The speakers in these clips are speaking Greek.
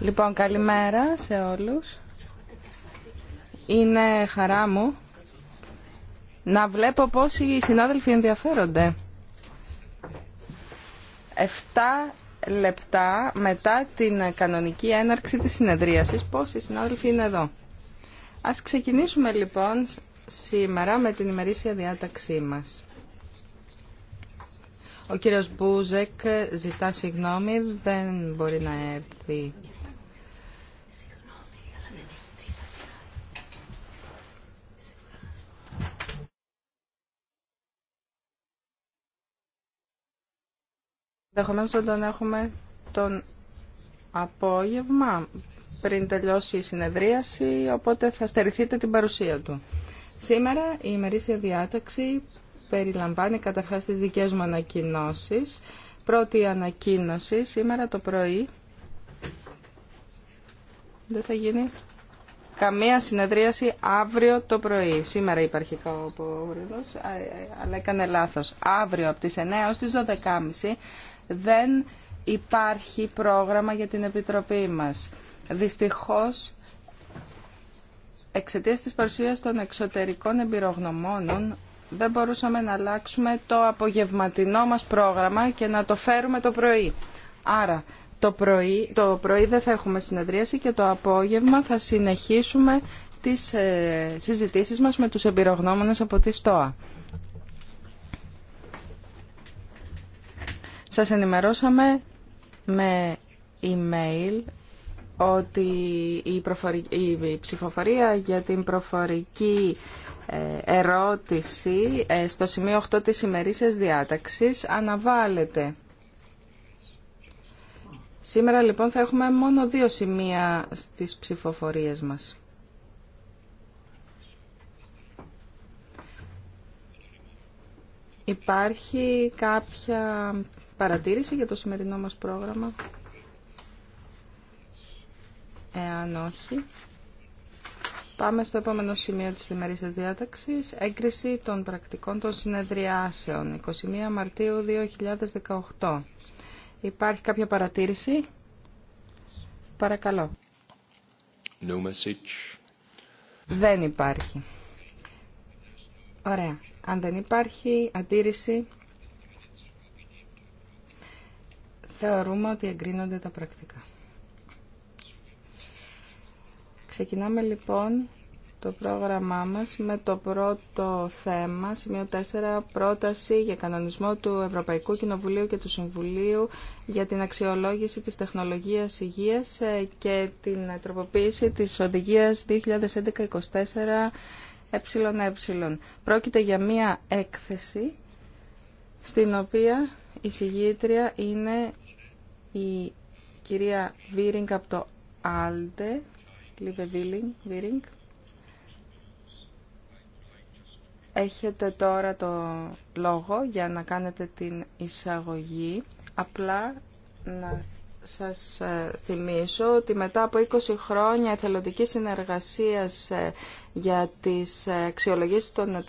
Λοιπόν, καλημέρα σε όλους. Είναι χαρά μου να βλέπω πόσοι οι συνάδελφοι ενδιαφέρονται. Εφτά λεπτά μετά την κανονική έναρξη της συνεδρίασης, πόσοι συνάδελφοι είναι εδώ. Ας ξεκινήσουμε λοιπόν σήμερα με την ημερήσια διάταξή μας. Ο κύριος Μπούζεκ ζητά συγγνώμη, δεν μπορεί να έρθει. Ενδεχομένω να τον έχουμε τον απόγευμα πριν τελειώσει η συνεδρίαση, οπότε θα στερηθείτε την παρουσία του. Σήμερα η ημερήσια διάταξη περιλαμβάνει καταρχάς τις δικές μου ανακοινώσεις. Πρώτη ανακοίνωση σήμερα το πρωί. Δεν θα γίνει καμία συνεδρίαση αύριο το πρωί. Σήμερα υπάρχει ο ε, ε, αλλά έκανε λάθος. Αύριο από τις 9 ως τις 12.30 δεν υπάρχει πρόγραμμα για την Επιτροπή μας. Δυστυχώς, εξαιτίας της παρουσίας των εξωτερικών εμπειρογνωμόνων, δεν μπορούσαμε να αλλάξουμε το απογευματινό μας πρόγραμμα και να το φέρουμε το πρωί. Άρα το πρωί, το πρωί δεν θα έχουμε συνεδρίαση και το απόγευμα θα συνεχίσουμε τις ε, συζητήσεις μας με τους εμπειρογνώμονες από τη ΣΤΟΑ. Σας ενημερώσαμε με email ότι η, η ψηφοφορία για την προφορική ε, ερώτηση ε, στο σημείο 8 της ημερήσιας διάταξης αναβάλλεται. Σήμερα λοιπόν θα έχουμε μόνο δύο σημεία στις ψηφοφορίες μας. Υπάρχει κάποια παρατήρηση για το σημερινό μας πρόγραμμα. Εάν όχι, Πάμε στο επόμενο σημείο της ημερήσιας διάταξης, έγκριση των πρακτικών των συνεδριάσεων, 21 Μαρτίου 2018. Υπάρχει κάποια παρατήρηση? Παρακαλώ. No message. Δεν υπάρχει. Ωραία. Αν δεν υπάρχει αντίρρηση, θεωρούμε ότι εγκρίνονται τα πρακτικά. Ξεκινάμε λοιπόν το πρόγραμμά μας με το πρώτο θέμα, σημείο 4, πρόταση για κανονισμό του Ευρωπαϊκού Κοινοβουλίου και του Συμβουλίου για την αξιολόγηση της τεχνολογίας υγείας ε, και την τροποποίηση της οδηγίας 2011-24 ΕΕ. Πρόκειται για μία έκθεση στην οποία η συγγήτρια είναι η κυρία Βίρινγκ από το Άλτε Λίβε Βίρινγκ. Έχετε τώρα το λόγο για να κάνετε την εισαγωγή. Απλά να σας ε, θυμίσω ότι μετά από 20 χρόνια εθελοντικής συνεργασίας ε, για τις ε, αξιολογήσεις των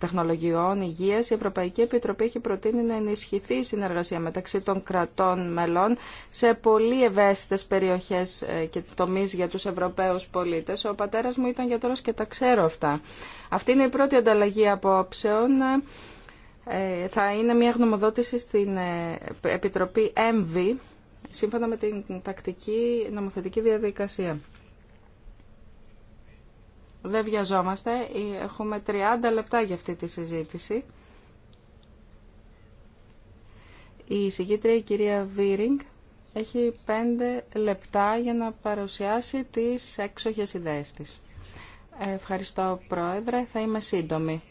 τεχνολογιών υγείας, η Ευρωπαϊκή Επιτροπή έχει προτείνει να ενισχυθεί η συνεργασία μεταξύ των κρατών μελών σε πολύ ευαίσθητες περιοχές και τομείς για τους Ευρωπαίους πολίτες. Ο πατέρας μου ήταν γιατρός και τα ξέρω αυτά. Αυτή είναι η πρώτη ανταλλαγή απόψεων θα είναι μια γνωμοδότηση στην Επιτροπή ΕΜΒΗ σύμφωνα με την τακτική νομοθετική διαδικασία. Δεν βιαζόμαστε, έχουμε 30 λεπτά για αυτή τη συζήτηση. Η συγκήτρια η κυρία Βίρινγκ έχει 5 λεπτά για να παρουσιάσει τις έξοχες ιδέες της. Ευχαριστώ Πρόεδρε, θα είμαι σύντομη.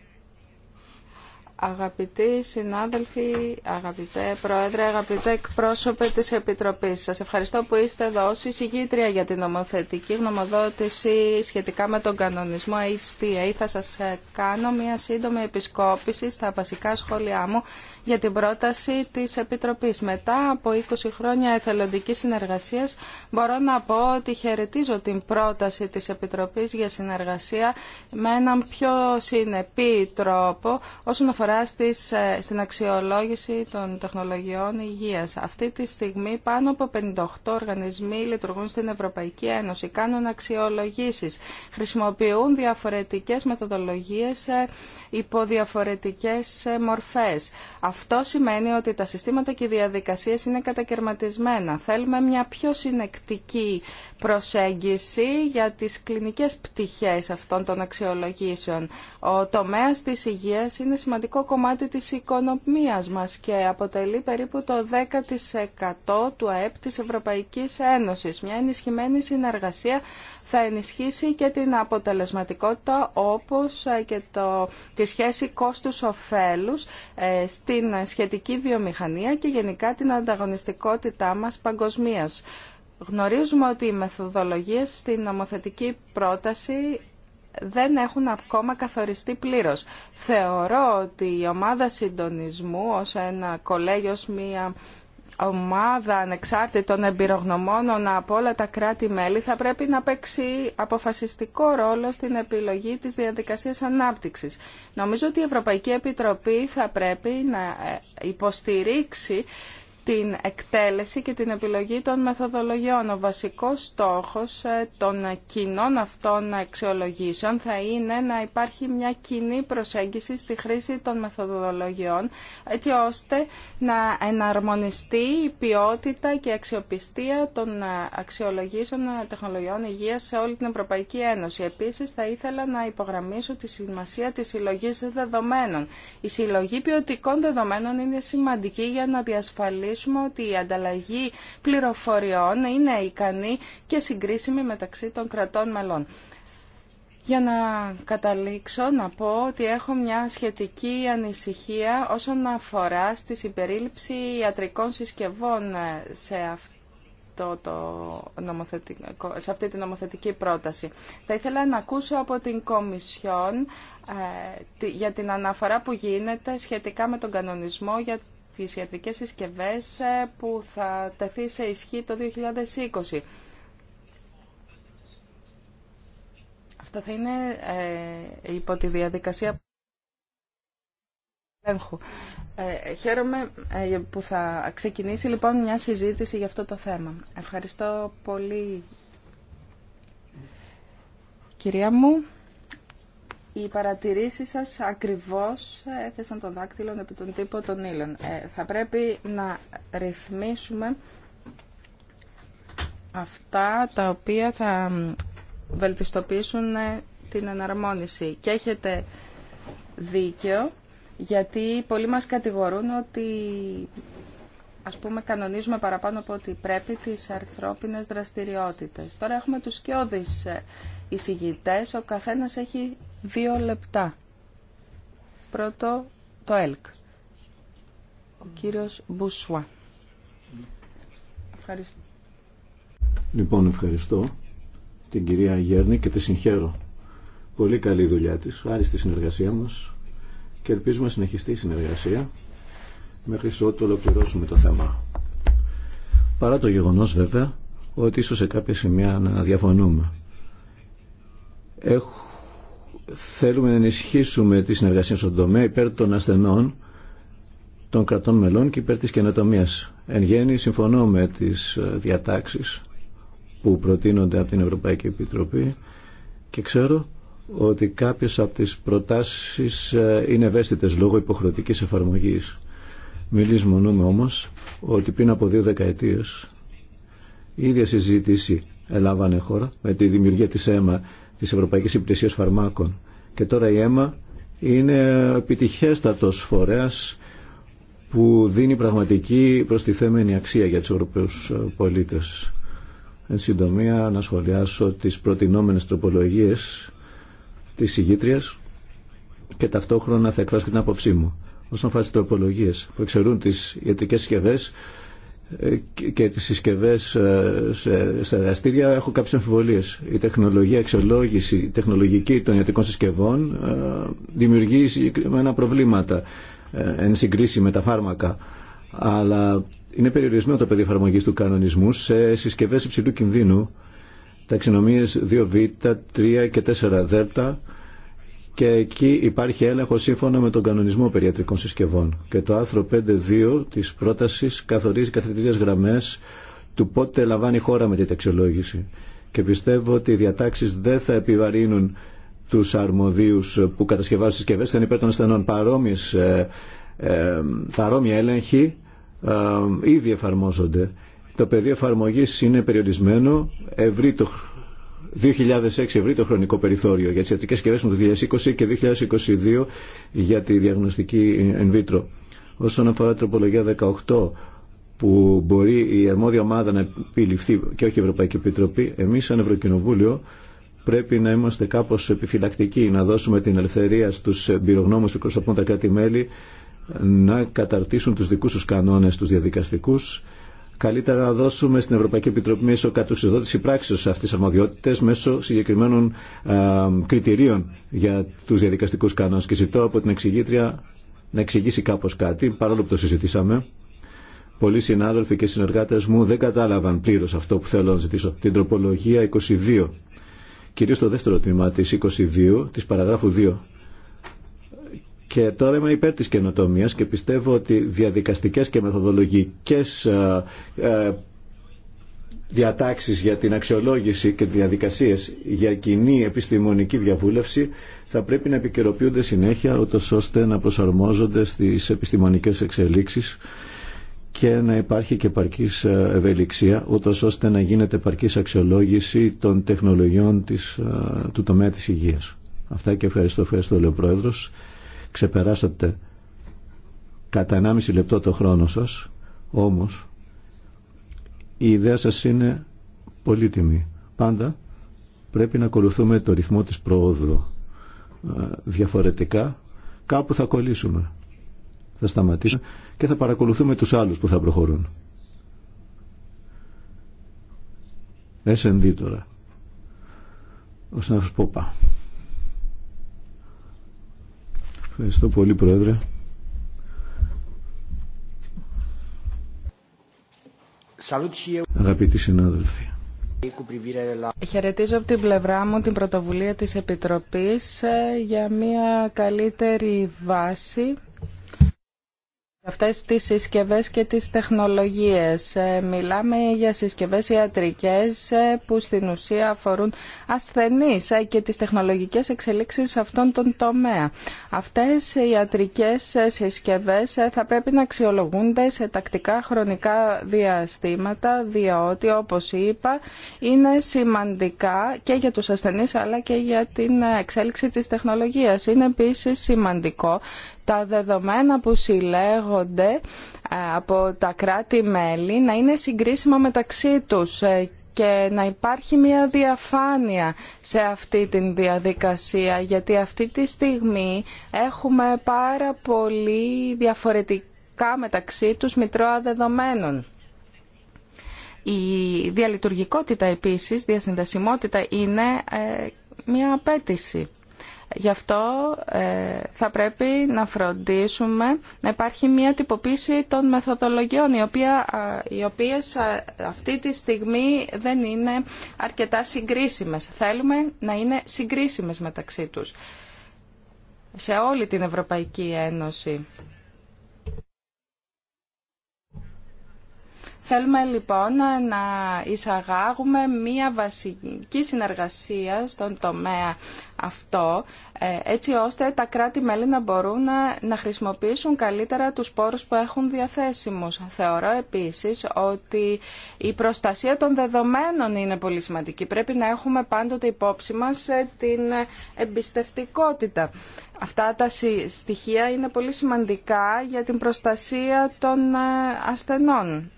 Αγαπητοί συνάδελφοι, αγαπητέ Πρόεδρε, αγαπητέ εκπρόσωπε της Επιτροπής, σας ευχαριστώ που είστε εδώ ως εισηγήτρια για την νομοθετική γνωμοδότηση σχετικά με τον κανονισμό HPA. Θα σας κάνω μια σύντομη επισκόπηση στα βασικά σχόλιά μου για την πρόταση της Επιτροπής. Μετά από 20 χρόνια εθελοντικής συνεργασίας μπορώ να πω ότι χαιρετίζω την πρόταση της Επιτροπής για συνεργασία με έναν πιο συνεπή τρόπο όσον αφορά ε, στην αξιολόγηση των τεχνολογιών υγείας. Αυτή τη στιγμή πάνω από 58 οργανισμοί λειτουργούν στην Ευρωπαϊκή Ένωση, κάνουν αξιολογήσεις, χρησιμοποιούν διαφορετικές μεθοδολογίες ε, υπό διαφορετικές ε, μορφές. Αυτό σημαίνει ότι τα συστήματα και οι διαδικασίες είναι κατακαιρματισμένα. Θέλουμε μια πιο συνεκτική προσέγγιση για τις κλινικές πτυχές αυτών των αξιολογήσεων. Ο τομέας της υγείας είναι σημαντικό κομμάτι της οικονομίας μας και αποτελεί περίπου το 10% του ΑΕΠ της Ευρωπαϊκής Ένωσης. Μια ενισχυμένη συνεργασία θα ενισχύσει και την αποτελεσματικότητα όπως ε, και το, τη σχέση κόστους-οφέλους ε, στην σχετική βιομηχανία και γενικά την ανταγωνιστικότητά μας παγκοσμίας. Γνωρίζουμε ότι οι μεθοδολογίες στην νομοθετική πρόταση δεν έχουν ακόμα καθοριστεί πλήρως. Θεωρώ ότι η ομάδα συντονισμού ως ένα κολέγιο, μια ομάδα ανεξάρτητων εμπειρογνωμόνων από όλα τα κράτη-μέλη θα πρέπει να παίξει αποφασιστικό ρόλο στην επιλογή της διαδικασίας ανάπτυξης. Νομίζω ότι η Ευρωπαϊκή Επιτροπή θα πρέπει να ε, υποστηρίξει την εκτέλεση και την επιλογή των μεθοδολογιών. Ο βασικός στόχος ε, των κοινών αυτών αξιολογήσεων θα είναι να υπάρχει μια κοινή προσέγγιση στη χρήση των μεθοδολογιών, έτσι ώστε να εναρμονιστεί η ποιότητα και η αξιοπιστία των ε, αξιολογήσεων ε, τεχνολογιών υγείας σε όλη την Ευρωπαϊκή Ένωση. Επίσης, θα ήθελα να υπογραμμίσω τη σημασία της συλλογής δεδομένων. Η συλλογή ποιοτικών δεδομένων είναι σημαντική για να διασφαλίσει ότι η ανταλλαγή πληροφοριών είναι ικανή και συγκρίσιμη μεταξύ των κρατών μελών. Για να καταλήξω να πω ότι έχω μια σχετική ανησυχία όσον αφορά στη συμπερίληψη ιατρικών συσκευών ε, σε αυτό το νομοθετικό, σε αυτή τη νομοθετική πρόταση. Θα ήθελα να ακούσω από την Κομισιόν ε, για την αναφορά που γίνεται σχετικά με τον κανονισμό για στις συσκευές ε, που θα τεθεί σε ισχύ το 2020. Αυτό θα είναι ε, υπό τη διαδικασία ελέγχου. Ε, χαίρομαι ε, που θα ξεκινήσει λοιπόν μια συζήτηση για αυτό το θέμα. Ευχαριστώ πολύ κυρία μου οι παρατηρήσεις σας ακριβώς έθεσαν τον δάκτυλο επί τον τύπο των ήλων. Ε, θα πρέπει να ρυθμίσουμε αυτά τα οποία θα βελτιστοποιήσουν ε, την εναρμόνιση. Και έχετε δίκιο, γιατί πολλοί μας κατηγορούν ότι ας πούμε κανονίζουμε παραπάνω από ότι πρέπει τις αρθρόπινες δραστηριότητες. Τώρα έχουμε τους σκιώδεις ε, εισηγητές, ο καθένας έχει Δύο λεπτά. Πρώτο το ΕΛΚ. Ο κύριος Μπουσουά. Ευχαριστώ. Λοιπόν, ευχαριστώ την κυρία Γέρνη και τη συγχαίρω. Πολύ καλή δουλειά της, άριστη συνεργασία μας και ελπίζουμε να συνεχιστεί η συνεργασία μέχρι ό,τι ολοκληρώσουμε το θέμα. Παρά το γεγονός βέβαια ότι ίσως σε κάποια σημεία να διαφωνούμε. Έχω Θέλουμε να ενισχύσουμε τη συνεργασία στον τομέα υπέρ των ασθενών, των κρατών μελών και υπέρ της καινοτομίας. Εν γέννη συμφωνώ με τις ε, διατάξεις που προτείνονται από την Ευρωπαϊκή Επιτροπή και ξέρω ότι κάποιες από τις προτάσεις ε, είναι ευαίσθητες λόγω υποχρεωτικής εφαρμογής. μονούμε όμως ότι πριν από δύο δεκαετίες η ίδια συζήτηση έλαβανε χώρα με τη δημιουργία της ΕΜΑ Τη Ευρωπαϊκή Υπηρεσίας Φαρμάκων. Και τώρα η αίμα είναι επιτυχέστατο φορέα που δίνει πραγματική προστιθέμενη αξία για τους Ευρωπαίου πολίτες. Εν συντομία να σχολιάσω τις προτινόμενε τροπολογίες τη ηγήτριας και ταυτόχρονα θα εκφράσω την άποψή μου. Όσον αφορά τι τροπολογίε που εξαιρούν τι ιατρικέ σχεδέ. Ε, και τις συσκευές ε, σε, σε εργαστήρια έχω κάποιες αμφιβολίες. Η τεχνολογία αξιολόγηση, η τεχνολογική των ιατρικών συσκευών ε, δημιουργεί συγκεκριμένα προβλήματα εν συγκρίση με τα φάρμακα. Αλλά είναι περιορισμένο το πεδίο εφαρμογή του κανονισμού σε συσκευές υψηλού κινδύνου ταξινομίες 2β, 3 και 4 δέλτα και εκεί υπάρχει έλεγχο σύμφωνα με τον κανονισμό περιατρικών συσκευών. Και το άρθρο 5.2 τη πρότασης καθορίζει καθηγητέ γραμμές του πότε λαμβάνει η χώρα με τη ταξιολόγηση. Και πιστεύω ότι οι διατάξεις δεν θα επιβαρύνουν τους αρμοδίους που κατασκευάζουν συσκευές, θα είναι υπέρ των ασθενών παρόμοιες, ε, ε, παρόμοια έλεγχοι ε, ήδη εφαρμόζονται. Το πεδίο εφαρμογή είναι περιορισμένο, ευρύ 2006 ευρύ το χρονικό περιθώριο για τις ιατρικές συσκευές του 2020 και 2022 για τη διαγνωστική in vitro. Όσον αφορά τροπολογία 18 που μπορεί η αρμόδια ομάδα να επιληφθεί και όχι η Ευρωπαϊκή Επιτροπή, εμείς σαν Ευρωκοινοβούλιο πρέπει να είμαστε κάπως επιφυλακτικοί, να δώσουμε την ελευθερία στους εμπειρογνώμους που προσωπούν τα κράτη-μέλη να καταρτήσουν τους δικούς τους κανόνες, τους διαδικαστικούς Καλύτερα να δώσουμε στην Ευρωπαϊκή Επιτροπή μέσω σε αυτή τι αρμοδιότητες μέσω συγκεκριμένων κριτηρίων για του διαδικαστικού κανόνε Και ζητώ από την εξηγήτρια να εξηγήσει κάπω κάτι, παρόλο που το συζητήσαμε. Πολλοί συνάδελφοι και συνεργάτε μου δεν κατάλαβαν πλήρω αυτό που θέλω να ζητήσω. Την τροπολογία 22, κυρίω το δεύτερο τμήμα τη 22, της παραγράφου 2 και τώρα είμαι υπέρ της καινοτομίας και πιστεύω ότι διαδικαστικές και μεθοδολογικές ε, ε, διατάξεις για την αξιολόγηση και διαδικασίες για κοινή επιστημονική διαβούλευση θα πρέπει να επικαιροποιούνται συνέχεια ώστε να προσαρμόζονται στις επιστημονικές εξελίξεις και να υπάρχει και παρκής ε, ευελιξία ούτως ώστε να γίνεται παρκής αξιολόγηση των τεχνολογιών της, του τομέα της υγείας. Αυτά και ευχαριστώ, ευχαριστώ λέει ξεπεράσατε κατά 1,5 λεπτό το χρόνο σας, όμως η ιδέα σας είναι πολύτιμη. Πάντα πρέπει να ακολουθούμε το ρυθμό της προόδου. Διαφορετικά κάπου θα κολλήσουμε. Θα σταματήσουμε και θα παρακολουθούμε τους άλλους που θα προχωρούν. S&D τώρα. Ο Πόπα. Ευχαριστώ πολύ Πρόεδρε. Αγαπητοί συνάδελφοι. Χαιρετίζω από την πλευρά μου την πρωτοβουλία της Επιτροπής ε, για μια καλύτερη βάση αυτές τις συσκευές και τις τεχνολογίες. Ε, μιλάμε για συσκευές ιατρικές ε, που στην ουσία αφορούν ασθενείς ε, και τις τεχνολογικές εξελίξεις σε αυτόν τον τομέα. Αυτές οι ιατρικές συσκευές θα πρέπει να αξιολογούνται σε τακτικά χρονικά διαστήματα διότι όπως είπα είναι σημαντικά και για τους ασθενείς αλλά και για την εξέλιξη της τεχνολογίας. Είναι επίσης σημαντικό τα δεδομένα που συλλέγω ε, από τα κράτη-μέλη να είναι συγκρίσιμα μεταξύ τους ε, και να υπάρχει μια διαφάνεια σε αυτή την διαδικασία γιατί αυτή τη στιγμή έχουμε πάρα πολύ διαφορετικά μεταξύ τους μητρώα δεδομένων. Η διαλειτουργικότητα επίσης, διασυνδεσιμότητα είναι ε, μια απέτηση. Γι' αυτό ε, θα πρέπει να φροντίσουμε να υπάρχει μια τυποποίηση των μεθοδολογιών οποία, οι οποίες αυτή τη στιγμή δεν είναι αρκετά συγκρίσιμες. Θέλουμε να είναι συγκρίσιμες μεταξύ τους σε όλη την Ευρωπαϊκή Ένωση. Θέλουμε λοιπόν να εισαγάγουμε μία βασική συνεργασία στον τομέα αυτό, ε, έτσι ώστε τα κράτη-μέλη να μπορούν να χρησιμοποιήσουν καλύτερα τους πόρους που έχουν διαθέσιμους. Θεωρώ επίσης ότι η προστασία των δεδομένων είναι πολύ σημαντική. Πρέπει να έχουμε πάντοτε υπόψη μας ε, την εμπιστευτικότητα. Αυτά τα στοιχεία είναι πολύ σημαντικά για την προστασία των ε, ασθενών.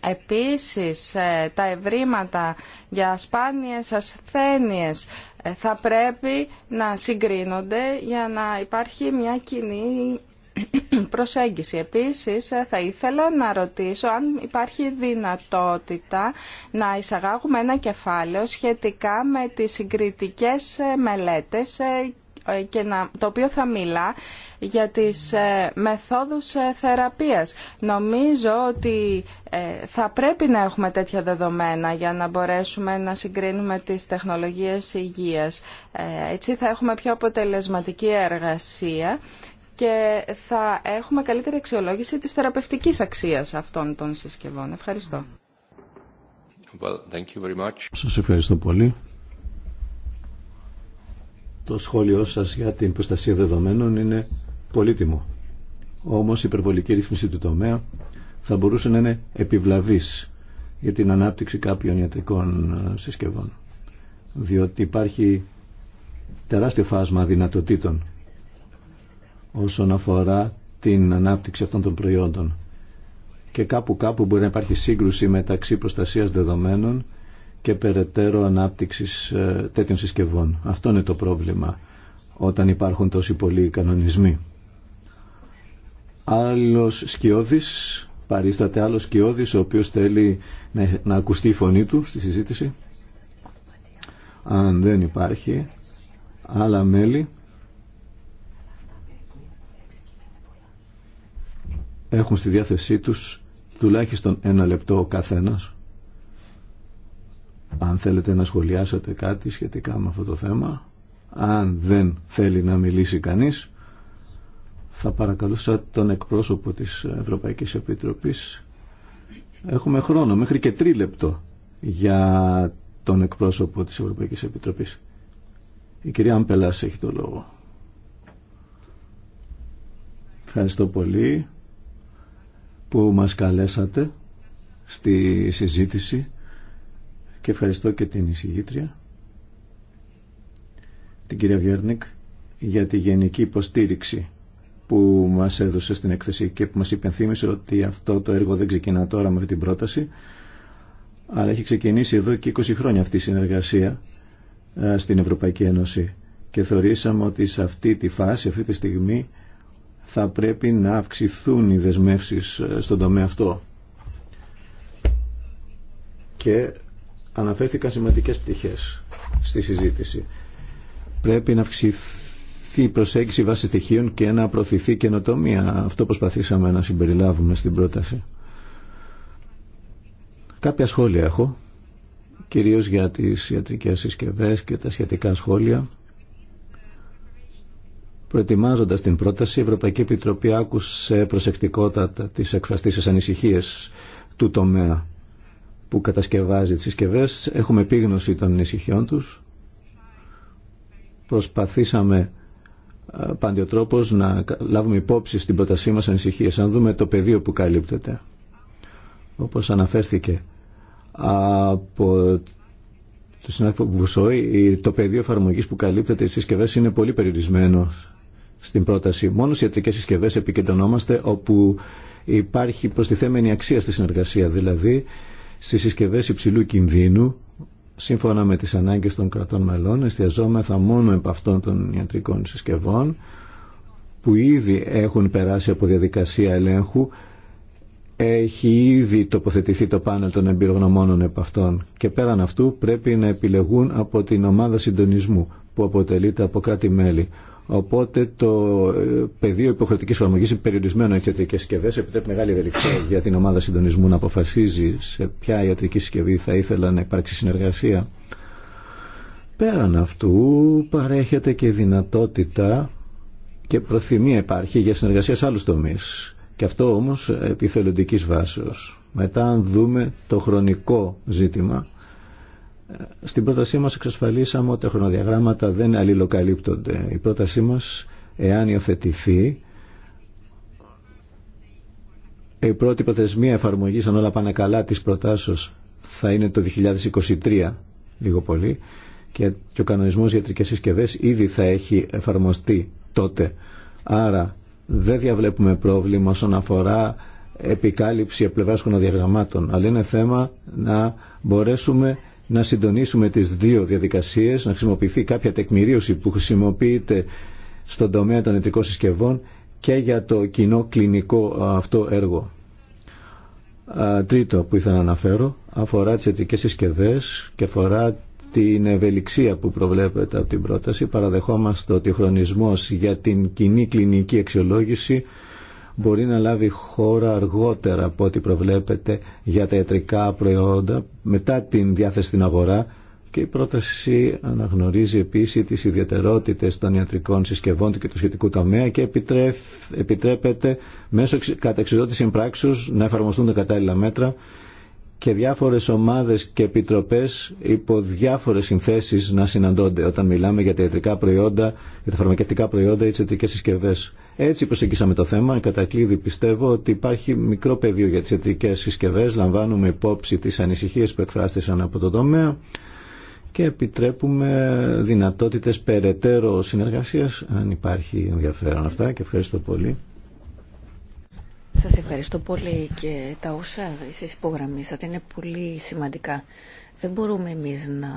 Επίσης, ε, τα ευρήματα για σπάνιες ασθένειες ε, θα πρέπει να συγκρίνονται για να υπάρχει μια κοινή προσέγγιση. Επίσης, ε, θα ήθελα να ρωτήσω αν υπάρχει δυνατότητα να εισαγάγουμε ένα κεφάλαιο σχετικά με τις συγκριτικές μελέτες ε, το οποίο θα μιλά για τις ε, μεθόδους ε, θεραπείας. Νομίζω ότι θα πρέπει να έχουμε τέτοια δεδομένα για να μπορέσουμε να συγκρίνουμε τις τεχνολογίες υγείας. Έτσι θα έχουμε πιο αποτελεσματική εργασία και θα έχουμε καλύτερη αξιολόγηση της θεραπευτικής αξίας αυτών των συσκευών. Ευχαριστώ. Well, Σας ευχαριστώ πολύ. Το σχόλιο σας για την προστασία δεδομένων είναι πολύτιμο. Όμως η υπερβολική ρύθμιση του τομέα θα μπορούσε να είναι επιβλαβής για την ανάπτυξη κάποιων ιατρικών ε, συσκευών. Διότι υπάρχει τεράστιο φάσμα δυνατοτήτων όσον αφορά την ανάπτυξη αυτών των προϊόντων. Και κάπου κάπου μπορεί να υπάρχει σύγκρουση μεταξύ προστασίας δεδομένων και περαιτέρω ανάπτυξη ε, τέτοιων συσκευών. Αυτό είναι το πρόβλημα όταν υπάρχουν τόσοι πολλοί κανονισμοί. Άλλος σκιώδης, παρίσταται άλλος σκιώδης, ο οποίος θέλει να, να ακουστεί η φωνή του στη συζήτηση. Αν δεν υπάρχει, άλλα μέλη. Έχουν στη διάθεσή τους τουλάχιστον ένα λεπτό ο καθένας αν θέλετε να σχολιάσετε κάτι σχετικά με αυτό το θέμα αν δεν θέλει να μιλήσει κανείς θα παρακαλούσα τον εκπρόσωπο της Ευρωπαϊκής Επιτροπής έχουμε χρόνο μέχρι και τρίλεπτο για τον εκπρόσωπο της Ευρωπαϊκής Επιτροπής η κυρία Αμπελάς έχει το λόγο ευχαριστώ πολύ που μας καλέσατε στη συζήτηση και ευχαριστώ και την εισηγήτρια, την κυρία Βιέρνικ, για τη γενική υποστήριξη που μας έδωσε στην έκθεση και που μας υπενθύμησε ότι αυτό το έργο δεν ξεκινά τώρα με αυτή την πρόταση, αλλά έχει ξεκινήσει εδώ και 20 χρόνια αυτή η συνεργασία ε, στην Ευρωπαϊκή Ένωση και θεωρήσαμε ότι σε αυτή τη φάση, αυτή τη στιγμή, θα πρέπει να αυξηθούν οι δεσμεύσεις ε, στον τομέα αυτό. Και αναφέρθηκαν σημαντικές πτυχές στη συζήτηση. Πρέπει να αυξηθεί η προσέγγιση βάση στοιχείων και να προωθηθεί καινοτομία. Αυτό προσπαθήσαμε να συμπεριλάβουμε στην πρόταση. Κάποια σχόλια έχω, κυρίως για τις ιατρικές συσκευές και τα σχετικά σχόλια. Προετοιμάζοντας την πρόταση, η Ευρωπαϊκή Επιτροπή άκουσε προσεκτικότατα τις εκφραστήσεις ανησυχίες του τομέα που κατασκευάζει τις συσκευές. Έχουμε επίγνωση των ανησυχιών τους. Προσπαθήσαμε παντιοτρόπως να λάβουμε υπόψη στην πρότασή μας ανησυχίες. Αν δούμε το πεδίο που καλύπτεται, όπως αναφέρθηκε από το συνάδελφο Μπουσόη, το πεδίο εφαρμογή που καλύπτεται στις συσκευές είναι πολύ περιορισμένο στην πρόταση. Μόνο στις ιατρικές συσκευές επικεντρωνόμαστε όπου υπάρχει προστιθέμενη αξία στη συνεργασία. Δηλαδή, στις συσκευές υψηλού κινδύνου σύμφωνα με τις ανάγκες των κρατών μελών εστιαζόμεθα μόνο επ' αυτών των ιατρικών συσκευών που ήδη έχουν περάσει από διαδικασία ελέγχου έχει ήδη τοποθετηθεί το πάνελ των εμπειρογνωμόνων επ' αυτών και πέραν αυτού πρέπει να επιλεγούν από την ομάδα συντονισμού που αποτελείται από από μέλη. Οπότε το ε, πεδίο υποχρεωτική εφαρμογή είναι περιορισμένο έτσι ιατρικέ συσκευέ. Επιτρέπει μεγάλη ευελιξία για την ομάδα συντονισμού να αποφασίζει σε ποια ιατρική συσκευή θα ήθελα να υπάρξει συνεργασία. Πέραν αυτού παρέχεται και δυνατότητα και προθυμία υπάρχει για συνεργασία σε άλλους τομείς. Και αυτό όμω επιθελοντική βάσεω. Μετά αν δούμε το χρονικό ζήτημα στην πρότασή μας εξασφαλίσαμε ότι τα χρονοδιαγράμματα δεν αλληλοκαλύπτονται. Η πρότασή μας, εάν υιοθετηθεί, η πρώτη προθεσμία εφαρμογή αν όλα πάνε καλά, της προτάσεως θα είναι το 2023, λίγο πολύ, και, και ο κανονισμός ιατρικέ συσκευές ήδη θα έχει εφαρμοστεί τότε. Άρα δεν διαβλέπουμε πρόβλημα όσον αφορά επικάλυψη πλευρά χρονοδιαγραμμάτων, αλλά είναι θέμα να μπορέσουμε να συντονίσουμε τις δύο διαδικασίες, να χρησιμοποιηθεί κάποια τεκμηρίωση που χρησιμοποιείται στον τομέα των ιατρικών συσκευών και για το κοινό κλινικό αυτό έργο. Τρίτο που ήθελα να αναφέρω αφορά τις ιατρικές συσκευές και αφορά την ευελιξία που προβλέπεται από την πρόταση. Παραδεχόμαστε ότι ο χρονισμός για την κοινή κλινική αξιολόγηση μπορεί να λάβει χώρα αργότερα από ό,τι προβλέπεται για τα ιατρικά προϊόντα μετά την διάθεση στην αγορά και η πρόταση αναγνωρίζει επίσης τις ιδιαιτερότητες των ιατρικών συσκευών και του σχετικού τομέα και επιτρέπεται μέσω κατεξιδότησης συμπράξεως να εφαρμοστούν τα κατάλληλα μέτρα και διάφορες ομάδες και επιτροπές υπό διάφορες συνθέσεις να συναντώνται όταν μιλάμε για τα ιατρικά προϊόντα, για τα φαρμακευτικά προϊόντα ή τις ιατρικές συσκευές. Έτσι προσεγγίσαμε το θέμα. Κατά κλείδι πιστεύω ότι υπάρχει μικρό πεδίο για τι ιατρικέ συσκευέ. Λαμβάνουμε υπόψη τις ανησυχίε που εκφράστησαν από το τομέα και επιτρέπουμε δυνατότητες περαιτέρω συνεργασίας αν υπάρχει ενδιαφέρον αυτά και ευχαριστώ πολύ. Σας ευχαριστώ πολύ και τα όσα εσείς υπογραμμίσατε είναι πολύ σημαντικά δεν μπορούμε εμείς να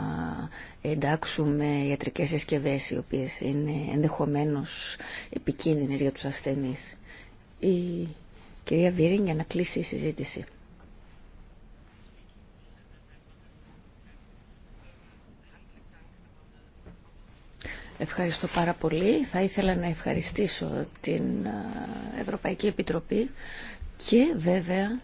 εντάξουμε ιατρικές συσκευέ οι οποίες είναι ενδεχομένως επικίνδυνες για τους ασθενείς. Η κυρία Βίριν για να κλείσει η συζήτηση. Ευχαριστώ πάρα πολύ. Θα ήθελα να ευχαριστήσω την ε, Ευρωπαϊκή Επιτροπή και βέβαια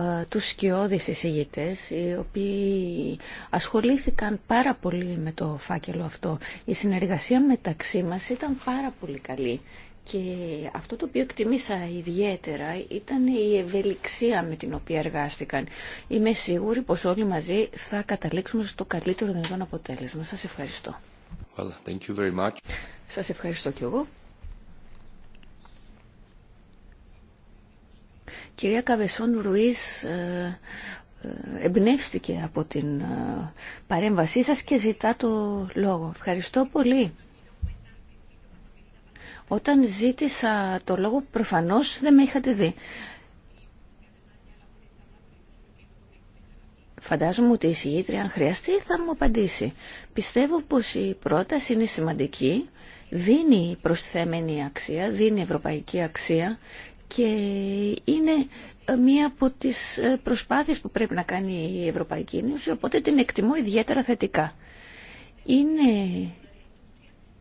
ε, τους σκιώδεις εισηγητές οι οποίοι ασχολήθηκαν πάρα πολύ με το φάκελο αυτό. Η συνεργασία μεταξύ μας ήταν πάρα πολύ καλή και αυτό το οποίο εκτιμήσα ιδιαίτερα ήταν η ευελιξία με την οποία εργάστηκαν. Είμαι σίγουρη πως όλοι μαζί θα καταλήξουμε στο καλύτερο δυνατόν αποτέλεσμα. Σας ευχαριστώ. Well, thank you very much. Σας ευχαριστώ και εγώ. κυρία Καβεσόν Ρουίς ε, ε, εμπνεύστηκε από την ε, παρέμβασή σας και ζητά το λόγο. Ευχαριστώ πολύ. Όταν ζήτησα το λόγο προφανώς δεν με είχατε δει. Φαντάζομαι ότι η συγγήτρια αν χρειαστεί θα μου απαντήσει. Πιστεύω πως η πρόταση είναι σημαντική, δίνει προσθέμενη αξία, δίνει ευρωπαϊκή αξία και είναι ε, μία από τις ε, προσπάθειες που πρέπει να κάνει η Ευρωπαϊκή Ένωση, οπότε την εκτιμώ ιδιαίτερα θετικά. Είναι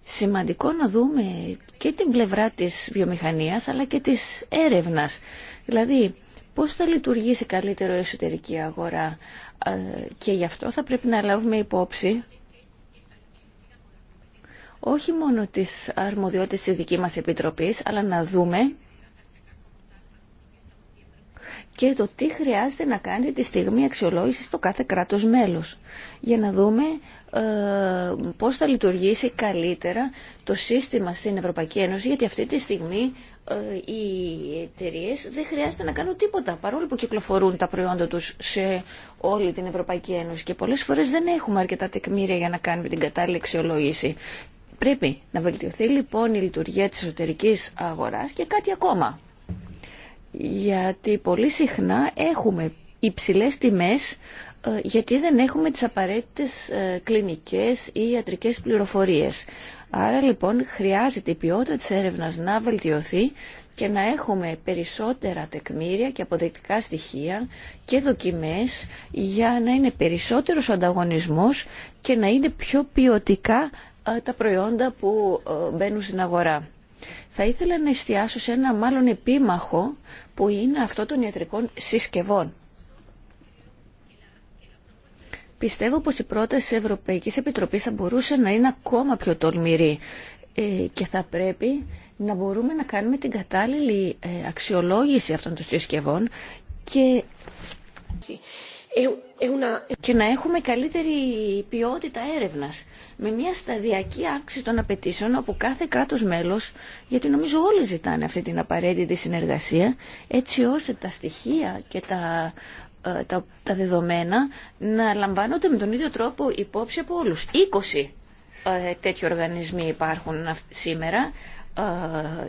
σημαντικό να δούμε και την πλευρά της βιομηχανίας αλλά και της έρευνας. Δηλαδή, πώς θα λειτουργήσει καλύτερο η εσωτερική αγορά ε, και γι' αυτό θα πρέπει να λάβουμε υπόψη όχι μόνο τις αρμοδιότητες της δική μας Επιτροπής, αλλά να δούμε και το τι χρειάζεται να κάνετε τη στιγμή αξιολόγηση στο κάθε κράτος μέλος για να δούμε ε, πώς θα λειτουργήσει καλύτερα το σύστημα στην Ευρωπαϊκή Ένωση γιατί αυτή τη στιγμή ε, οι εταιρείε δεν χρειάζεται να κάνουν τίποτα παρόλο που κυκλοφορούν τα προϊόντα τους σε όλη την Ευρωπαϊκή Ένωση και πολλές φορές δεν έχουμε αρκετά τεκμήρια για να κάνουμε την κατάλληλη αξιολόγηση. Πρέπει να βελτιωθεί λοιπόν η λειτουργία της εσωτερικής αγοράς και κάτι ακόμα γιατί πολύ συχνά έχουμε υψηλές τιμές ε, γιατί δεν έχουμε τις απαραίτητες ε, κλινικές ή ιατρικές πληροφορίες. Άρα λοιπόν χρειάζεται η ποιότητα της έρευνας να βελτιωθεί και να έχουμε περισσότερα τεκμήρια και αποδεικτικά στοιχεία και δοκιμές για να είναι περισσότερος ο ανταγωνισμός και να είναι πιο ποιοτικά ε, τα προϊόντα που μπαίνουν στην αγορά. Θα ήθελα να εστιάσω σε ένα μάλλον επίμαχο που είναι αυτό των ιατρικών συσκευών. Πιστεύω πως η πρόταση της Ευρωπαϊκής Επιτροπής θα μπορούσε να είναι ακόμα πιο τολμηρή ε, και θα πρέπει να μπορούμε να κάνουμε την κατάλληλη ε, αξιολόγηση αυτών των συσκευών και ε, ε, ε, και να έχουμε καλύτερη ποιότητα έρευνας με μια σταδιακή αύξηση των απαιτήσεων από κάθε κράτος μέλος γιατί νομίζω όλοι ζητάνε αυτή την απαραίτητη συνεργασία έτσι ώστε τα στοιχεία και τα, τα, δεδομένα να λαμβάνονται με τον ίδιο τρόπο υπόψη από όλους. 20 τέτοιοι οργανισμοί υπάρχουν σήμερα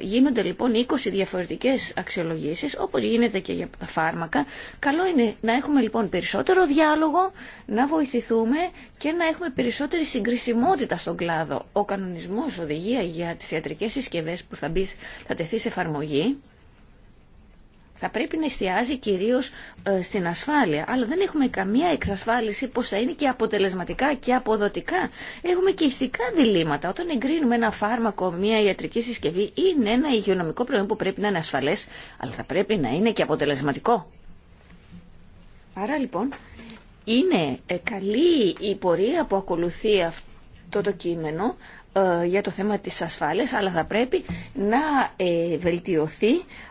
γίνονται λοιπόν 20 διαφορετικές αξιολογήσεις, όπως γίνεται και για τα φάρμακα. Καλό είναι να έχουμε λοιπόν περισσότερο διάλογο, να βοηθηθούμε και να έχουμε περισσότερη συγκρισιμότητα στον κλάδο. Ο κανονισμός οδηγία για τις ιατρικές συσκευές που θα, μπεις, θα τεθεί σε εφαρμογή θα πρέπει να εστιάζει κυρίως ε, στην ασφάλεια. Αλλά δεν έχουμε καμία εξασφάλιση πως θα είναι και αποτελεσματικά και αποδοτικά. Έχουμε και ηθικά διλήμματα. Όταν εγκρίνουμε ένα φάρμακο, μια ιατρική συσκευή, είναι ένα υγειονομικό προϊόν που πρέπει να είναι ασφαλές, αλλά θα πρέπει να είναι και αποτελεσματικό. Άρα λοιπόν είναι ε, καλή η πορεία που ακολουθεί αυτό το κείμενο, ε, για το θέμα της ασφάλειας, αλλά θα πρέπει να ε, βελτιωθεί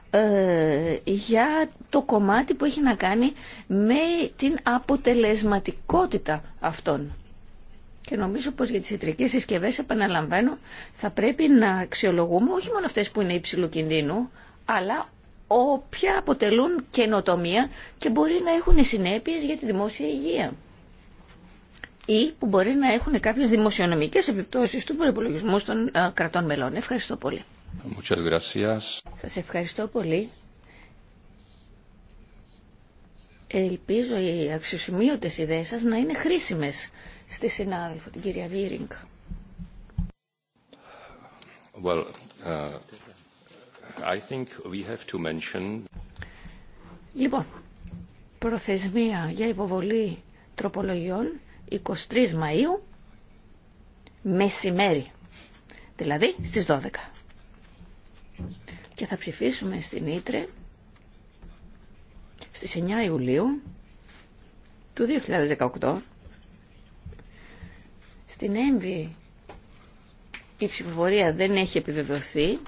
ε, για το κομμάτι που έχει να κάνει με την αποτελεσματικότητα αυτών. Και νομίζω πως για τις ιατρικές συσκευές, επαναλαμβάνω, θα πρέπει να αξιολογούμε όχι μόνο αυτές που είναι υψηλού κινδύνου, αλλά όποια αποτελούν καινοτομία και μπορεί να έχουν συνέπειες για τη δημόσια υγεία ή που μπορεί να έχουν κάποιες δημοσιονομικές επιπτώσεις του προπολογισμού των ε, κρατών μελών. Ευχαριστώ πολύ. Σα ευχαριστώ πολύ. Ελπίζω οι αξιοσημείωτες ιδέε σα να είναι χρήσιμες στη συνάδελφο, την κυρία Βίρινγκ. Well, uh, I think we have to mention... Λοιπόν, προθεσμία για υποβολή τροπολογιών 23 Μαΐου μεσημέρι, δηλαδή στις 12. Και θα ψηφίσουμε στην Ήτρε στις 9 Ιουλίου του 2018 στην έμβη η ψηφοφορία δεν έχει επιβεβαιωθεί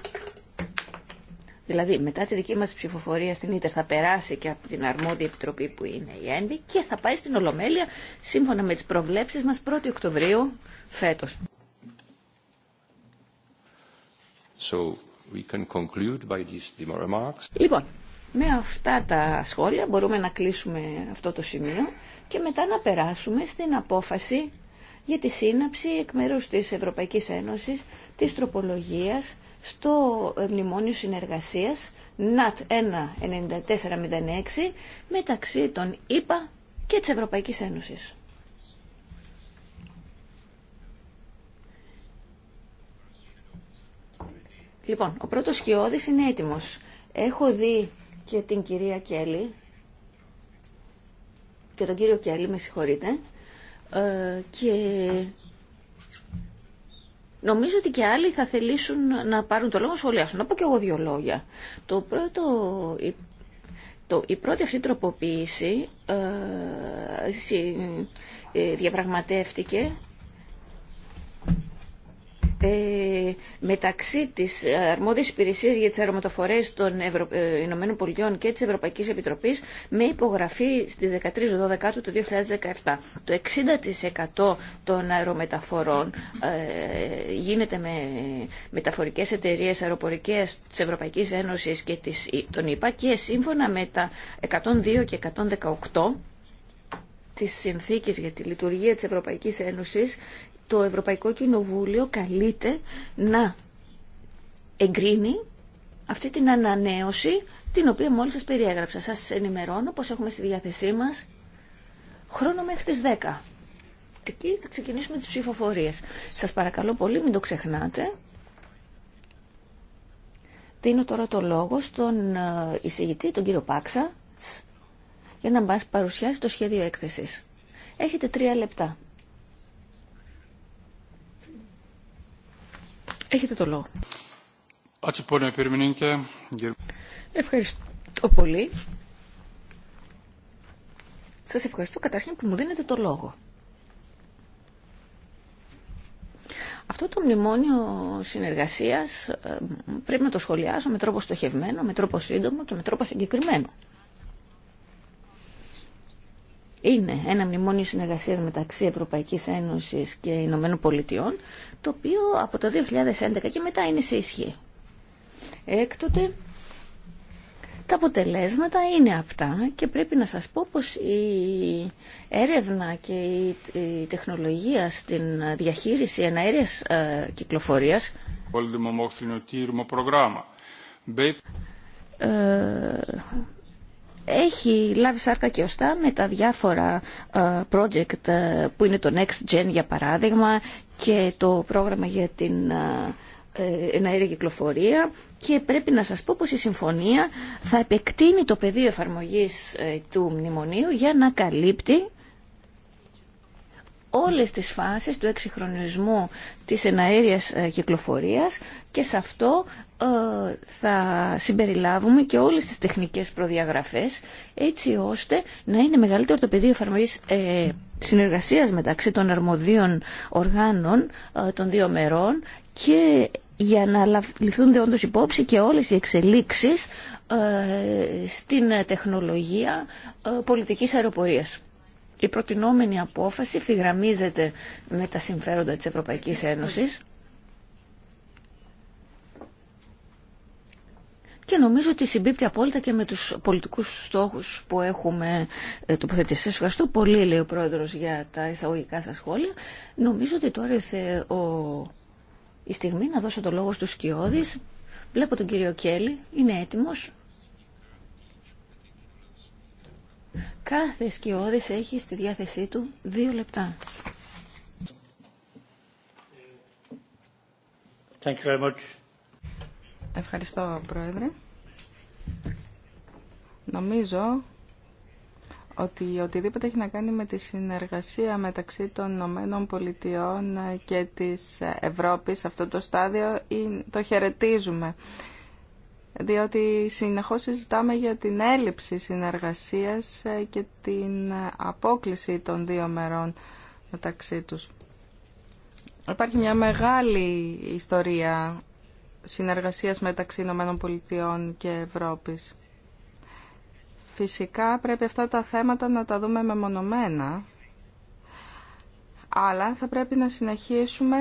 Δηλαδή μετά τη δική μας ψηφοφορία στην Ίτερ θα περάσει και από την αρμόδια επιτροπή που είναι η ΕΝΒΗ και θα πάει στην Ολομέλεια σύμφωνα με τις προβλέψεις μας 1η Οκτωβρίου φέτος. So, we can conclude by these remarks. Λοιπόν, με αυτά τα σχόλια μπορούμε να κλείσουμε αυτό το σημείο και μετά να περάσουμε στην απόφαση για τη σύναψη εκ μέρους της Ευρωπαϊκής Ένωσης της τροπολογίας στο Μνημόνιο Συνεργασίας ΝΑΤ 19406 μεταξύ των ΗΠΑ και της Ευρωπαϊκής Ένωσης. Λοιπόν, ο πρώτος σκιώδης είναι έτοιμος. Έχω δει και την κυρία Κέλλη και τον κύριο Κέλλη, με συγχωρείτε, ε, και Νομίζω ότι και άλλοι θα θελήσουν να πάρουν το λόγο να σχολιάσουν. Να πω και εγώ δύο λόγια. Το πρώτο, το, η πρώτη αυτή τροποποίηση ε, ε, διαπραγματεύτηκε ε, μεταξύ της αρμόδιας υπηρεσίας για τις αερομεταφορές των Ευρω... Ε, Ηνωμένων Πολιτειών και της Ευρωπαϊκής Επιτροπής με υπογραφή στη 13 12 του 2017. Το 60% των αερομεταφορών ε, γίνεται με μεταφορικές εταιρείες αεροπορικές της Ευρωπαϊκής Ένωσης και της, των ΗΠΑ και σύμφωνα με τα 102 και 118 της συνθήκης για τη λειτουργία της Ευρωπαϊκής Ένωσης το Ευρωπαϊκό Κοινοβούλιο καλείται να εγκρίνει αυτή την ανανέωση την οποία μόλις σας περιέγραψα. Σας ενημερώνω πως έχουμε στη διάθεσή μας χρόνο μέχρι τις 10. Εκεί θα ξεκινήσουμε τις ψηφοφορίες. Σας παρακαλώ πολύ μην το ξεχνάτε. Δίνω τώρα το λόγο στον ε, εισηγητή, τον κύριο Πάξα, για να μας παρουσιάσει το σχέδιο έκθεσης. Έχετε τρία λεπτά. Έχετε το λόγο. Ευχαριστώ πολύ. Σας ευχαριστώ καταρχήν που μου δίνετε το λόγο. Αυτό το μνημόνιο συνεργασίας ε, πρέπει να το σχολιάσω με τρόπο στοχευμένο, με τρόπο σύντομο και με τρόπο συγκεκριμένο είναι ένα μνημόνιο συνεργασία μεταξύ Ευρωπαϊκής Ένωσης και Ηνωμένων Πολιτειών, το οποίο από το 2011 και μετά είναι σε ισχύ. Έκτοτε, τα αποτελέσματα είναι αυτά και πρέπει να σας πω πως η έρευνα και η τεχνολογία στην διαχείριση εναέρειας ε, κυκλοφορίας έχει λάβει σάρκα και οστά με τα διάφορα ε, project ε, που είναι το Next Gen για παράδειγμα και το πρόγραμμα για την ε, εναέρια κυκλοφορία και πρέπει να σας πω πως η συμφωνία θα επεκτείνει το πεδίο εφαρμογής του μνημονίου για να καλύπτει όλες τις φάσεις του εξυγχρονισμού της εναέριας κυκλοφορίας και σε αυτό ε, θα συμπεριλάβουμε και όλες τις τεχνικές προδιαγραφές έτσι ώστε να είναι μεγαλύτερο το πεδίο εφαρμογής ε, συνεργασίας μεταξύ των αρμοδίων οργάνων ε, των δύο μερών και για να ληφθούν όντω υπόψη και όλες οι εξελίξεις στην τεχνολογία πολιτικής αεροπορίας. Η προτινόμενη απόφαση ευθυγραμμίζεται με τα συμφέροντα της Ευρωπαϊκής Ένωσης και νομίζω ότι συμπίπτει απόλυτα και με τους πολιτικούς στόχους που έχουμε ε, τοποθετήσει. Σας ευχαριστώ πολύ, λέει ο Πρόεδρος, για τα εισαγωγικά σας σχόλια. Νομίζω ότι τώρα ήρθε ο... η στιγμή να δώσω το λόγο στους Σκιώδης. Βλέπω τον κύριο Κέλλη, είναι έτοιμος. Κάθε σκιώδης έχει στη διάθεσή του δύο λεπτά. Thank you very much. Ευχαριστώ, Πρόεδρε. Νομίζω ότι οτιδήποτε έχει να κάνει με τη συνεργασία μεταξύ των Ηνωμένων Πολιτειών και της Ευρώπης σε αυτό το στάδιο το χαιρετίζουμε. Διότι συνεχώς συζητάμε για την έλλειψη συνεργασίας και την απόκληση των δύο μερών μεταξύ τους. Υπάρχει μια μεγάλη ιστορία συνεργασίας μεταξύ Ηνωμένων Πολιτειών και Ευρώπης. Φυσικά πρέπει αυτά τα θέματα να τα δούμε μεμονωμένα, αλλά θα πρέπει να συνεχίσουμε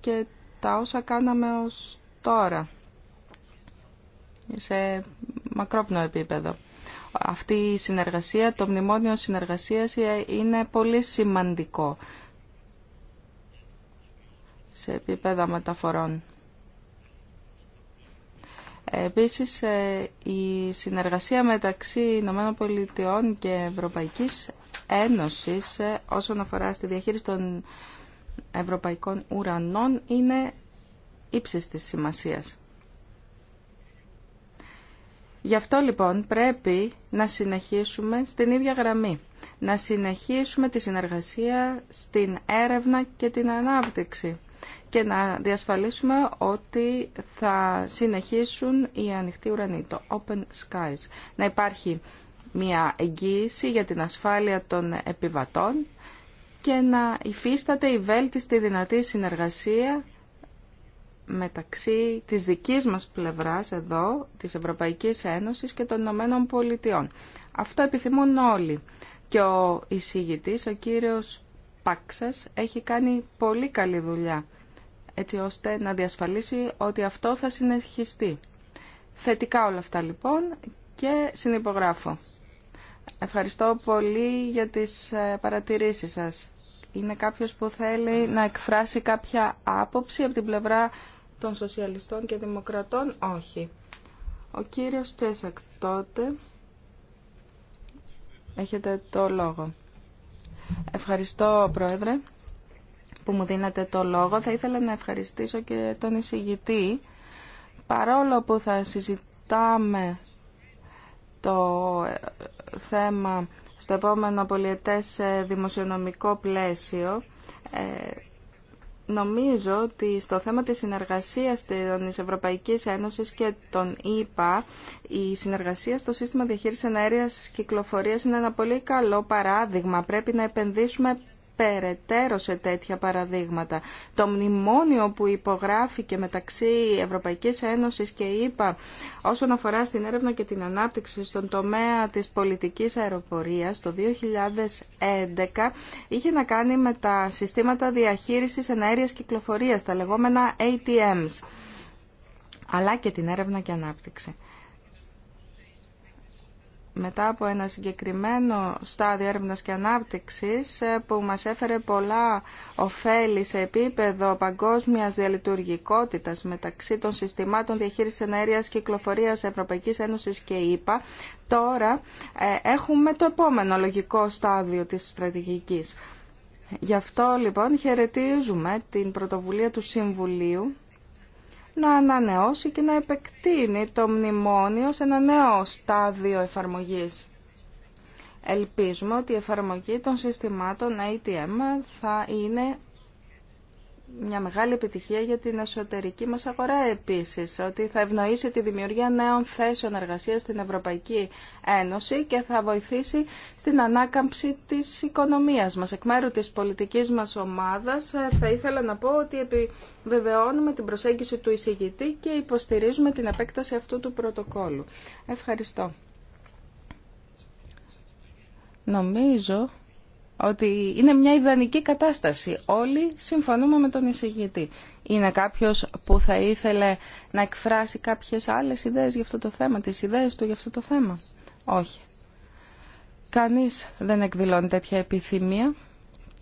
και τα όσα κάναμε ως τώρα, σε μακρόπνο επίπεδο. Αυτή η συνεργασία, το μνημόνιο συνεργασίας είναι πολύ σημαντικό σε επίπεδα μεταφορών. Επίσης, ε, η συνεργασία μεταξύ Ηνωμένων Πολιτειών και Ευρωπαϊκής Ένωσης ε, όσον αφορά στη διαχείριση των ευρωπαϊκών ουρανών είναι ύψης της σημασίας. Γι' αυτό λοιπόν πρέπει να συνεχίσουμε στην ίδια γραμμή. Να συνεχίσουμε τη συνεργασία στην έρευνα και την ανάπτυξη και να διασφαλίσουμε ότι θα συνεχίσουν οι ανοιχτοί ουρανοί, το Open Skies. Να υπάρχει μια εγγύηση για την ασφάλεια των επιβατών και να υφίσταται η βέλτιστη δυνατή συνεργασία μεταξύ της δικής μας πλευράς εδώ, της Ευρωπαϊκής Ένωσης και των Ηνωμένων Πολιτειών. Αυτό επιθυμούν όλοι. Και ο εισηγητής, ο κύριος Πάξας, έχει κάνει πολύ καλή δουλειά έτσι ώστε να διασφαλίσει ότι αυτό θα συνεχιστεί. Θετικά όλα αυτά λοιπόν και συνυπογράφω. Ευχαριστώ πολύ για τις ε, παρατηρήσεις σας. Είναι κάποιος που θέλει να εκφράσει κάποια άποψη από την πλευρά των σοσιαλιστών και δημοκρατών. Όχι. Ο κύριος Τσέσακ τότε. Έχετε το λόγο. Ευχαριστώ, Πρόεδρε που μου δίνετε το λόγο. Θα ήθελα να ευχαριστήσω και τον εισηγητή. Παρόλο που θα συζητάμε το ε, θέμα στο επόμενο πολιετές ε, δημοσιονομικό πλαίσιο, ε, νομίζω ότι στο θέμα της συνεργασίας της Ευρωπαϊκής Ένωσης και των ΗΠΑ η συνεργασία στο σύστημα διαχείρισης ενέργειας κυκλοφορίας είναι ένα πολύ καλό παράδειγμα. Πρέπει να επενδύσουμε περαιτέρω σε τέτοια παραδείγματα. Το μνημόνιο που υπογράφηκε μεταξύ Ευρωπαϊκής Ένωσης και ΕΕ όσον αφορά στην έρευνα και την ανάπτυξη στον τομέα της πολιτικής αεροπορίας το 2011 είχε να κάνει με τα συστήματα διαχείρισης και κυκλοφορίας, τα λεγόμενα ATMs αλλά και την έρευνα και ανάπτυξη μετά από ένα συγκεκριμένο στάδιο έρευνας και ανάπτυξης ε, που μας έφερε πολλά ωφέλη σε επίπεδο παγκόσμιας διαλειτουργικότητας μεταξύ των συστημάτων διαχείρισης ενέργειας κυκλοφορίας Ευρωπαϊκής Ένωσης και ΕΠΑ, ΕΕ, τώρα ε, έχουμε το επόμενο λογικό στάδιο της στρατηγικής. Γι' αυτό λοιπόν χαιρετίζουμε την πρωτοβουλία του Συμβουλίου να ανανεώσει και να επεκτείνει το μνημόνιο σε ένα νέο στάδιο εφαρμογής. Ελπίζουμε ότι η εφαρμογή των συστημάτων ATM θα είναι μια μεγάλη επιτυχία για την εσωτερική μας αγορά επίσης, ότι θα ευνοήσει τη δημιουργία νέων θέσεων εργασίας στην Ευρωπαϊκή Ένωση και θα βοηθήσει στην ανάκαμψη της οικονομίας μας. Εκ μέρου της πολιτικής μας ομάδας ε, θα ήθελα να πω ότι επιβεβαιώνουμε την προσέγγιση του εισηγητή και υποστηρίζουμε την επέκταση αυτού του πρωτοκόλου. Ευχαριστώ. Νομίζω ότι είναι μια ιδανική κατάσταση. Όλοι συμφωνούμε με τον εισηγητή. Είναι κάποιος που θα ήθελε να εκφράσει κάποιες άλλες ιδέες για αυτό το θέμα, τις ιδέες του για αυτό το θέμα. Όχι. Κανείς δεν εκδηλώνει τέτοια επιθυμία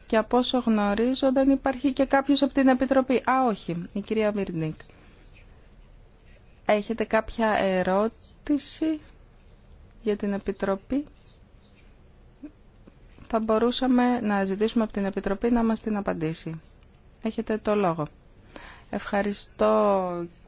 και από όσο γνωρίζω δεν υπάρχει και κάποιος από την Επιτροπή. Α, όχι, η κυρία Βιρνίκ. Έχετε κάποια ερώτηση για την Επιτροπή θα μπορούσαμε να ζητήσουμε από την Επιτροπή να μας την απαντήσει. Έχετε το λόγο. Ευχαριστώ,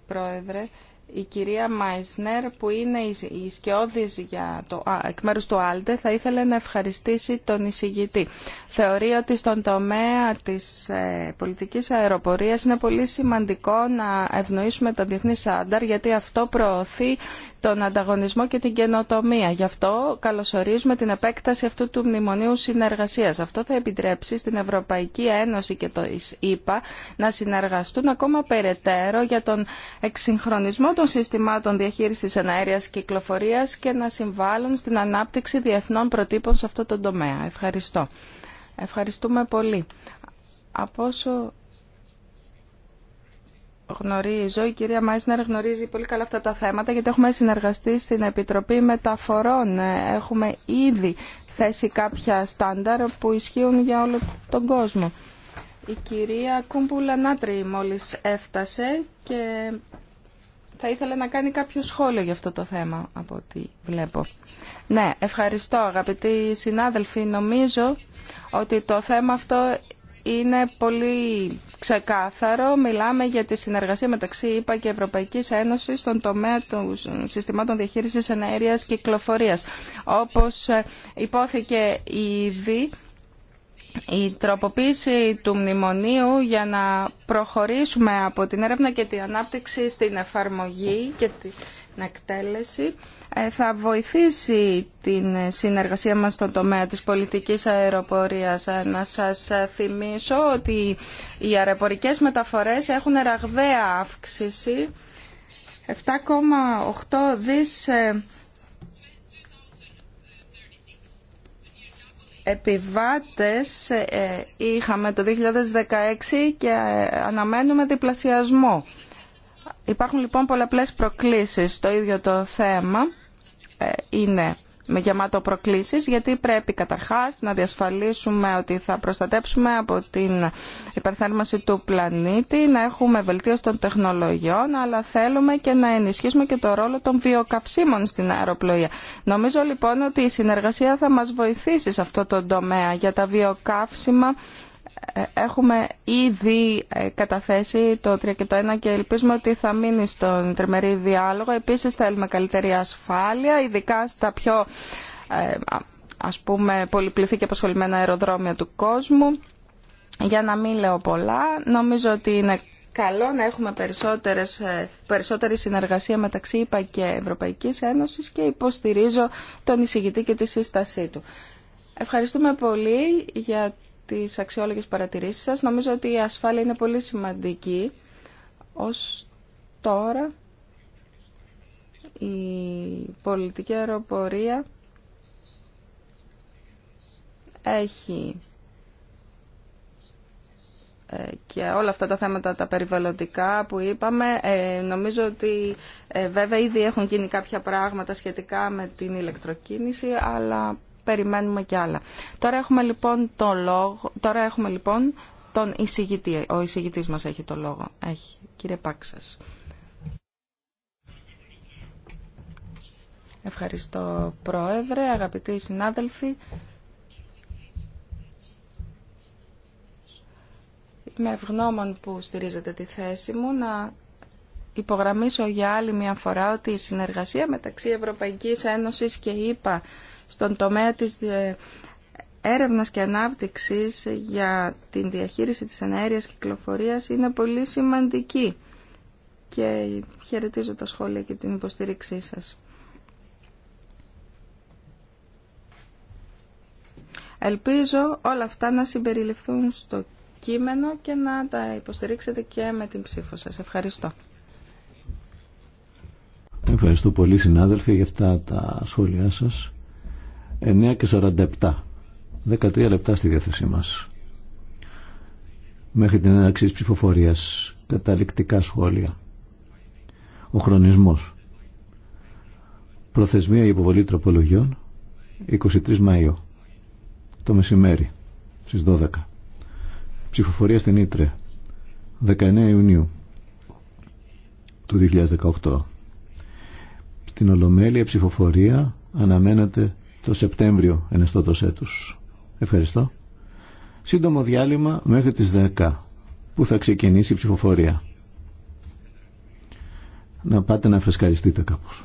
Πρόεδρε. Η κυρία Μάισνερ, που είναι η σκιώδης για το, α, εκ μέρους του Άλτε, θα ήθελε να ευχαριστήσει τον εισηγητή. Θεωρεί ότι στον τομέα της ε, πολιτικής αεροπορίας είναι πολύ σημαντικό να ευνοήσουμε τα διεθνή σάνταρ, γιατί αυτό προωθεί τον ανταγωνισμό και την καινοτομία. Γι' αυτό καλωσορίζουμε την επέκταση αυτού του μνημονίου συνεργασίας. Αυτό θα επιτρέψει στην Ευρωπαϊκή Ένωση και το ΙΠΑ να συνεργαστούν ακόμα περαιτέρω για τον εξυγχρονισμό των συστημάτων διαχείρισης εναέρεια κυκλοφορίας και να συμβάλλουν στην ανάπτυξη διεθνών προτύπων σε αυτό το τομέα. Ευχαριστώ. Ευχαριστούμε πολύ. Από όσο γνωρίζω, η κυρία Μάισνερ γνωρίζει πολύ καλά αυτά τα θέματα γιατί έχουμε συνεργαστεί στην Επιτροπή Μεταφορών. Έχουμε ήδη θέσει κάποια στάνταρ που ισχύουν για όλο τον κόσμο. Η κυρία Κούμπουλα Νάτρη μόλις έφτασε και θα ήθελα να κάνει κάποιο σχόλιο για αυτό το θέμα από ό,τι βλέπω. Ναι, ευχαριστώ αγαπητοί συνάδελφοι. Νομίζω ότι το θέμα αυτό είναι πολύ ξεκάθαρο. Μιλάμε για τη συνεργασία μεταξύ ΕΠΑ ΕΕ και Ευρωπαϊκής Ένωσης στον τομέα των συστημάτων διαχείρισης και κυκλοφορία. Όπως ε, υπόθηκε ήδη, η τροποποίηση του μνημονίου για να προχωρήσουμε από την έρευνα και την ανάπτυξη στην εφαρμογή και εκτέλεση ε, θα βοηθήσει την συνεργασία μας στον τομέα της πολιτικής αεροπορίας. Ε, να σας ε, θυμίσω ότι οι αεροπορικές μεταφορές έχουν ραγδαία αύξηση 7,8 δις επιβάτες είχαμε το 2016 και αναμένουμε διπλασιασμό. Υπάρχουν λοιπόν πολλαπλές προκλήσεις. Το ίδιο το θέμα ε, είναι με γεμάτο προκλήσεις γιατί πρέπει καταρχάς να διασφαλίσουμε ότι θα προστατέψουμε από την υπερθέρμανση του πλανήτη, να έχουμε βελτίωση των τεχνολογιών, αλλά θέλουμε και να ενισχύσουμε και το ρόλο των βιοκαυσίμων στην αεροπλοεία. Νομίζω λοιπόν ότι η συνεργασία θα μας βοηθήσει σε αυτό το τομέα για τα βιοκαύσιμα ε, έχουμε ήδη ε, καταθέσει το 3 και το 1 και ελπίζουμε ότι θα μείνει στον τριμερή διάλογο. Επίσης θέλουμε καλύτερη ασφάλεια, ειδικά στα πιο ε, ας πούμε πολυπληθή και αποσχολημένα αεροδρόμια του κόσμου. Για να μην λέω πολλά, νομίζω ότι είναι καλό να έχουμε περισσότερες, περισσότερη συνεργασία μεταξύ ΕΠΑ και Ευρωπαϊκής Ένωσης και υποστηρίζω τον εισηγητή και τη σύστασή του. Ευχαριστούμε πολύ για τις αξιόλογες παρατηρήσεις σας. Νομίζω ότι η ασφάλεια είναι πολύ σημαντική. Ως τώρα η πολιτική αεροπορία έχει ε, και όλα αυτά τα θέματα τα περιβαλλοντικά που είπαμε. Ε, νομίζω ότι ε, βέβαια ήδη έχουν γίνει κάποια πράγματα σχετικά με την ηλεκτροκίνηση, αλλά περιμένουμε και άλλα. Τώρα έχουμε λοιπόν τον λόγο, τώρα έχουμε λοιπόν τον εισηγητή. Ο εισηγητής μας έχει το λόγο. Έχει. Κύριε Πάξας. Ευχαριστώ Πρόεδρε, αγαπητοί συνάδελφοι. Είμαι ευγνώμων που στηρίζετε τη θέση μου να υπογραμμίσω για άλλη μια φορά ότι η συνεργασία μεταξύ Ευρωπαϊκής Ένωσης και ΕΠΑ στον τομέα της ε, έρευνας και ανάπτυξης για την διαχείριση της και κυκλοφορίας είναι πολύ σημαντική και χαιρετίζω τα σχόλια και την υποστήριξή σας. Ελπίζω όλα αυτά να συμπεριληφθούν στο κείμενο και να τα υποστηρίξετε και με την ψήφο σας. Ευχαριστώ. Ευχαριστώ πολύ συνάδελφοι για αυτά τα σχόλιά σας. 9 και 47. 13 λεπτά στη διάθεσή μας. Μέχρι την έναρξη της ψηφοφορίας. Καταληκτικά σχόλια. Ο χρονισμός. Προθεσμία υποβολή τροπολογιών 23 Μαΐου. Το μεσημέρι στις 12. Ψηφοφορία στην Ήτρε 19 Ιουνίου του 2018. Στην Ολομέλεια ψηφοφορία αναμένεται το Σεπτέμβριο ενεστώτος έτους. Ευχαριστώ. Σύντομο διάλειμμα μέχρι τις 10 που θα ξεκινήσει η ψηφοφορία. Να πάτε να φρεσκαριστείτε κάπως.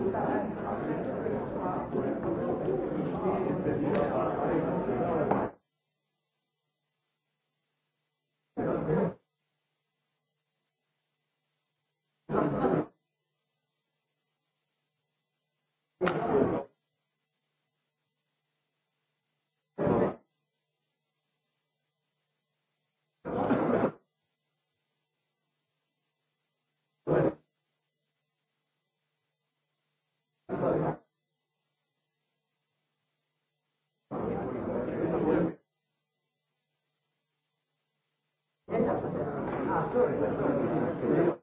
Υπότιτλοι AUTHORWAVE Α, σου έρθει η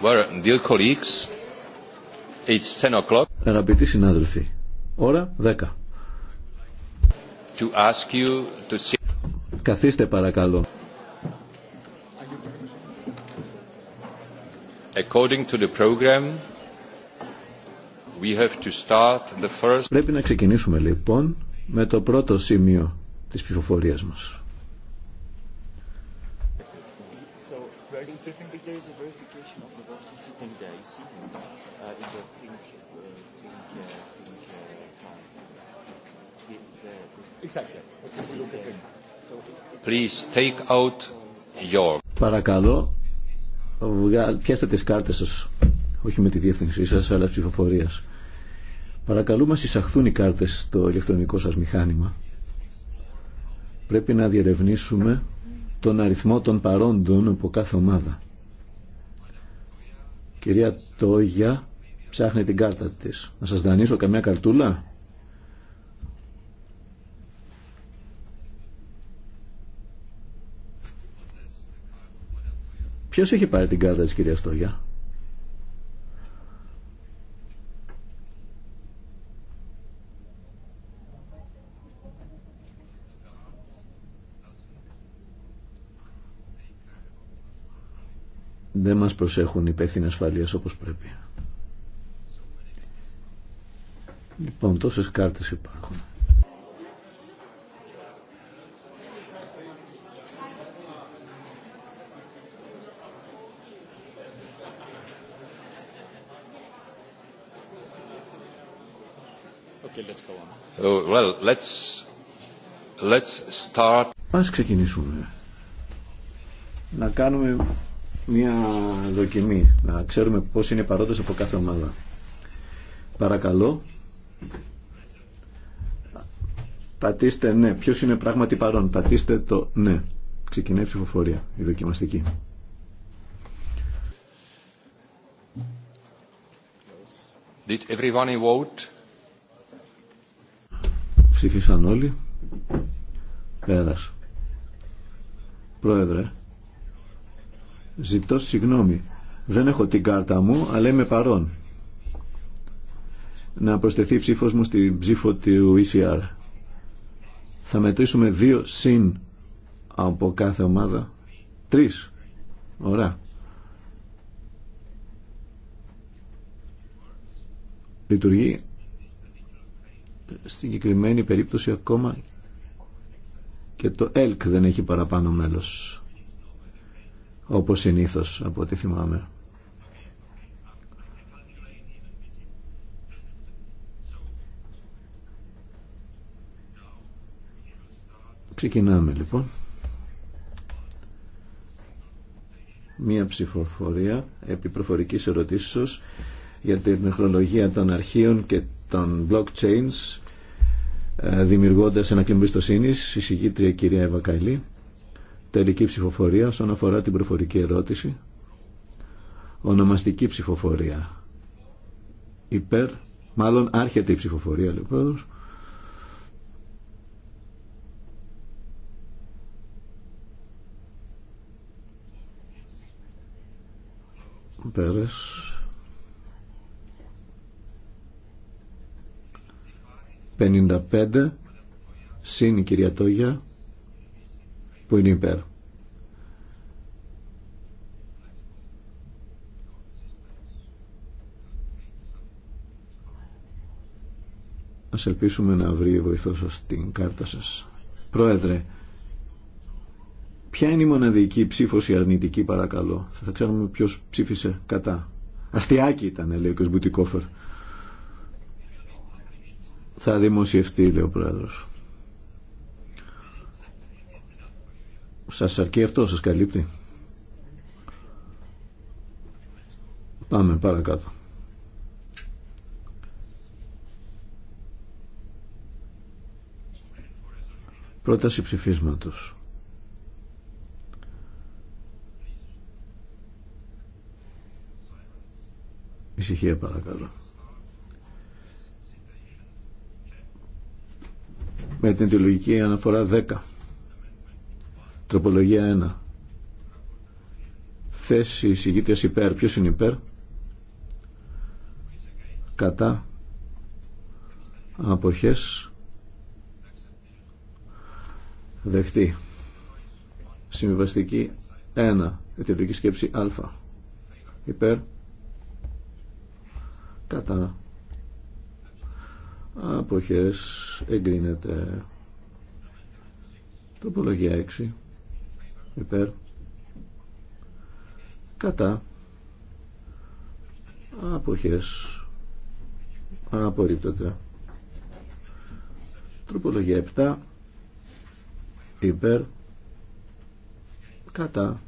dear colleagues, it's 10 o'clock. Αγαπητοί συνάδελφοι, ώρα 10. To ask you to... Καθίστε παρακαλώ. According to the program, we have to start the first... Πρέπει να ξεκινήσουμε λοιπόν με το πρώτο σημείο της ψηφοφορίας μας. Παρακαλώ, πιάστε τις κάρτες σας, όχι με τη διεύθυνσή σας, αλλά ψηφοφορίας. Παρακαλούμε να συσαχθούν οι κάρτες στο ηλεκτρονικό σας μηχάνημα. Πρέπει να διερευνήσουμε τον αριθμό των παρόντων από κάθε ομάδα. Κυρία Τόγια ψάχνει την κάρτα της. Να σας δανείσω καμιά καρτούλα. Ποιος έχει πάρει την κάρτα της κυρίας Τόγια. δεν μας προσέχουν οι υπεύθυνοι ασφαλείας όπως πρέπει. Λοιπόν, τόσες κάρτες υπάρχουν. Okay, uh, well, let's, let's start. Ας ξεκινήσουμε. Να κάνουμε μια δοκιμή, να ξέρουμε πώς είναι παρόντες από κάθε ομάδα. Παρακαλώ, πατήστε ναι. Ποιος είναι πράγματι παρόν, πατήστε το ναι. Ξεκινάει η ψηφοφορία, η δοκιμαστική. Did everyone vote? Ψήφισαν όλοι. Πέρασε. Πρόεδρε, Ζητώ συγγνώμη. Δεν έχω την κάρτα μου, αλλά είμαι παρόν. Να προσθεθεί η μου στην ψήφο του ECR. Θα μετρήσουμε δύο συν από κάθε ομάδα. Τρεις. Ωραία. Λειτουργεί στην συγκεκριμένη περίπτωση ακόμα και το ΕΛΚ δεν έχει παραπάνω μέλος όπως συνήθως από ό,τι θυμάμαι. Ξεκινάμε λοιπόν. Μία ψηφοφορία επί προφορικής ερωτήσεως για την τεχνολογία των αρχείων και των blockchains ε, δημιουργώντας ένα κλίμα η κυρία Εύα Τελική ψηφοφορία όσον αφορά την προφορική ερώτηση. Ονομαστική ψηφοφορία. Υπέρ, μάλλον άρχεται η ψηφοφορία, λέει ο Πέρες. 55 συν η κυρία Τόγια που είναι υπέρ. Ας ελπίσουμε να βρει βοηθό σας την κάρτα σας. Πρόεδρε, ποια είναι η μοναδική ψήφος η αρνητική παρακαλώ. Θα, θα ξέρουμε ποιος ψήφισε κατά. Αστιάκι ήταν λέει ο κ. Μπουτικόφερ. Θα δημοσιευτεί λέει ο πρόεδρος. Σας αρκεί αυτό, σας καλύπτει. Πάμε παρακάτω. Πρόταση ψηφίσματος. Ησυχία παρακαλώ. Με την λογική αναφορά 10. Τροπολογία 1. Θέση εισηγήτριας υπέρ. ποιο είναι υπέρ. Κατά. άποχέ Δεχτή. Συμβιβαστική 1. Εταιρική σκέψη α. Υπέρ. Κατά. Αποχές εγκρίνεται. Τροπολογία 6 υπέρ κατά αποχές απορρίπτονται τροπολογία 7 υπέρ κατά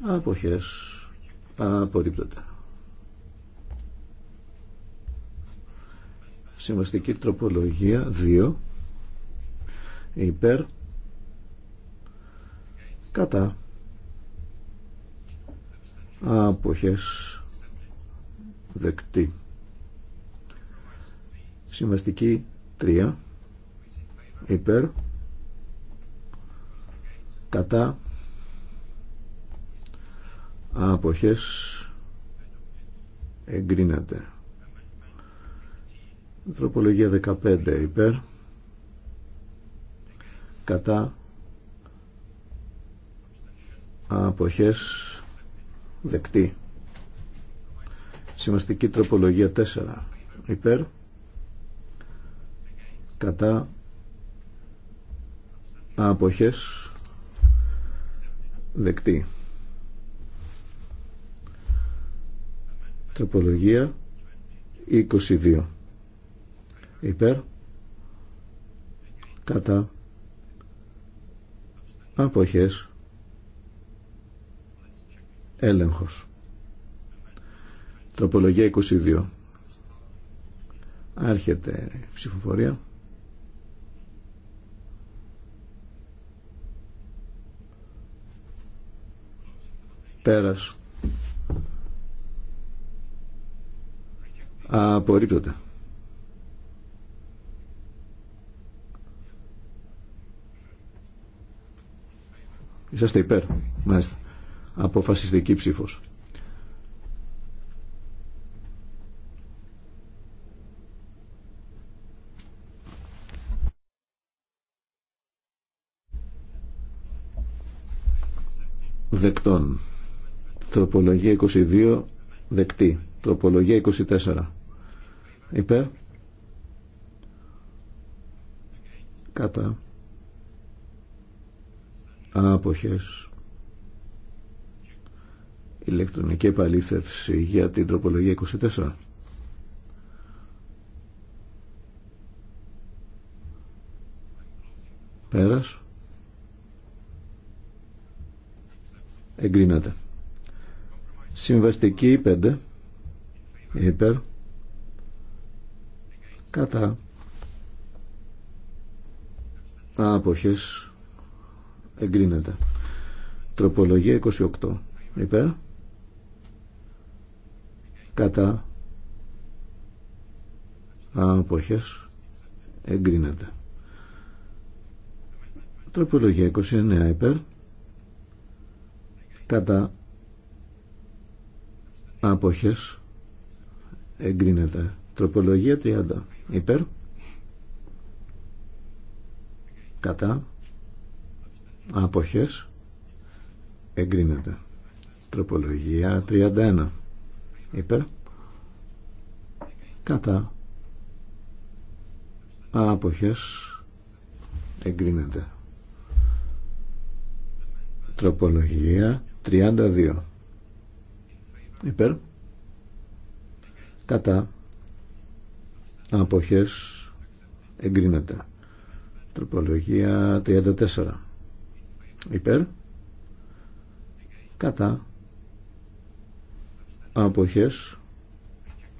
αποχές απορρίπτονται συμβαστική τροπολογία 2 υπέρ κατά άποχες δεκτή συμβαστική 3 υπέρ κατά άποχες εγκρίνεται τροπολογία 15 υπέρ κατά αποχές δεκτή σημαστική τροπολογία 4 υπέρ κατά αποχές δεκτή τροπολογία 22 υπέρ κατά αποχές έλεγχος. Τροπολογία 22. Άρχεται η ψηφοφορία. Πέρας. Απορρίπτωτα. Είσαστε υπέρ. Μάλιστα αποφασιστική ψήφος. δεκτών. Τροπολογία 22 δεκτή. Τροπολογία 24. Υπέρ. Κατά. Άποχες ηλεκτρονική επαλήθευση για την τροπολογία 24. Πέρας. Εγκρίνεται. Συμβαστική 5. Υπέρ. Κατά. Άποχες. Εγκρίνεται. Τροπολογία 28. Υπέρ κατά αποχές εγκρίνεται τροπολογία 29 υπέρ κατά άποχες εγκρίνεται τροπολογία 30 υπέρ κατά άποχες εγκρίνεται τροπολογία 31 υπέρ κατά άποχες εγκρίνεται τροπολογία 32 υπέρ κατά άποχες εγκρίνεται τροπολογία 34 υπέρ κατά αποχές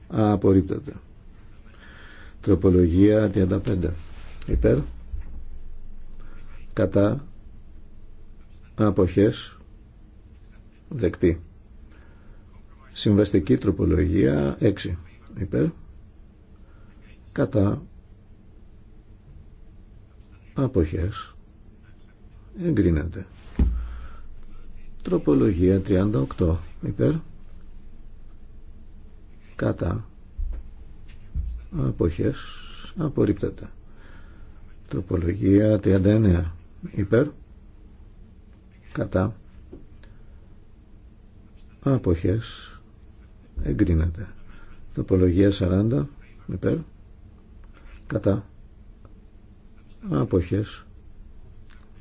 απορρίπτεται τροπολογία 35 υπέρ κατά αποχές δεκτή συμβαστική τροπολογία 6 υπέρ κατά αποχές εγκρίνεται τροπολογία 38 υπέρ κατά αποχές απορρίπτεται τροπολογία 39 υπέρ κατά αποχές εγκρίνεται τροπολογία 40 υπέρ κατά αποχές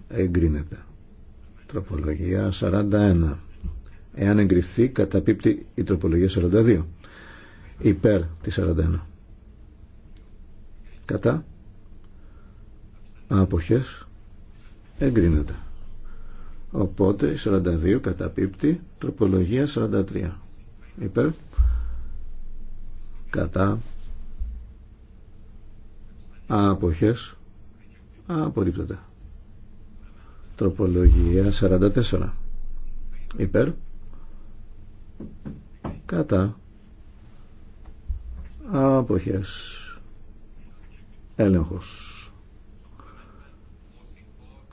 εγκρίνεται τροπολογία 41 εάν εγκριθεί καταπίπτει η τροπολογία 42 υπέρ τη 41 κατά άποχες εγκρίνεται οπότε 42 καταπίπτει τροπολογία 43 υπέρ κατά άποχες απορρίπτεται τροπολογία 44 υπέρ κατά Αποχές. Έλεγχος.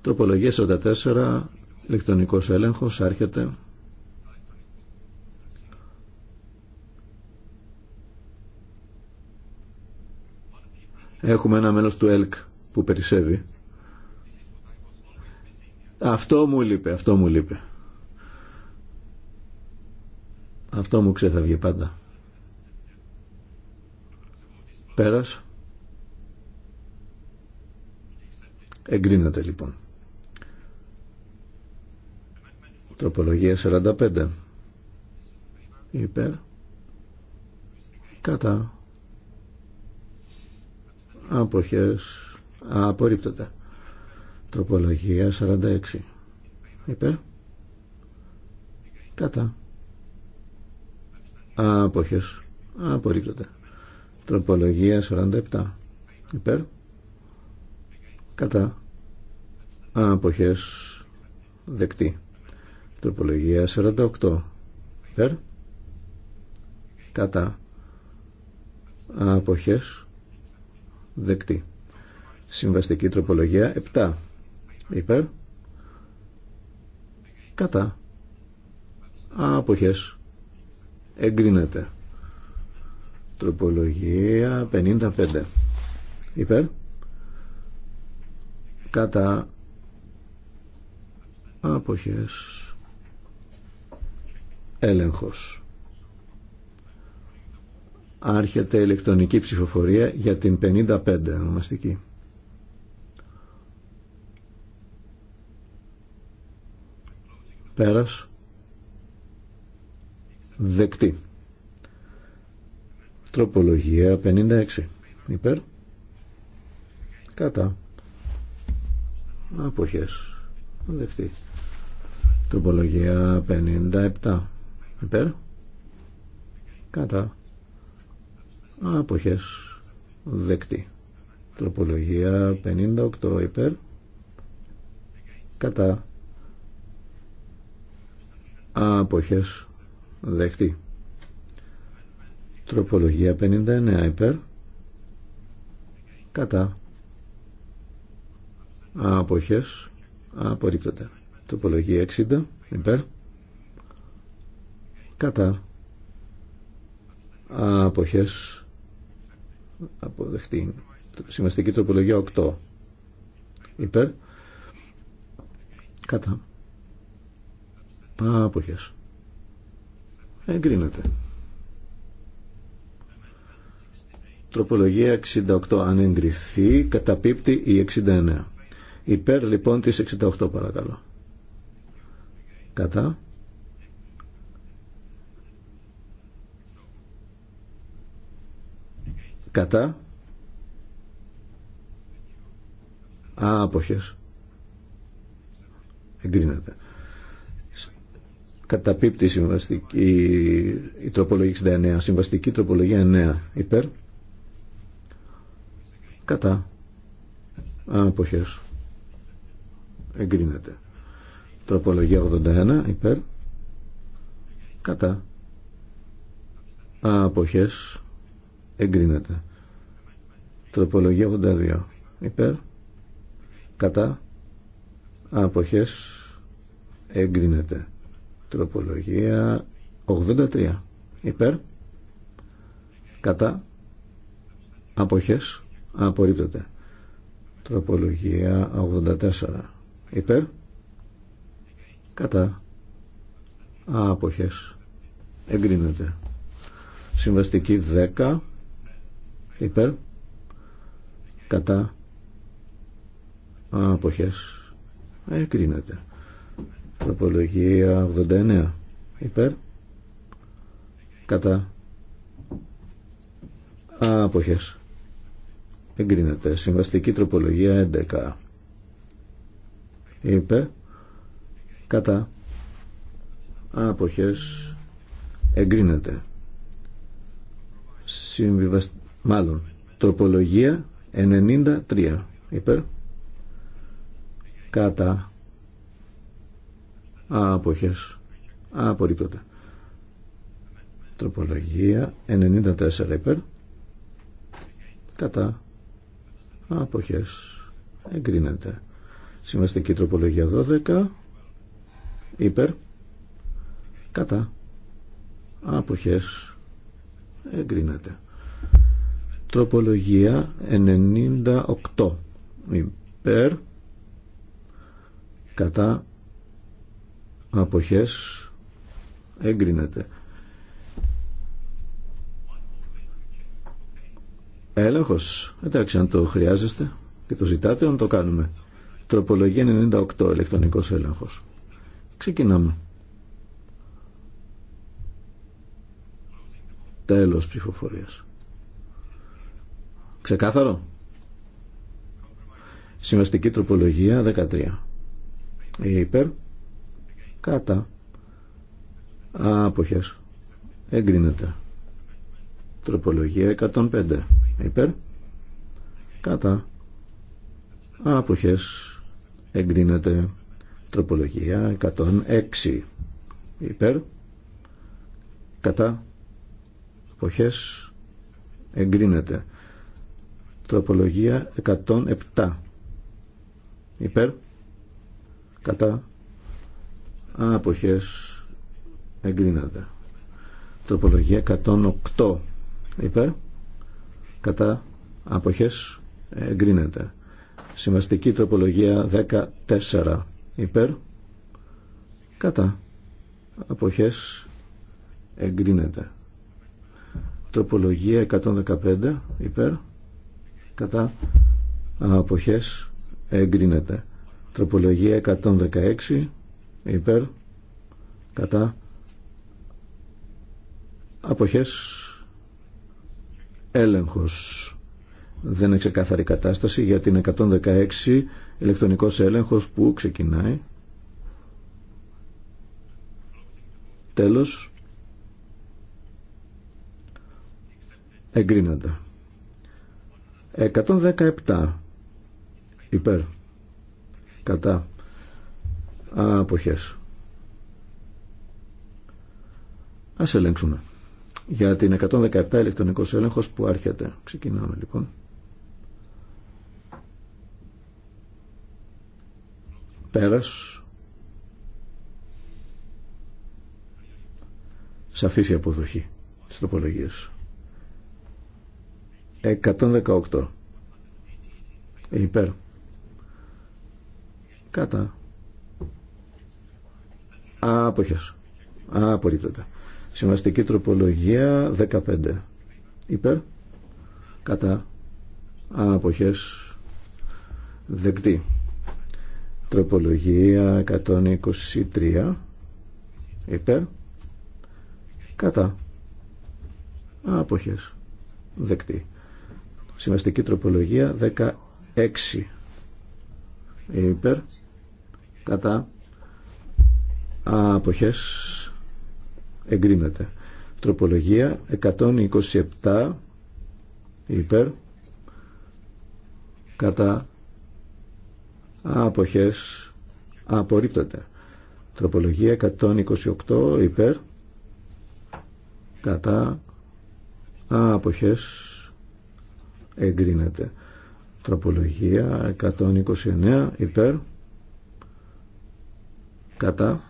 Τροπολογία 44. Ηλεκτρονικός έλεγχος. Άρχεται. Έχουμε ένα μέλος του ΕΛΚ που περισσεύει. Αυτό μου αυτό μου λείπε. Αυτό μου ξέφευγε πάντα. Πέρας. Εγκρίνεται λοιπόν. Τροπολογία 45. Υπέρ. Κατά. Αποχές. Απορρίπτεται. Τροπολογία 46. Υπέρ. Κατά. Αποχές. Απορρίπτεται. Τροπολογία 47. Υπέρ. Κατά. Αποχές δεκτή. Τροπολογία 48. Υπέρ. Κατά. Αποχές δεκτή. Συμβαστική τροπολογία 7. Υπέρ. Κατά. Αποχές εγκρίνεται. Τροπολογία 55. Υπέρ. Κατά άποχες έλεγχος. Άρχεται ηλεκτρονική ψηφοφορία για την 55 ονομαστική. Πέρας. Δεκτή. Τροπολογία 56. Υπέρ. Κατά. Αποχές. δεκτή. Τροπολογία 57. Υπέρ. Κατά. Αποχές. Δεκτή. Τροπολογία 58. Υπέρ. Κατά. Αποχές. Δεκτή. Τροπολογία 59 υπέρ. Κατά. Αποχές. απορρίπτονται Τροπολογία 60 υπέρ. Κατά. Αποχές. Αποδεχτεί. Σημαστική τροπολογία 8 υπέρ. Κατά. Αποχές. Εγκρίνεται. Τροπολογία 68 αν εγκριθεί καταπίπτει η 69. Υπέρ λοιπόν της 68 παρακαλώ. Κατά. Κατά. Α, αποχές. Εγκρίνεται. Καταπίπτει η, η τροπολογία 69. Συμβαστική τροπολογία 9. Υπέρ κατά αποχές εγκρίνεται τροπολογία 81 υπέρ κατά αποχές εγκρίνεται τροπολογία 82 υπέρ κατά αποχές εγκρίνεται τροπολογία 83 υπέρ κατά αποχές απορρίπτεται. Τροπολογία 84 υπέρ κατά άποχες εγκρίνεται. Συμβαστική 10 υπέρ κατά άποχες εγκρίνεται. Τροπολογία 89 υπέρ κατά άποχες εγκρίνεται. Συμβαστική τροπολογία 11 Είπε. κατά άποχες εγκρίνεται. Συμβιβασ... Μάλλον, τροπολογία 93 Είπε. κατά άποχες απορρίπτωτα. Τροπολογία 94 υπέρ κατά Αποχές. Εγκρίνεται. Συμβαστική τροπολογία 12. Υπέρ. Κατά. Αποχές. Εγκρίνεται. Τροπολογία 98. Υπέρ. Κατά. Αποχές. Εγκρίνεται. Έλεγχος. Εντάξει, αν το χρειάζεστε και το ζητάτε, αν το κάνουμε. Τροπολογία 98, ηλεκτρονικός έλεγχος. Ξεκινάμε. Τέλος ψηφοφορίας. Ξεκάθαρο. Συμβαστική τροπολογία 13. Υπέρ. Κατά. Άποχες. Εγκρίνεται. Τροπολογία 105 υπέρ κατά άποχες εγκρίνεται τροπολογία 106 υπέρ κατά αποχές εγκρίνεται τροπολογία 107 υπέρ κατά άποχες εγκρίνεται τροπολογία 108 υπέρ κατά αποχές εγκρίνεται. Σημαστική τροπολογία 14 υπέρ κατά αποχές εγκρίνεται. Τροπολογία 115 υπέρ κατά αποχές εγκρίνεται. Τροπολογία 116 υπέρ κατά αποχές έλεγχος. Δεν είναι ξεκάθαρη κατάσταση για την 116 ηλεκτρονικός έλεγχος που ξεκινάει. Τέλος. Εγκρίνοντα. 117 υπέρ κατά αποχές. Ας ελέγξουμε για την 117 ηλεκτρονικό έλεγχος που άρχεται. Ξεκινάμε λοιπόν. Πέρας. Σαφής η αποδοχή της τοπολογίας. 118. Υπέρ. Κατά. Άποχες. Απορρίπτεται. Συμβαστική τροπολογία 15. Υπέρ. Κατά. Αποχές. Δεκτή. Τροπολογία 123. Υπέρ. Κατά. Αποχές. Δεκτή. Συμβαστική τροπολογία 16. Υπέρ. Κατά. Αποχές εγκρίνεται. Τροπολογία 127 υπέρ κατά άποχες απορρίπτεται. Τροπολογία 128 υπέρ κατά άποχες εγκρίνεται. Τροπολογία 129 υπέρ κατά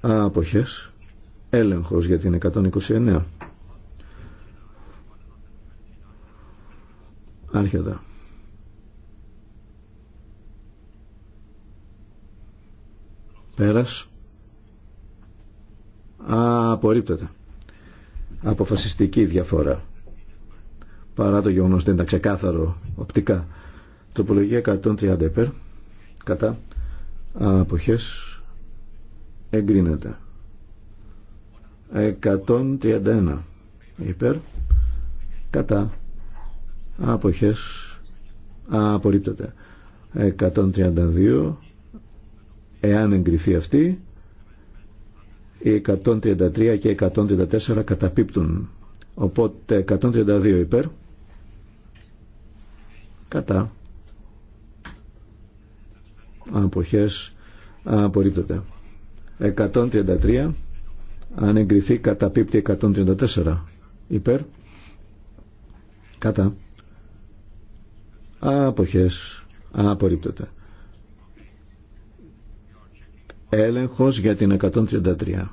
Αποχές. Έλεγχος για την 129. Άρχεται. Πέρας. Α, απορρίπτεται. Αποφασιστική διαφορά. Παρά το γεγονός δεν ήταν ξεκάθαρο οπτικά. Τροπολογία 130 υπέρ. Κατά. Αποχές εγκρίνεται 131 υπέρ κατά άποχες απορρίπτεται 132 εάν εγκριθεί αυτή οι 133 και 134 καταπίπτουν οπότε 132 υπέρ κατά αποχές απορρίπτεται 133 αν εγκριθεί πίπτη 134 υπέρ κατά αποχές απορρίπτεται έλεγχος για την 133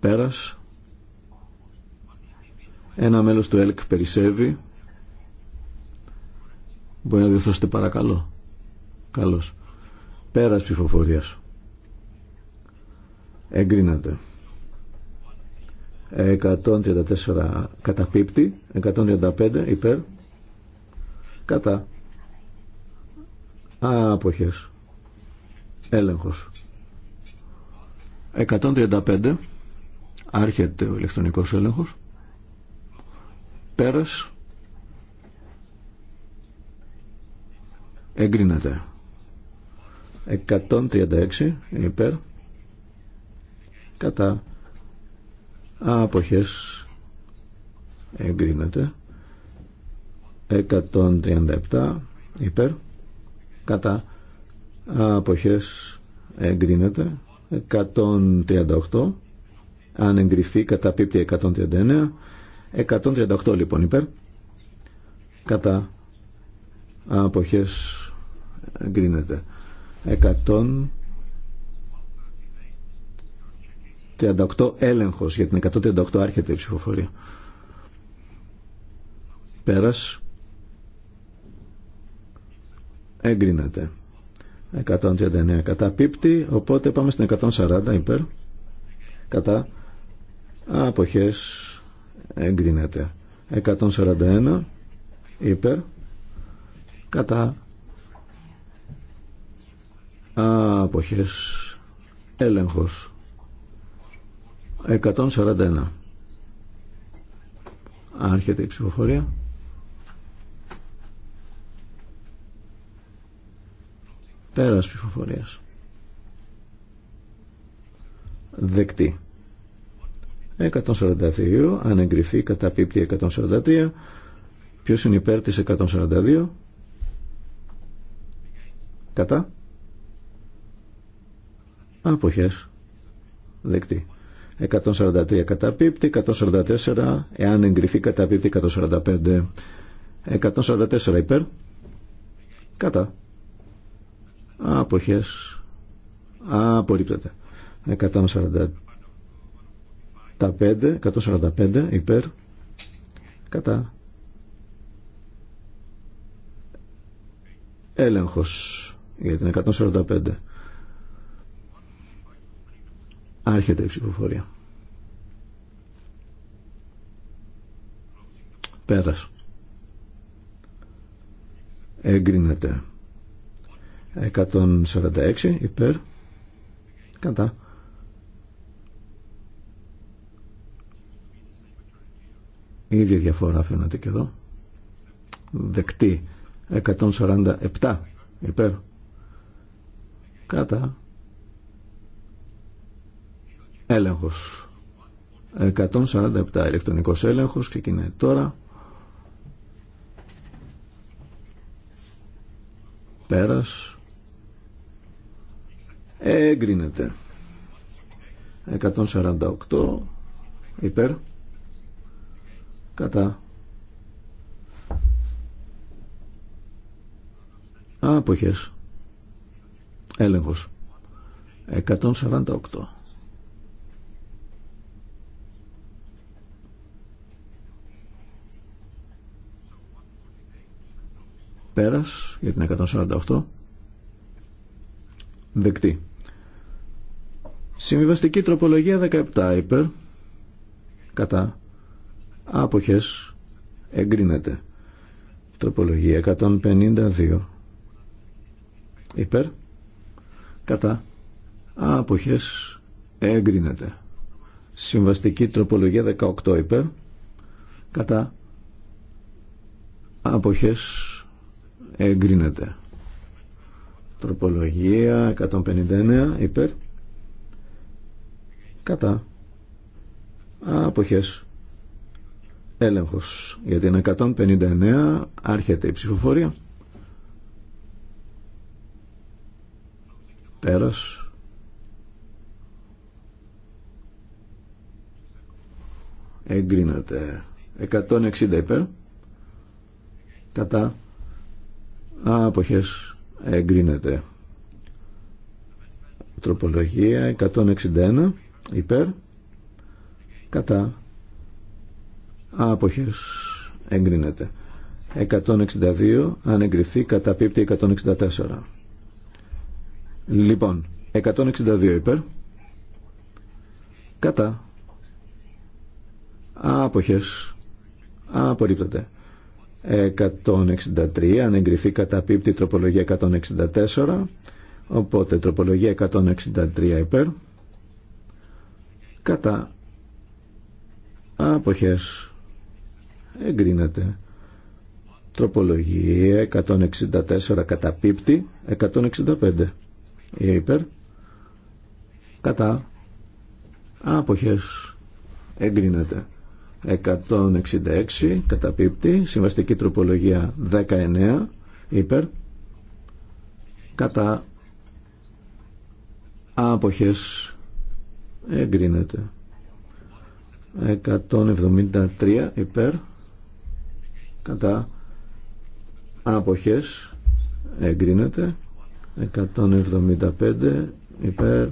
πέρας ένα μέλος του ΕΛΚ περισσεύει μπορεί να διεθώσετε παρακαλώ Καλώς. Πέρας ψηφοφορίας. Εγκρίνατε. 134 καταπίπτει, 135 υπέρ, κατά άποχες, έλεγχος. 135 άρχεται ο ηλεκτρονικός έλεγχος, πέρας, εγκρίνεται. 136 υπέρ κατά άποχες εγκρίνεται 137 υπέρ κατά άποχες εγκρίνεται 138 αν εγκριθεί κατά πίπτη 139 138 λοιπόν υπέρ κατά άποχες εγκρίνεται 138 έλεγχος για την 138 άρχεται η ψηφοφορία πέρας εγκρίνεται 139 κατά πίπτη οπότε πάμε στην 140 υπέρ κατά αποχές εγκρίνεται 141 υπέρ κατά Αποχές. Έλεγχος. 141. Άρχεται η ψηφοφορία. Πέρας ψηφοφορίας. Δεκτή. 142. Αν εγκριθεί κατά πίπτη 143. Ποιος είναι υπέρ της 142. Κατά. Αποχές. Δεκτή. 143 καταπίπτει, 144 εάν εγκριθεί καταπίπτει 145. 144 υπέρ. Κατά. Αποχές. Απορρίπτεται. 145, 145 υπέρ. Κατά. Έλεγχος για την 145. Άρχεται η ψηφοφορία. Πέρας. Εγκρίνεται. 146 υπέρ. Κατά. Η ίδια διαφορά φαίνεται και εδώ. Δεκτή. 147 υπέρ. Κατά. Έλεγχος. 147 ηλεκτρονικός έλεγχος. Ξεκινάει τώρα. Πέρας. Εγκρίνεται. 148 υπέρ. Κατά. Άποχες. Έλεγχος. 148. Πέρας για την 148. Δεκτή. Συμβιβαστική τροπολογία 17 υπέρ. Κατά. Άποχες. Εγκρίνεται. Τροπολογία 152. Υπέρ. Κατά. Άποχες. Εγκρίνεται. Συμβαστική τροπολογία 18 υπέρ. Κατά. Άποχες εγκρίνεται. Τροπολογία 159 υπέρ κατά αποχές έλεγχος για την 159 άρχεται η ψηφοφορία πέρας εγκρίνεται 160 υπέρ κατά Αποχές εγκρίνεται. Τροπολογία 161 υπέρ κατά άποχες εγκρίνεται. 162 αν εγκριθεί καταπίπτει 164. Λοιπόν, 162 υπέρ κατά άποχες απορρίπτεται. 163, αν εγκριθεί πίπτη τροπολογία 164, οπότε τροπολογία 163 υπέρ, κατά αποχές εγκρίνεται. Τροπολογία 164 κατά πίπτη 165 υπέρ, κατά αποχές εγκρίνεται. 166 πίπτη, Συμβαστική τροπολογία 19 υπέρ. Κατά άποχες εγκρίνεται. 173 υπέρ. Κατά άποχες εγκρίνεται. 175 υπέρ.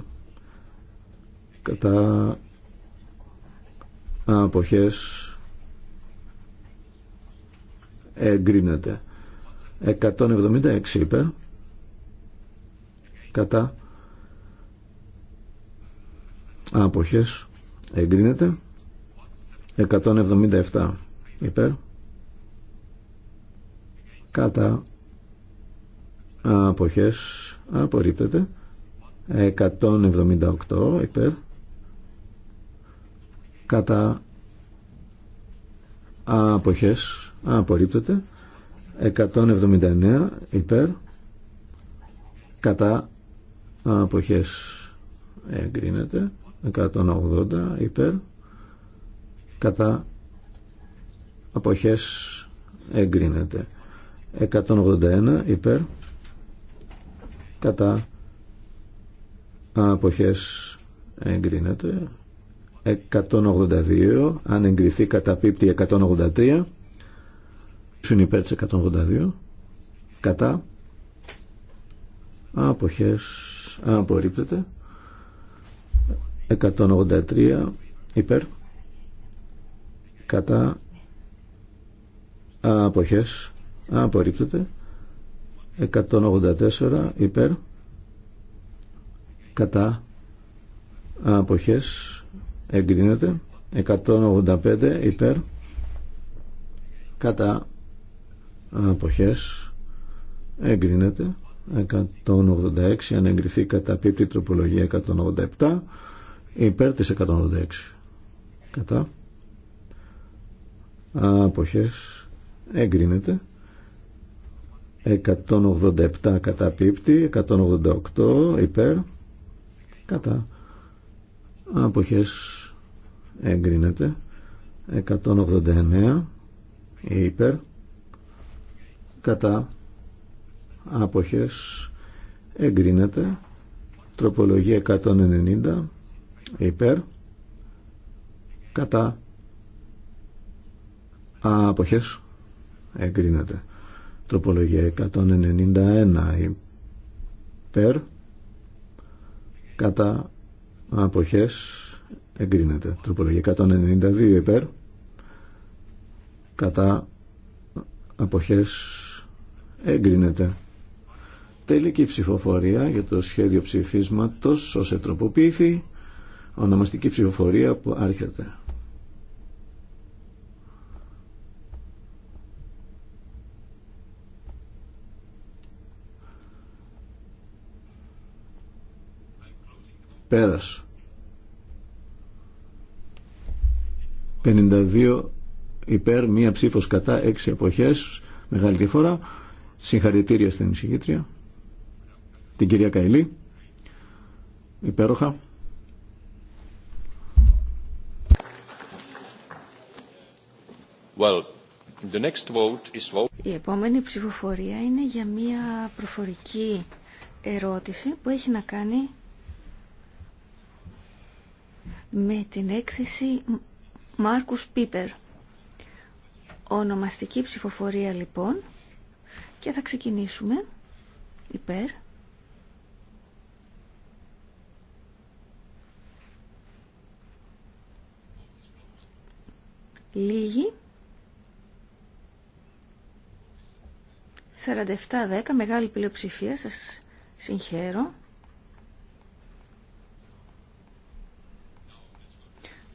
Κατά αποχές εγκρίνεται 176 υπέρ κατά αποχές εγκρίνεται 177 υπέρ κατά αποχές απορρίπτεται 178 υπέρ κατά αποχές απορρίπτεται 179 υπέρ κατά αποχές εγκρίνεται 180 υπέρ κατά αποχές εγκρίνεται 181 υπέρ κατά αποχές εγκρίνεται 182, αν εγκριθεί καταπίπτει 183, είναι υπέρ της 182, κατά, αποχές, απορρίπτεται, 183 υπέρ, κατά, αποχές, απορρίπτεται, 184 υπέρ, κατά, αποχές, εγκρίνεται 185 υπέρ κατά αποχές εγκρίνεται 186 αν εγκριθεί κατά πίπτη τροπολογία 187 υπέρ της 186 κατά αποχές εγκρίνεται 187 κατά πίπτη 188 υπέρ κατά αποχές εγκρίνεται 189 υπέρ κατά άποχες εγκρίνεται τροπολογία 190 υπέρ κατά άποχες εγκρίνεται τροπολογία 191 υπέρ κατά άποχες εγκρίνεται. Τροπολογία 192 υπέρ κατά αποχές εγκρίνεται. Τελική ψηφοφορία για το σχέδιο ψηφίσματος ως ετροποποιήθη ονομαστική ψηφοφορία που άρχεται. Πέρας. 52 υπέρ, μία ψήφος κατά, έξι εποχές, μεγάλη διαφορά. Συγχαρητήρια στην εισηγήτρια, την κυρία Καηλή. Υπέροχα. Well, the next Η επόμενη ψηφοφορία είναι για μία προφορική ερώτηση που έχει να κάνει με την έκθεση Μάρκους Πίπερ. Ονομαστική ψηφοφορία λοιπόν και θα ξεκινήσουμε υπέρ. Λίγη. 47-10, μεγάλη πλειοψηφία, σας συγχαίρω.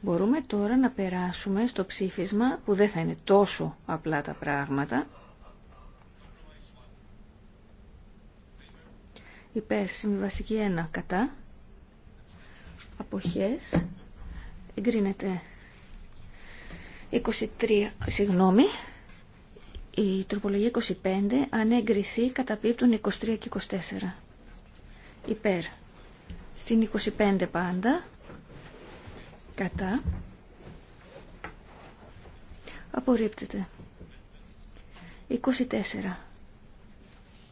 Μπορούμε τώρα να περάσουμε στο ψήφισμα που δεν θα είναι τόσο απλά τα πράγματα. Υπέρ συμβιβαστική 1 κατά. Αποχές. Εγκρίνεται 23, συγγνώμη, η τροπολογία 25 αν εγκριθεί καταπίπτουν 23 και 24. Υπέρ. Στην 25 πάντα Κατά. Απορρίπτεται. 24.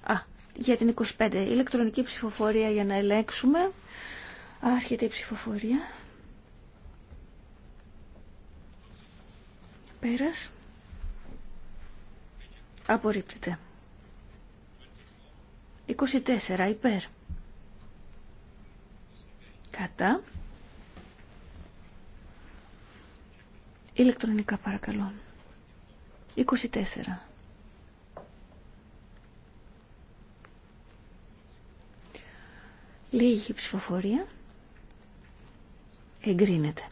Α, για την 25. Ηλεκτρονική ψηφοφορία για να ελέγξουμε. Άρχεται η ψηφοφορία. Πέρας. Απορρίπτεται. 24. Υπέρ. Κατά. Ηλεκτρονικά παρακαλώ. 24. Λίγη ψηφοφορία. Εγκρίνεται.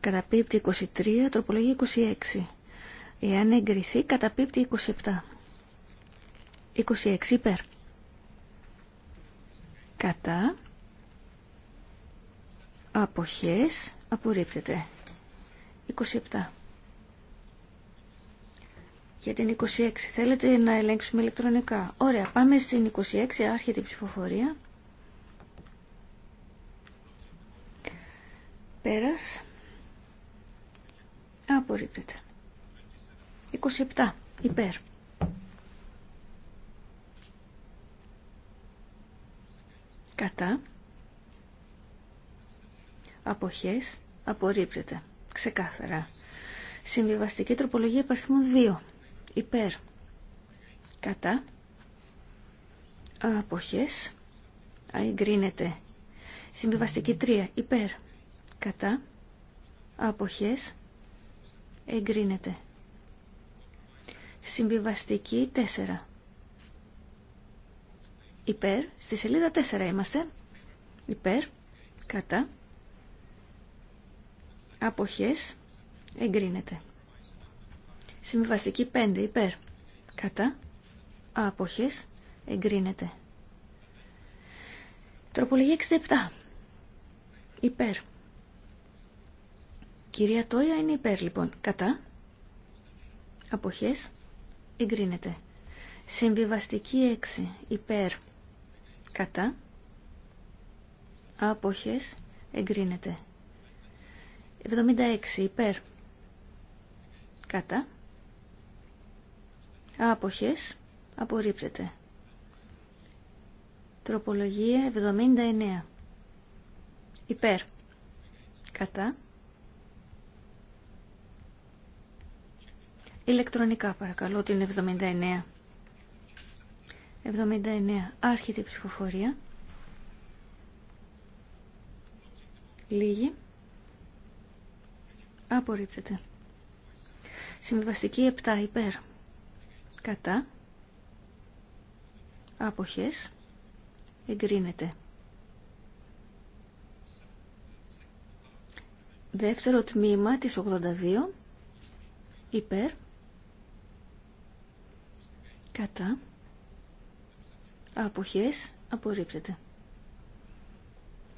Καταπίπτει 23, τροπολογία 26. Εάν εγκριθεί, καταπίπτει 27. 26 υπέρ. Κατά. Αποχές απορρίπτεται. 27. Για την 26. Θέλετε να ελέγξουμε ηλεκτρονικά. Ωραία. Πάμε στην 26. Άρχεται η ψηφοφορία. Πέρας. Απορρίπτεται. 27. Υπέρ. Κατά αποχές απορρίπτεται. Ξεκάθαρα. Συμβιβαστική τροπολογία υπαριθμών 2. Υπέρ. Κατά. Αποχές. Αγκρίνεται. Συμβιβαστική 3. Υπέρ. Κατά. Αποχές. Εγκρίνεται. Συμβιβαστική 4. Υπέρ. Στη σελίδα 4 είμαστε. Υπέρ. Κατά αποχές εγκρίνεται. Συμβιβαστική 5 υπέρ κατά αποχές εγκρίνεται. Τροπολογία 67 υπέρ. Κυρία Τόια είναι υπέρ λοιπόν. Κατά αποχές εγκρίνεται. Συμβιβαστική 6 υπέρ κατά αποχές εγκρίνεται. 76 υπέρ. Κατά. Άποχες. Απορρίπτεται. Τροπολογία 79. Υπέρ. Κατά. Ηλεκτρονικά παρακαλώ την 79. 79. άρχιτη ψηφοφορία. Λίγη. Απορρίπτεται. Συμβιβαστική 7 υπέρ. Κατά. Άποχες. Εγκρίνεται. Δεύτερο τμήμα της 82. Υπέρ. Κατά. Άποχες. Απορρίπτεται.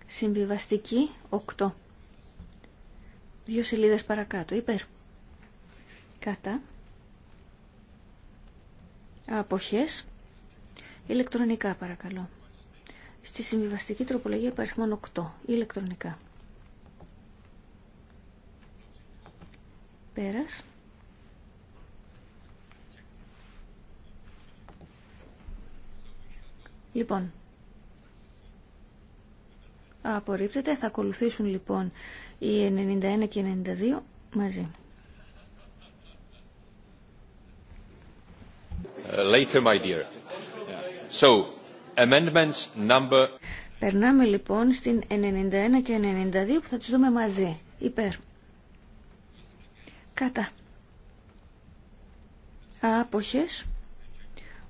Συμβιβαστική 8 Δύο σελίδες παρακάτω. Υπέρ. Κατά. Αποχές. Ηλεκτρονικά παρακαλώ. Στη συμβιβαστική τροπολογία μόνο 8. Ηλεκτρονικά. Πέρας. Λοιπόν, απορρίπτεται. Θα ακολουθήσουν λοιπόν η 91 και 92 μαζί. Ε, later, my dear. So, amendments number... Περνάμε λοιπόν στην 91 και 92 που θα τις δούμε μαζί. Υπέρ. Κατά. Άποχες.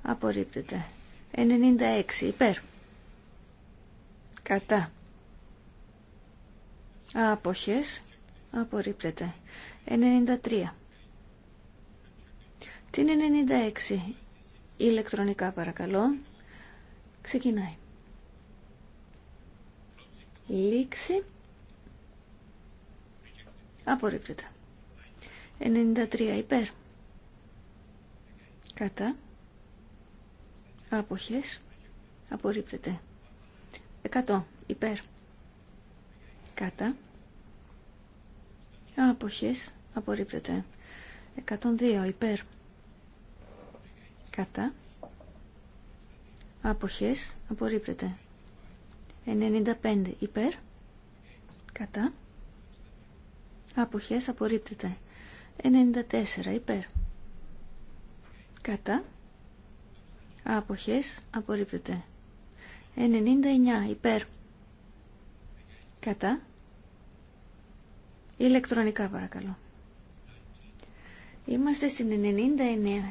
Απορρίπτεται. 96. Υπέρ. Κατά. Αποχές. Απορρίπτεται. 93. Την 96. Ηλεκτρονικά παρακαλώ. Ξεκινάει. Λήξη. Απορρίπτεται. 93 υπέρ. Κατά. Άποχες. Απορρίπτεται. 100 υπέρ. Κατά. Αποχές. Απορρίπτεται. 102. Υπέρ. Κατά. Αποχές. Απορρίπτεται. 95. Υπέρ. Κατά. Αποχές. Απορρίπτεται. 94. Υπέρ. Κατά. Αποχές. Απορρίπτεται. 99. Υπέρ. Κατά. Ηλεκτρονικά παρακαλώ. Είμαστε στην 99.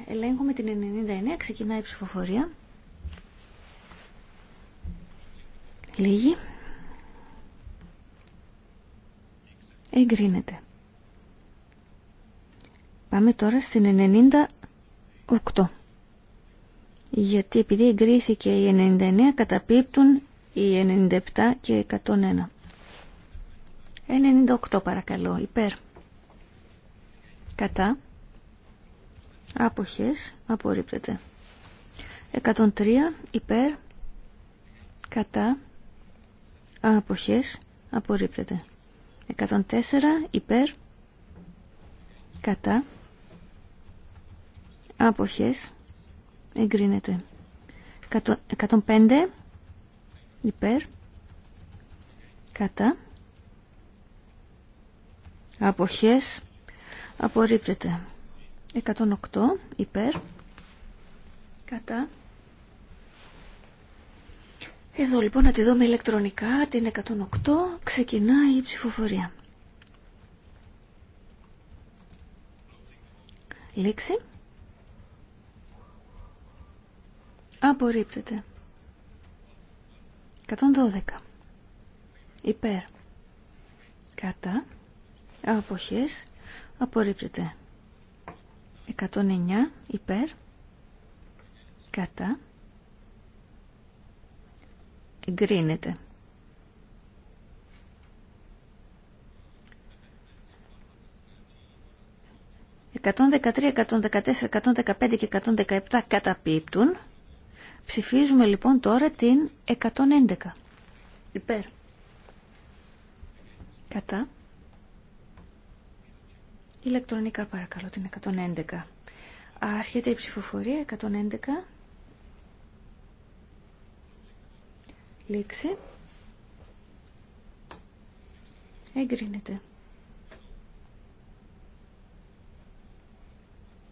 Ελέγχουμε την 99. Ξεκινάει η ψηφοφορία. Λίγη. Εγκρίνεται. Πάμε τώρα στην 98. Γιατί επειδή εγκρίθηκε η 99 καταπίπτουν οι 97 και 101. 98 παρακαλώ, υπέρ. Κατά. Άποχες, απορρίπτεται. 103 υπέρ. Κατά. Άποχες, απορρίπτεται. 104 υπέρ. Κατά. Άποχες, εγκρίνεται. 105 υπέρ. Κατά αποχές απορρίπτεται 108 υπέρ κατά εδώ λοιπόν να τη δούμε ηλεκτρονικά την 108 ξεκινάει η ψηφοφορία λήξη απορρίπτεται 112 υπέρ κατά αποχές απορρίπτεται 109 υπέρ κατά εγκρίνεται 113, 114, 115 και 117 καταπίπτουν. Ψηφίζουμε λοιπόν τώρα την 111. Υπέρ. Κατά. Ηλεκτρονικά παρακαλώ την 111. Άρχεται η ψηφοφορία 111. Λήξη. Εγκρίνεται.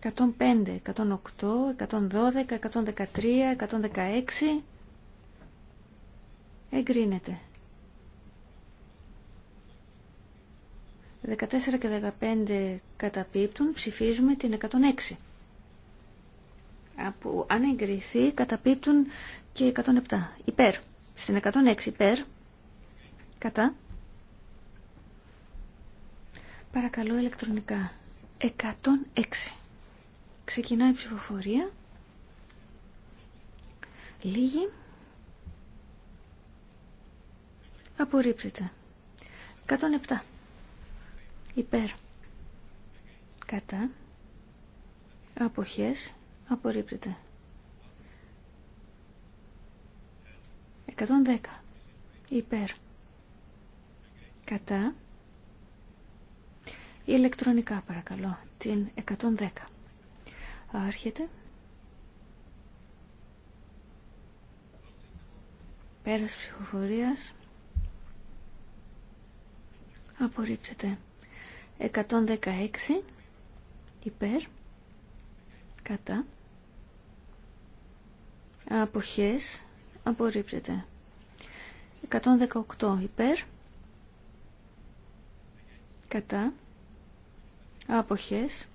105, 108, 112, 113, 116. Εγκρίνεται. 14 και 15 καταπίπτουν, ψηφίζουμε την 106. Από, αν εγκριθεί, καταπίπτουν και 107. Υπέρ. Στην 106 υπέρ. Κατά. Παρακαλώ ηλεκτρονικά. 106. Ξεκινάει η ψηφοφορία. Λίγη. Απορρίπτεται. 107 υπέρ κατά αποχές απορρίπτεται 110 υπέρ κατά ηλεκτρονικά παρακαλώ την 110 άρχεται πέρας ψηφοφορίας απορρίπτεται 116 υπέρ κατά αποχές απορρίπτεται 118 υπέρ κατά αποχές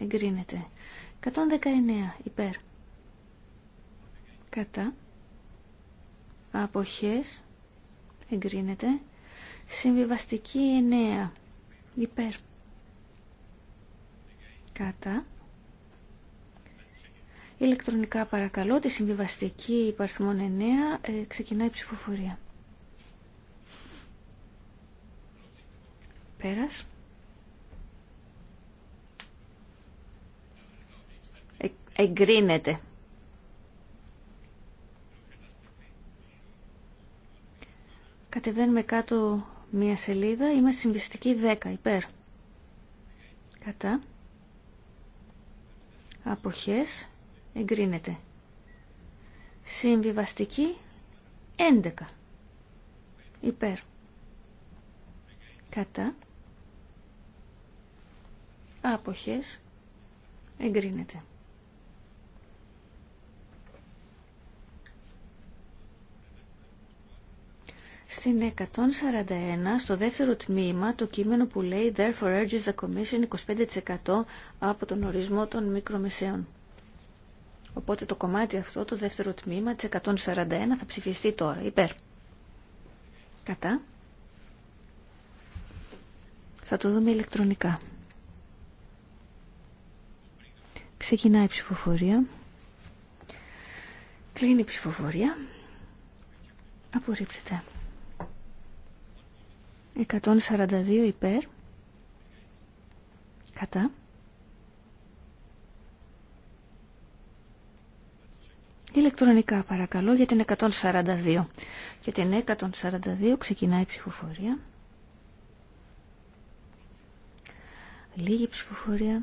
εγκρίνεται 119 υπέρ κατά αποχές εγκρίνεται συμβιβαστική 9 Υπέρ. Κατά. Ηλεκτρονικά παρακαλώ τη συμβιβαστική υπαρθμόν 9 ε, ξεκινάει η ψηφοφορία. Πέρας. Ε, εγκρίνεται. Κατεβαίνουμε κάτω μία σελίδα. Είμαστε συμβιστική 10 υπέρ. Κατά. Αποχές εγκρίνεται. Συμβιβαστική 11 υπέρ. Κατά. Αποχές εγκρίνεται. Στην 141, στο δεύτερο τμήμα, το κείμενο που λέει «Therefore urges the Commission 25% από τον ορισμό των μικρομεσαίων». Οπότε το κομμάτι αυτό, το δεύτερο τμήμα της 141, θα ψηφιστεί τώρα. Υπέρ. Κατά. Θα το δούμε ηλεκτρονικά. Ξεκινάει η ψηφοφορία. Κλείνει η ψηφοφορία. Απορρίπτεται. 142 υπέρ. Κατά. Ηλεκτρονικά παρακαλώ για την 142. Για την 142 ξεκινάει η ψηφοφορία. Λίγη ψηφοφορία.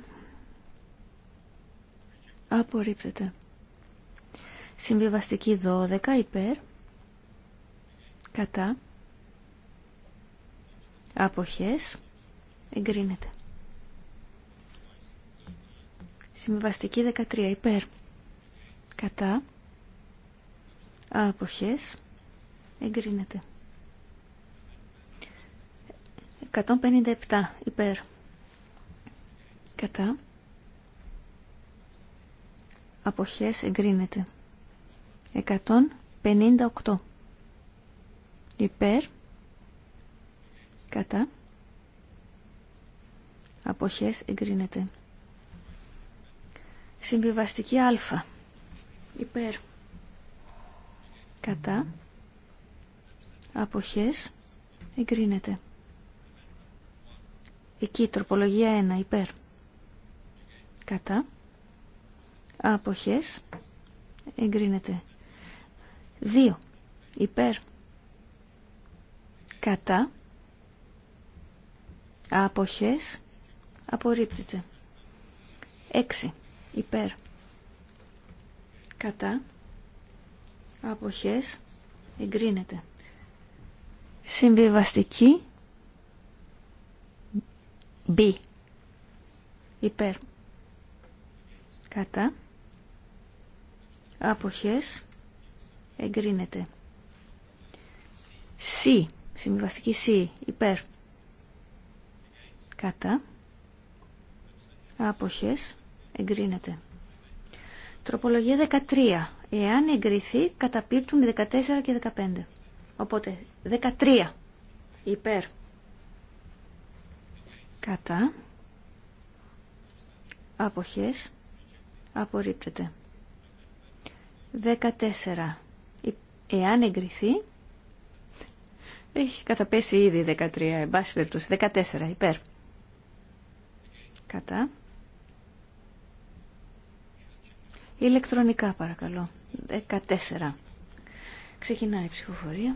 Απορρίπτεται. Συμβιβαστική 12 υπέρ. Κατά. Αποχές. Εγκρίνεται. Συμβαστική 13. Υπέρ. Κατά. Αποχές. Εγκρίνεται. 157. Υπέρ. Κατά. Αποχές. Εγκρίνεται. 158. Υπέρ κατά αποχές εγκρίνεται συμβιβαστική α υπέρ κατά αποχές εγκρίνεται εκεί τροπολογία 1 υπέρ κατά αποχές εγκρίνεται 2 υπέρ κατά Αποχές. Απορρίπτεται. 6. Υπέρ. Κατά. Αποχές. Εγκρίνεται. Συμβιβαστική. B. Υπέρ. Κατά. Αποχές. Εγκρίνεται. C. Συμβιβαστική C. Υπέρ κατά άποχες εγκρίνεται. Τροπολογία 13. Εάν εγκριθεί, καταπίπτουν 14 και 15. Οπότε, 13. Υπέρ. Κατά. Αποχές. Απορρίπτεται. 14. Εάν εγκριθεί, έχει καταπέσει ήδη 13, εν πάση 14, υπέρ. Κατά. Ηλεκτρονικά παρακαλώ. 14. Ξεκινάει η ψηφοφορία.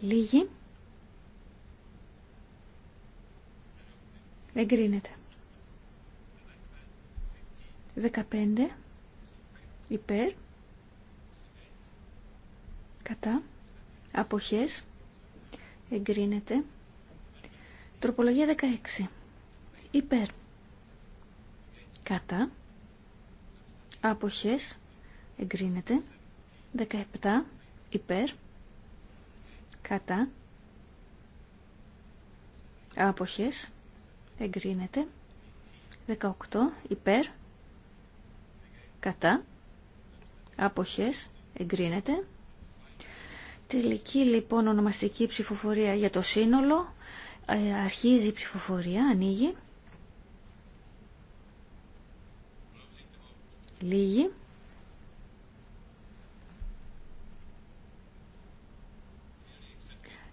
Λίγη. Εγκρίνεται. 15. Υπέρ. Κατά αποχές εγκρίνεται τροπολογία 16 υπέρ κατά αποχές εγκρίνεται 17 υπέρ κατά άποχες εγκρίνεται 18 υπέρ κατά άποχες εγκρίνεται Τελική λοιπόν ονομαστική ψηφοφορία για το σύνολο. Ε, αρχίζει η ψηφοφορία, ανοίγει. Λίγη.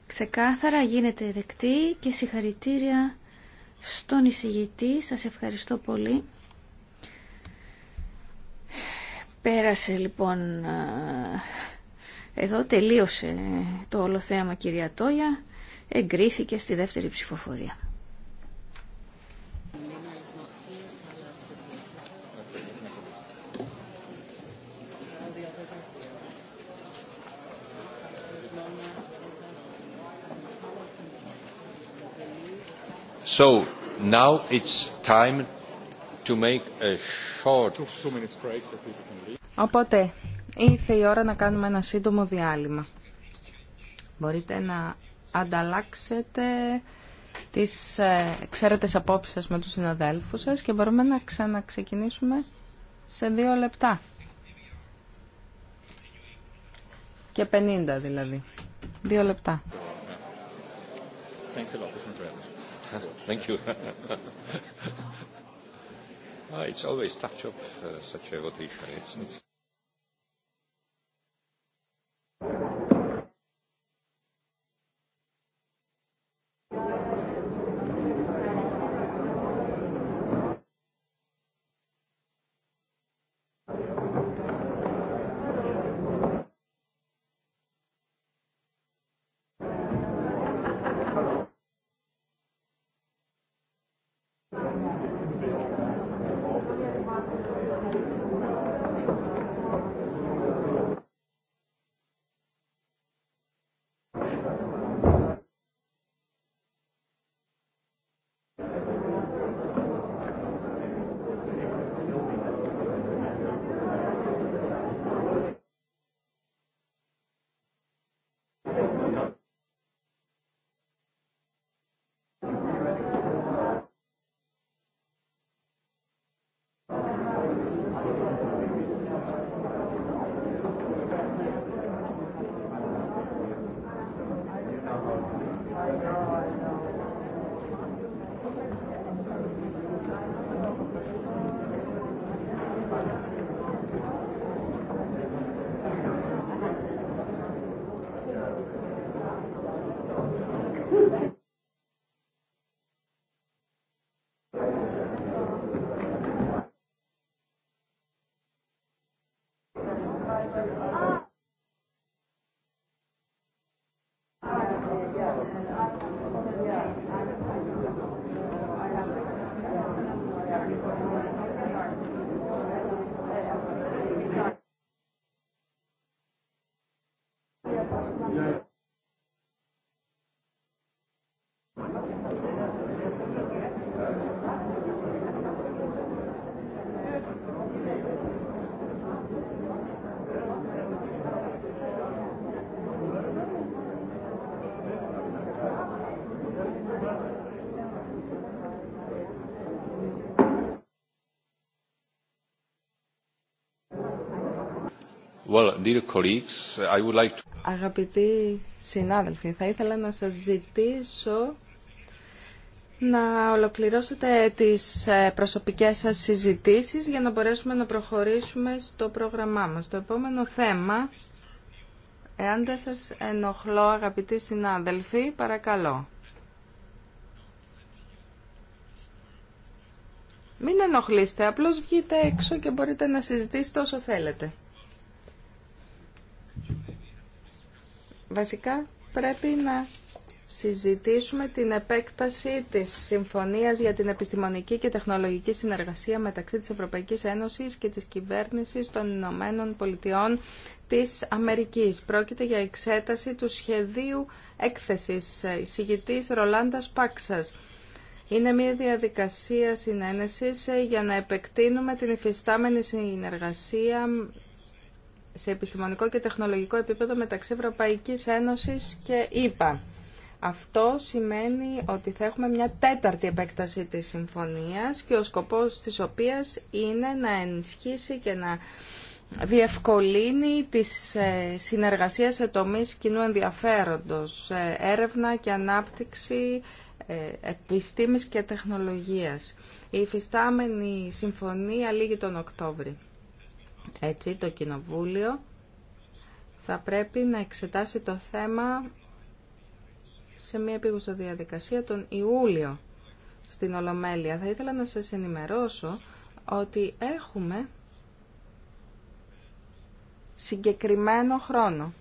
Ξεκάθαρα γίνεται δεκτή και συγχαρητήρια στον εισηγητή. Σας ευχαριστώ πολύ. Πέρασε λοιπόν εδώ τελείωσε το όλο θέαμα κυρία Τόια, εγκρίθηκε στη δεύτερη ψηφοφορία. So now it's time to make a short... Οπότε ήρθε η ώρα να κάνουμε ένα σύντομο διάλειμμα. Μπορείτε να ανταλλάξετε τις ε, ξέρετες απόψεις σας με τους συναδέλφους σας και μπορούμε να ξαναξεκινήσουμε σε δύο λεπτά. Και 50 δηλαδή. Δύο λεπτά. job, Αγαπητοί συνάδελφοι, θα ήθελα να σας ζητήσω να ολοκληρώσετε τις ε, προσωπικές σας συζητήσεις για να μπορέσουμε να προχωρήσουμε στο πρόγραμμά μας. Το επόμενο θέμα, εάν δεν σας ενοχλώ αγαπητοί συνάδελφοι, παρακαλώ. Μην ενοχλείστε, απλώς βγείτε έξω και μπορείτε να συζητήσετε όσο θέλετε. Βασικά πρέπει να συζητήσουμε την επέκταση της Συμφωνίας για την Επιστημονική και Τεχνολογική Συνεργασία μεταξύ της Ευρωπαϊκής Ένωσης και της Κυβέρνησης των Ηνωμένων Πολιτειών της Αμερικής. Πρόκειται για εξέταση του σχεδίου έκθεσης εισηγητής Ρολάντας Πάξας. Είναι μια διαδικασία συνένεσης για να επεκτείνουμε την υφιστάμενη συνεργασία σε επιστημονικό και τεχνολογικό επίπεδο μεταξύ Ευρωπαϊκής Ένωσης και ΕΠΑ. Αυτό σημαίνει ότι θα έχουμε μια τέταρτη επέκταση της συμφωνίας και ο σκοπός της οποίας είναι να ενισχύσει και να διευκολύνει τις ε, συνεργασίες σε τομείς κοινού ενδιαφέροντος, ε, έρευνα και ανάπτυξη ε, επιστήμης και τεχνολογίας. Η υφιστάμενη συμφωνία λήγει τον Οκτώβρη. Έτσι το Κοινοβούλιο θα πρέπει να εξετάσει το θέμα σε μια επίγουσα διαδικασία τον Ιούλιο στην Ολομέλεια. Θα ήθελα να σας ενημερώσω ότι έχουμε συγκεκριμένο χρόνο.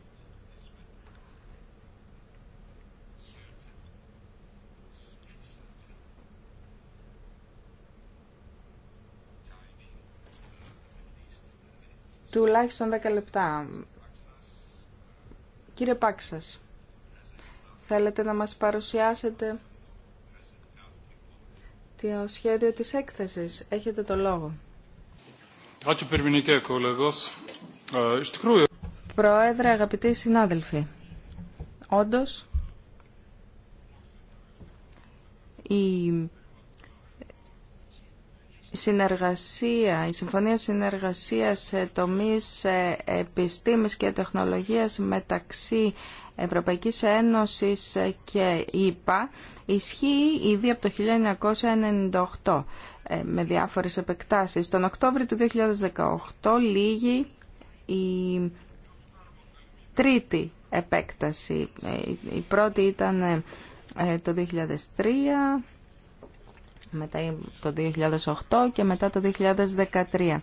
τουλάχιστον 10 λεπτά. Κύριε Πάξας, θέλετε να μας παρουσιάσετε το σχέδιο της έκθεσης. Έχετε το λόγο. Ε, Πρόεδρε, αγαπητοί συνάδελφοι, όντως η συνεργασία, η συμφωνία συνεργασίας σε τομείς επιστήμης και τεχνολογίας μεταξύ Ευρωπαϊκής Ένωσης και ΗΠΑ ισχύει ήδη από το 1998 ε, με διάφορες επεκτάσεις. Τον Οκτώβριο του 2018 λύγει η τρίτη επέκταση. Ε, η πρώτη ήταν ε, το 2003 μετά το 2008 και μετά το 2013.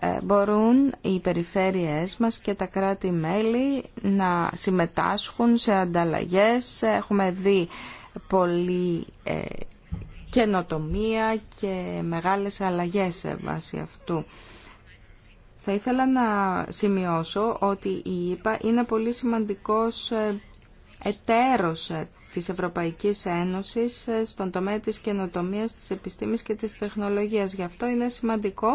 Ε, μπορούν οι περιφέρειές μας και τα κράτη-μέλη να συμμετάσχουν σε ανταλλαγές. Έχουμε δει πολύ ε, καινοτομία και μεγάλες αλλαγές βάση αυτού. Θα ήθελα να σημειώσω ότι η ΕΠΑ είναι πολύ σημαντικός ε, εταίρος της Ευρωπαϊκής Ένωσης ε, στον τομέα της καινοτομίας, της επιστήμης και της τεχνολογίας. Γι' αυτό είναι σημαντικό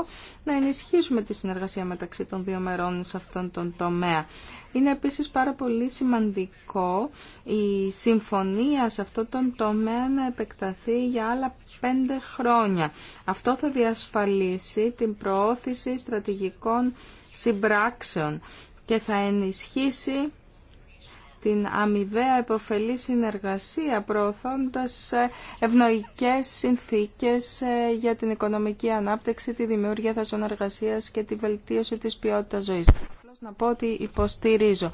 να ενισχύσουμε τη συνεργασία μεταξύ των δύο μερών σε αυτόν τον τομέα. Είναι επίσης πάρα πολύ σημαντικό η συμφωνία σε αυτόν τον τομέα να επεκταθεί για άλλα πέντε χρόνια. Αυτό θα διασφαλίσει την προώθηση στρατηγικών συμπράξεων και θα ενισχύσει την αμοιβαία υποφελή συνεργασία προωθώντας ε, ευνοϊκές συνθήκες ε, για την οικονομική ανάπτυξη, τη δημιουργία θεσμών εργασία και τη βελτίωση της ποιότητας ζωής. Θέλω να πω ότι υποστηρίζω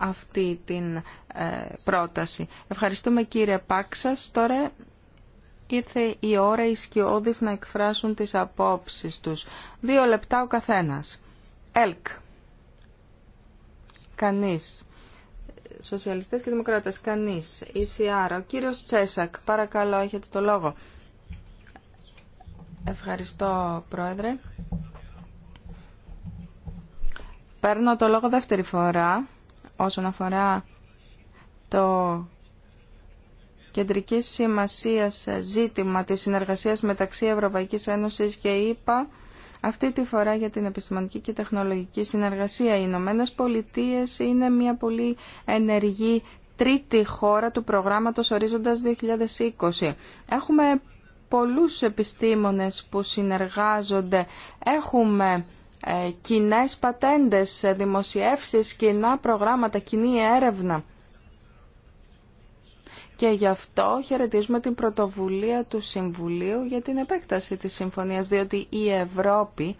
αυτή την ε, πρόταση. Ευχαριστούμε κύριε Πάξας. Τώρα ήρθε η ώρα οι σκιώδεις να εκφράσουν τις απόψεις τους. Δύο λεπτά ο καθένας. Ελκ. Κανείς. Σοσιαλιστέ και Δημοκράτες, κανεί. ECR, ο κύριο Τσέσακ, παρακαλώ, έχετε το λόγο. Ευχαριστώ, Πρόεδρε. Παίρνω το λόγο δεύτερη φορά όσον αφορά το κεντρική σημασία ζήτημα της συνεργασίας μεταξύ Ευρωπαϊκής Ένωσης και ΕΕ αυτή τη φορά για την επιστημονική και τεχνολογική συνεργασία οι Ηνωμένε Πολιτείε είναι μια πολύ ενεργή τρίτη χώρα του προγράμματος Ορίζοντας 2020. Έχουμε πολλούς επιστήμονες που συνεργάζονται. Έχουμε ε, κοινέ πατέντες, δημοσιεύσεις, κοινά προγράμματα, κοινή έρευνα. Και γι' αυτό χαιρετίζουμε την πρωτοβουλία του Συμβουλίου για την επέκταση της συμφωνίας, διότι η Ευρώπη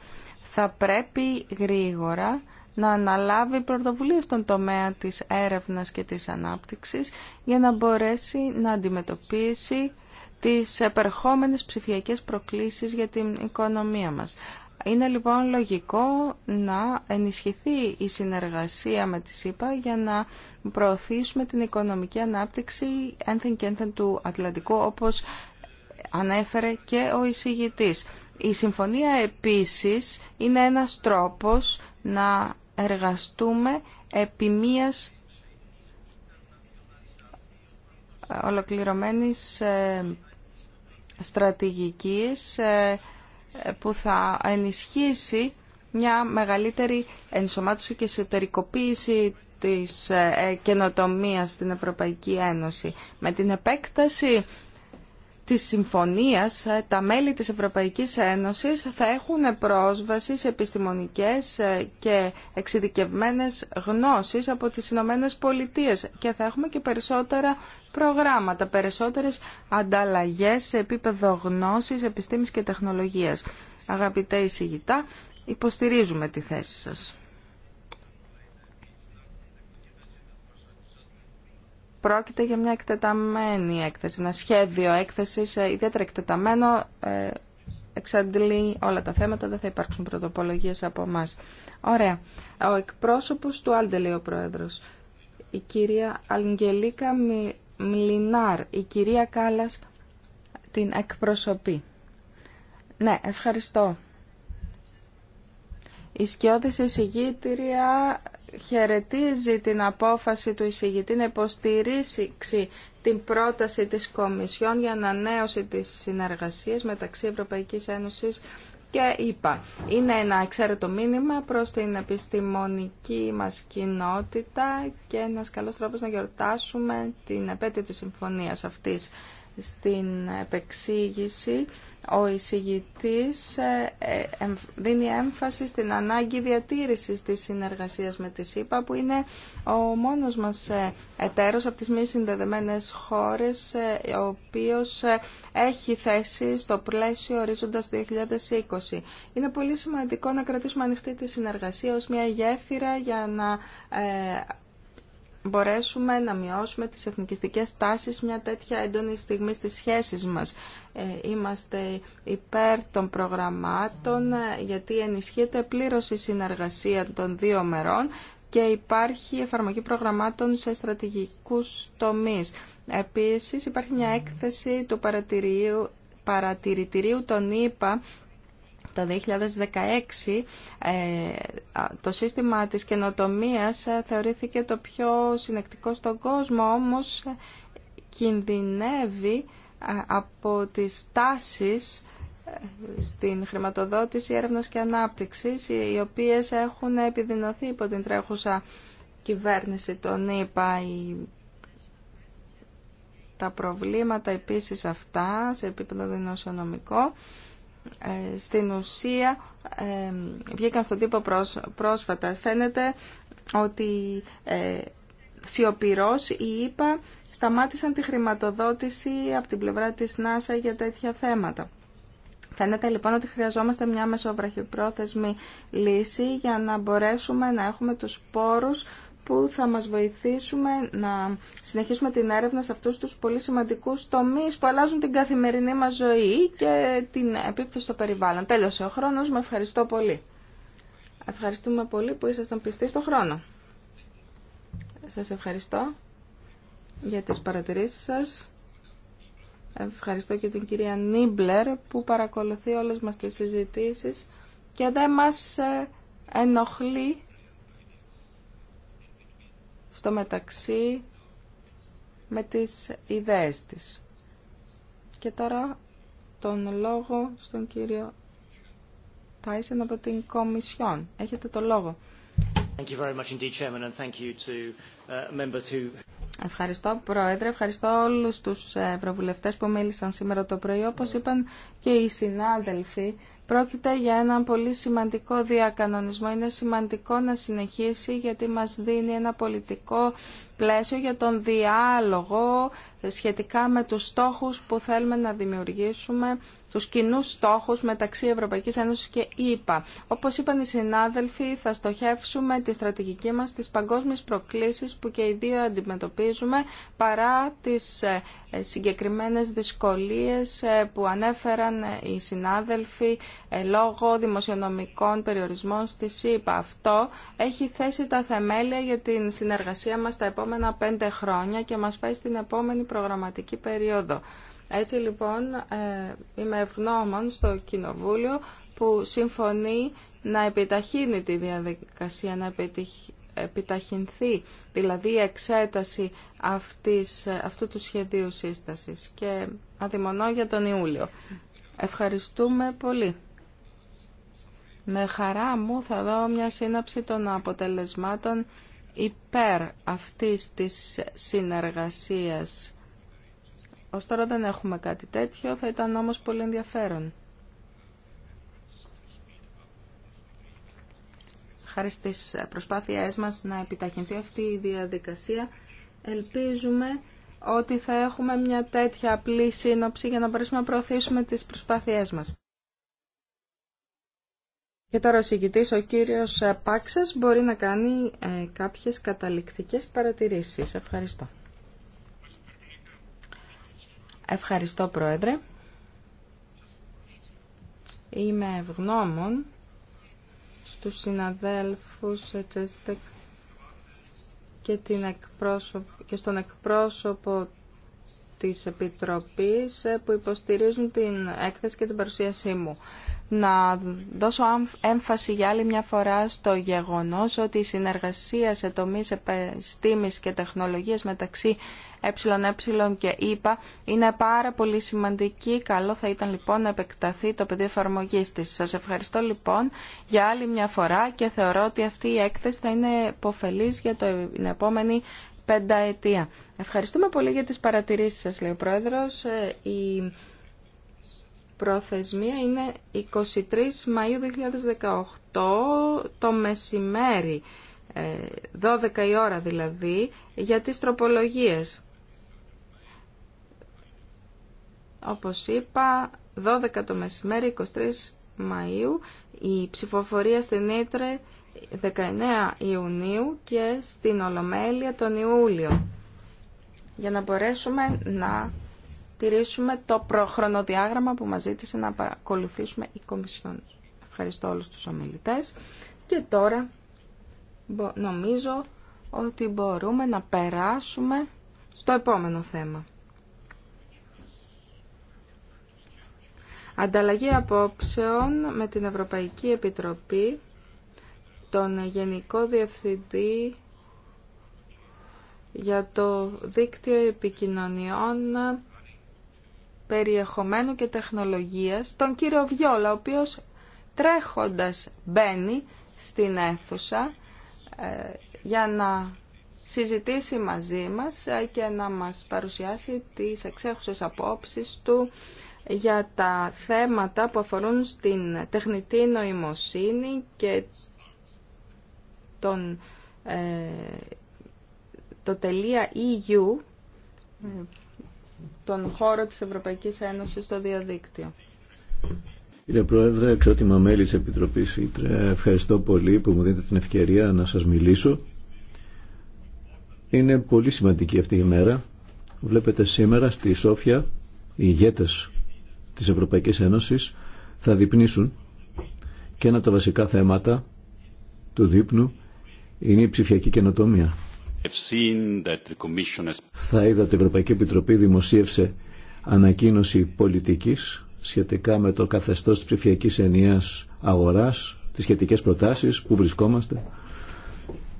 θα πρέπει γρήγορα να αναλάβει πρωτοβουλία στον τομέα της έρευνας και της ανάπτυξης για να μπορέσει να αντιμετωπίσει τις επερχόμενες ψηφιακές προκλήσεις για την οικονομία μας. Είναι λοιπόν λογικό να ενισχυθεί η συνεργασία με τη ΣΥΠΑ για να προωθήσουμε την οικονομική ανάπτυξη ένθεν και ένθεν του Ατλαντικού όπως ανέφερε και ο εισηγητής. Η συμφωνία επίσης είναι ένας τρόπος να εργαστούμε επί μίας ολοκληρωμένης ε, στρατηγικής ε, που θα ενισχύσει μια μεγαλύτερη ενσωμάτωση και εσωτερικοποίηση της ε, καινοτομίας στην Ευρωπαϊκή Ένωση. Με την επέκταση τη συμφωνίας ε, τα μέλη της Ευρωπαϊκής Ένωσης θα έχουν πρόσβαση σε επιστημονικές ε, και εξειδικευμένες γνώσεις από τις Ηνωμένες Πολιτείες και θα έχουμε και περισσότερα προγράμματα, περισσότερες ανταλλαγές σε επίπεδο γνώσης, επιστήμης και τεχνολογίας. Αγαπητέ εισηγητά, υποστηρίζουμε τη θέση σας. Πρόκειται για μια εκτεταμένη έκθεση, ένα σχέδιο έκθεση. Ε, ιδιαίτερα εκτεταμένο, ε, εξαντλεί όλα τα θέματα, δεν θα υπάρξουν πρωτοπολογίε από εμά. Ωραία. Ο εκπρόσωπος του Άλντε, ο Πρόεδρος, η κυρία Αλγγελίκα Μιλινάρ, η κυρία Κάλλας την εκπροσωπεί. Ναι, ευχαριστώ. Η σκιώδηση εισηγήτρια χαιρετίζει την απόφαση του εισηγητή να υποστηρίξει την πρόταση της Κομισιόν για ανανέωση της συνεργασίας μεταξύ Ευρωπαϊκής Ένωσης και είπα, είναι ένα εξαίρετο μήνυμα προς την επιστημονική μας κοινότητα και ένας καλός τρόπος να γιορτάσουμε την επέτειο της συμφωνίας αυτής στην επεξήγηση ο εισηγητής ε, ε, δίνει έμφαση στην ανάγκη διατήρησης της συνεργασίας με τη ΣΥΠΑ που είναι ο μόνος μας ε, εταίρος από τις μη συνδεδεμένες χώρες ο οποίος έχει θέση στο πλαίσιο ορίζοντας 2020. Είναι πολύ σημαντικό να κρατήσουμε ανοιχτή τη συνεργασία ως μια γέφυρα για να μπορέσουμε να μειώσουμε τις εθνικιστικές τάσεις μια τέτοια έντονη στιγμή στις σχέσεις μας. Ε, είμαστε υπέρ των προγραμμάτων ε, γιατί ενισχύεται πλήρωση η συνεργασία των δύο μερών και υπάρχει εφαρμογή προγραμμάτων σε στρατηγικούς τομείς. Επίσης υπάρχει μια έκθεση του παρατηρητηρίου των ΗΠΑ το 2016 ε, το σύστημα της καινοτομίας ε, θεωρήθηκε το πιο συνεκτικό στον κόσμο, όμως ε, κινδυνεύει από τις τάσεις στην χρηματοδότηση έρευνας και ανάπτυξης, οι οποίες έχουν επιδεινωθεί υπό την τρέχουσα κυβέρνηση των ΗΠΑ. Τα προβλήματα επίσης αυτά σε επίπεδο δημοσιονομικό ε, στην ουσία ε, βγήκαν στον τύπο πρόσφατα. Φαίνεται ότι ε, σιωπηρός η είπα, σταμάτησαν τη χρηματοδότηση από την πλευρά της ΝΑΣΑ για τέτοια θέματα. Φαίνεται λοιπόν ότι χρειαζόμαστε μια μεσοβραχυπρόθεσμη λύση για να μπορέσουμε να έχουμε τους πόρους που θα μας βοηθήσουμε να συνεχίσουμε την έρευνα σε αυτούς τους πολύ σημαντικούς τομείς που αλλάζουν την καθημερινή μας ζωή και την επίπτωση στο περιβάλλον. Τέλειωσε ο χρόνος, με ευχαριστώ πολύ. Ευχαριστούμε πολύ που ήσασταν πιστοί στο χρόνο. Σας ευχαριστώ για τις παρατηρήσεις σας. Ευχαριστώ και την κυρία Νίμπλερ που παρακολουθεί όλες μας τις συζητήσεις και δεν μας ε, ενοχλεί στο μεταξύ με τις ιδέες της. Και τώρα τον λόγο στον κύριο Τάισεν από την Κομισιόν. Έχετε το λόγο. Ευχαριστώ, Πρόεδρε. Ευχαριστώ όλους τους ε, ευρωβουλευτές που μίλησαν σήμερα το πρωί. Όπως είπαν και οι συνάδελφοι, Πρόκειται για έναν πολύ σημαντικό διακανονισμό. Είναι σημαντικό να συνεχίσει γιατί μας δίνει ένα πολιτικό πλαίσιο για τον διάλογο σχετικά με τους στόχους που θέλουμε να δημιουργήσουμε τους κοινού στόχους μεταξύ Ευρωπαϊκής Ένωσης και ΕΥΠΑ. ΕΕ. Όπως είπαν οι συνάδελφοι, θα στοχεύσουμε τη στρατηγική μας στις παγκόσμιες προκλήσεις που και οι δύο αντιμετωπίζουμε παρά τις ε, συγκεκριμένες δυσκολίες ε, που ανέφεραν οι συνάδελφοι ε, λόγω δημοσιονομικών περιορισμών στη ΣΥΠΑ. Αυτό έχει θέσει τα θεμέλια για την συνεργασία μας τα επόμενα πέντε χρόνια και μας πάει στην επόμενη προγραμματική περίοδο. Έτσι λοιπόν ε, είμαι ευγνώμων στο Κοινοβούλιο που συμφωνεί να επιταχύνει τη διαδικασία, να επιταχυνθεί δηλαδή η εξέταση αυτής, ε, αυτού του σχεδίου σύστασης και αδειμονώ για τον Ιούλιο. Ευχαριστούμε πολύ. Με χαρά μου θα δω μια σύναψη των αποτελεσμάτων υπέρ αυτής της συνεργασίας ως τώρα δεν έχουμε κάτι τέτοιο, θα ήταν όμως πολύ ενδιαφέρον. Χάρη στις προσπάθειές μας να επιταχυνθεί αυτή η διαδικασία, ελπίζουμε ότι θα έχουμε μια τέτοια απλή σύνοψη για να μπορέσουμε να προωθήσουμε τις προσπάθειές μας. Και τώρα ο συγκητής, ο κύριος Πάξας, μπορεί να κάνει ε, κάποιες καταληκτικές παρατηρήσεις. Ευχαριστώ. Ευχαριστώ, Πρόεδρε. Είμαι ευγνώμων στους συναδέλφους και, την εκπρόσωπο, και στον εκπρόσωπο της Επιτροπής που υποστηρίζουν την έκθεση και την παρουσίασή μου να δώσω έμφαση για άλλη μια φορά στο γεγονός ότι η συνεργασία σε τομείς επιστήμης και τεχνολογίας μεταξύ ΕΕ και ΕΠΑ είναι πάρα πολύ σημαντική. Καλό θα ήταν λοιπόν να επεκταθεί το πεδίο εφαρμογή τη. Σα ευχαριστώ λοιπόν για άλλη μια φορά και θεωρώ ότι αυτή η έκθεση θα είναι υποφελής για την επόμενη πενταετία. Ευχαριστούμε πολύ για τις παρατηρήσεις σας, λέει ο Πρόεδρος. Ε, Προθεσμία είναι 23 Μαΐου 2018 το μεσημέρι, 12 ε, η ώρα δηλαδή, για τις τροπολογίες. Όπως είπα, 12 το μεσημέρι, 23 Μαΐου, η ψηφοφορία στην Ήτρε 19 Ιουνίου και στην Ολομέλεια τον Ιούλιο για να μπορέσουμε να τηρήσουμε το προχρονοδιάγραμμα που μας ζήτησε να παρακολουθήσουμε η Κομισιόν. Ευχαριστώ όλους τους ομιλητές. Και τώρα νομίζω ότι μπορούμε να περάσουμε στο επόμενο θέμα. Ανταλλαγή απόψεων με την Ευρωπαϊκή Επιτροπή, τον Γενικό Διευθυντή για το Δίκτυο Επικοινωνιών περιεχομένου και τεχνολογίας, τον κύριο Βιόλα, ο οποίος τρέχοντας μπαίνει στην αίθουσα ε, για να συζητήσει μαζί μας ε, και να μας παρουσιάσει τις εξέχουσες απόψεις του για τα θέματα που αφορούν στην τεχνητή νοημοσύνη και τον, ε, το τελεία EU τον χώρο της Ευρωπαϊκής Ένωσης στο διαδίκτυο. Κύριε Πρόεδρε, εξότιμα μέλη της Επιτροπής ευχαριστώ πολύ που μου δίνετε την ευκαιρία να σας μιλήσω. Είναι πολύ σημαντική αυτή η μέρα. Βλέπετε σήμερα στη Σόφια οι ηγέτες της Ευρωπαϊκής Ένωσης θα διπνήσουν και ένα από τα βασικά θέματα του δείπνου είναι η ψηφιακή καινοτομία. Θα είδα ότι η Ευρωπαϊκή Επιτροπή δημοσίευσε ανακοίνωση πολιτικής σχετικά με το καθεστώς της ψηφιακής ενίας αγοράς, τις σχετικές προτάσεις που βρισκόμαστε.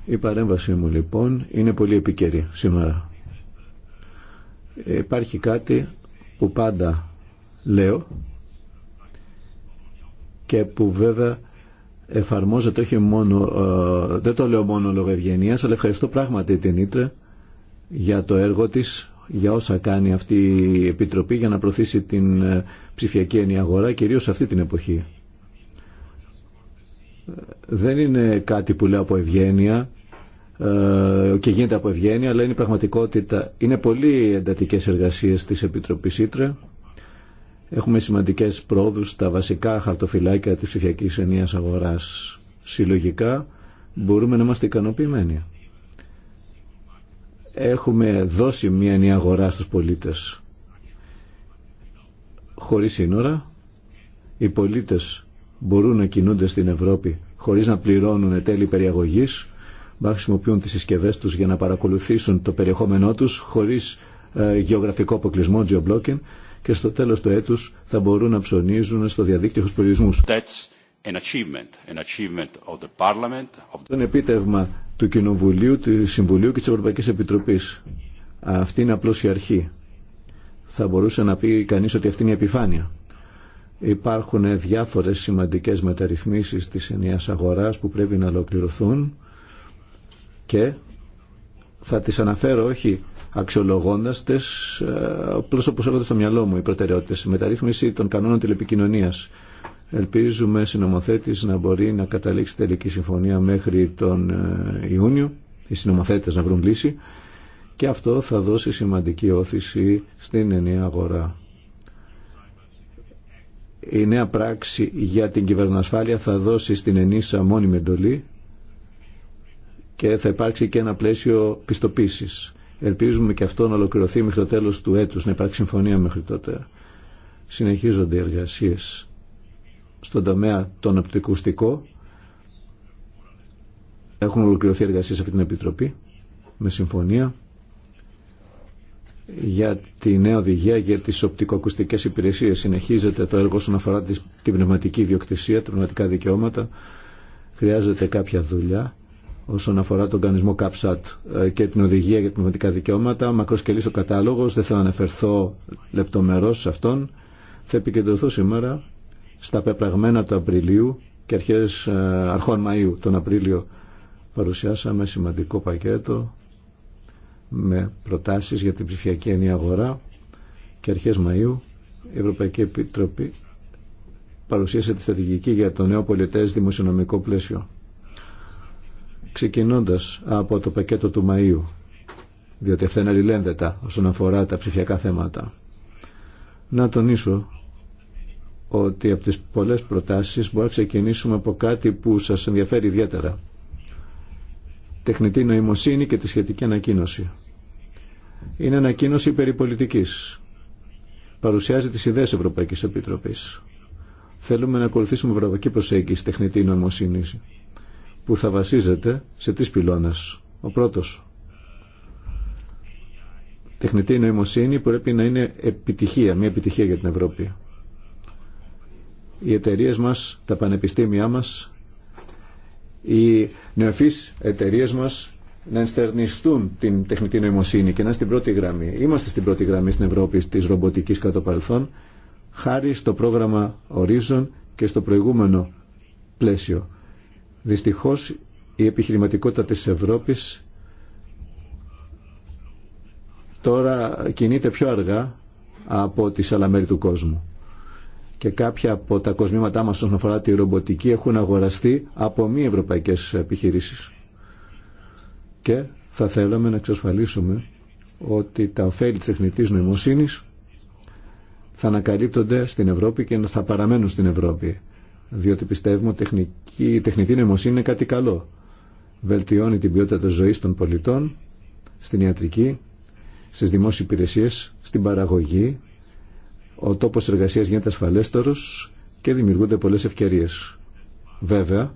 Η παρέμβαση μου λοιπόν είναι πολύ επικαιρή σήμερα. Υπάρχει κάτι που πάντα λέω και που βέβαια εφαρμόζεται όχι μόνο, ε, δεν το λέω μόνο λόγω ευγενία, αλλά ευχαριστώ πράγματι την Ήτρε για το έργο της, για όσα κάνει αυτή η Επιτροπή για να προωθήσει την ε, ψηφιακή ενιαγορά, κυρίως αυτή την εποχή. Δεν είναι κάτι που λέω από ευγένεια ε, και γίνεται από ευγένεια, αλλά είναι πραγματικότητα. Είναι πολύ εντατικές εργασίε της Επίτροπή Ήτρε Έχουμε σημαντικές πρόοδους στα βασικά χαρτοφυλάκια της ψηφιακής ενίας αγοράς. Συλλογικά μπορούμε να είμαστε ικανοποιημένοι. Έχουμε δώσει μια ενία αγορά στους πολίτες. Χωρίς σύνορα, οι πολίτες μπορούν να κινούνται στην Ευρώπη χωρίς να πληρώνουν τέλη περιαγωγής, να χρησιμοποιούν τις συσκευές τους για να παρακολουθήσουν το περιεχόμενό τους χωρίς ε, γεωγραφικό αποκλεισμό, και στο τέλος του έτους θα μπορούν να ψωνίζουν στο διαδίκτυο τους περιορισμούς. Αυτό είναι επίτευγμα του Κοινοβουλίου, του Συμβουλίου και της Ευρωπαϊκής Επιτροπής. Αυτή είναι απλώς η αρχή. Θα μπορούσε να πει κανείς ότι αυτή είναι η επιφάνεια. Υπάρχουν διάφορες σημαντικές μεταρρυθμίσεις της ενιαίας αγοράς που πρέπει να ολοκληρωθούν και θα τις αναφέρω όχι αξιολογώντας τις, ε, απλώς όπως έρχονται στο μυαλό μου οι προτεραιότητες. Μεταρρύθμιση των κανόνων τηλεπικοινωνίας. Ελπίζουμε συνομοθέτης να μπορεί να καταλήξει τελική συμφωνία μέχρι τον ε, Ιούνιο, οι συνομοθέτες να βρουν λύση και αυτό θα δώσει σημαντική όθηση στην ενιαία αγορά. Η νέα πράξη για την κυβερνοασφάλεια θα δώσει στην ενίσα μόνιμη εντολή και θα υπάρξει και ένα πλαίσιο πιστοποίηση. Ελπίζουμε και αυτό να ολοκληρωθεί μέχρι το τέλο του έτου. να υπάρξει συμφωνία μέχρι τότε. Συνεχίζονται οι εργασίες στον τομέα των οπτικουστικό. Έχουν ολοκληρωθεί εργασίε σε αυτή την Επιτροπή με συμφωνία για τη νέα οδηγία για τις οπτικοακουστικές υπηρεσίες. Συνεχίζεται το έργο όσον αφορά την πνευματική ιδιοκτησία, τα πνευματικά δικαιώματα. Χρειάζεται κάποια δουλειά όσον αφορά τον κανονισμό ΚΑΠΣΑΤ ε, και την οδηγία για τα πνευματικά δικαιώματα. Μακροσκελής ο κατάλογος, δεν θα αναφερθώ λεπτομερώς σε αυτόν. Θα επικεντρωθώ σήμερα στα πεπραγμένα του Απριλίου και αρχές ε, αρχών Μαΐου. Τον Απρίλιο παρουσιάσαμε σημαντικό πακέτο με προτάσεις για την ψηφιακή ενή αγορά και αρχές Μαΐου η Ευρωπαϊκή Επιτροπή παρουσίασε τη στρατηγική για το νέο πολιτές δημοσιονομικό πλαίσιο ξεκινώντας από το πακέτο του Μαΐου, διότι αυτά είναι αλληλένδετα όσον αφορά τα ψηφιακά θέματα. Να τονίσω ότι από τις πολλές προτάσεις μπορούμε να ξεκινήσουμε από κάτι που σας ενδιαφέρει ιδιαίτερα. Τεχνητή νοημοσύνη και τη σχετική ανακοίνωση. Είναι ανακοίνωση περιπολιτικής. Παρουσιάζει τις ιδέες Ευρωπαϊκής Επιτροπής. Θέλουμε να ακολουθήσουμε ευρωπαϊκή προσέγγιση τεχνητή νοημοσύνη που θα βασίζεται σε τρεις πυλώνες. Ο πρώτος, τεχνητή νοημοσύνη πρέπει να είναι επιτυχία, μια επιτυχία για την Ευρώπη. Οι εταιρείε μας, τα πανεπιστήμια μας, οι νεοφείς εταιρείε μας να ενστερνιστούν την τεχνητή νοημοσύνη και να είναι στην πρώτη γραμμή. Είμαστε στην πρώτη γραμμή στην Ευρώπη της ρομποτικής κατά παρελθόν, χάρη στο πρόγραμμα Horizon και στο προηγούμενο πλαίσιο Δυστυχώς η επιχειρηματικότητα της Ευρώπης τώρα κινείται πιο αργά από τις άλλα του κόσμου. Και κάποια από τα κοσμήματά μας όσον αφορά τη ρομποτική έχουν αγοραστεί από μη ευρωπαϊκές επιχειρήσεις. Και θα θέλαμε να εξασφαλίσουμε ότι τα ωφέλη της τεχνητής νοημοσύνης θα ανακαλύπτονται στην Ευρώπη και θα παραμένουν στην Ευρώπη διότι πιστεύουμε ότι τεχνική, η τεχνητή νοημοσύνη είναι κάτι καλό. Βελτιώνει την ποιότητα της ζωής των πολιτών, στην ιατρική, στις δημόσιες υπηρεσίες, στην παραγωγή. Ο τόπος εργασίας γίνεται ασφαλέστερος και δημιουργούνται πολλές ευκαιρίες. Βέβαια,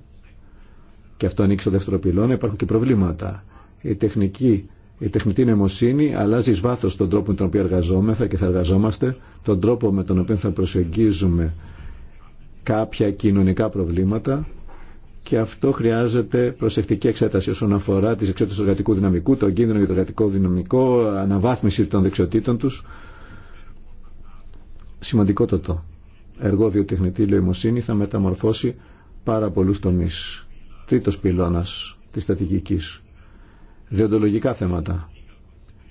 και αυτό ανοίξει το δεύτερο πυλώνα, υπάρχουν και προβλήματα. Η τεχνική η τεχνητή νοημοσύνη αλλάζει εις τον τρόπο με τον οποίο εργαζόμεθα και θα εργαζόμαστε, τον τρόπο με τον οποίο θα προσεγγίζουμε κάποια κοινωνικά προβλήματα και αυτό χρειάζεται προσεκτική εξέταση όσον αφορά τις εξέτασεις του εργατικού δυναμικού, τον κίνδυνο για το εργατικό δυναμικό, αναβάθμιση των δεξιοτήτων τους. Σημαντικό το το. Εργόδιο τεχνητή λοημοσύνη θα μεταμορφώσει πάρα πολλούς τομείς. Τρίτος πυλώνας της στατικικής. Διοντολογικά θέματα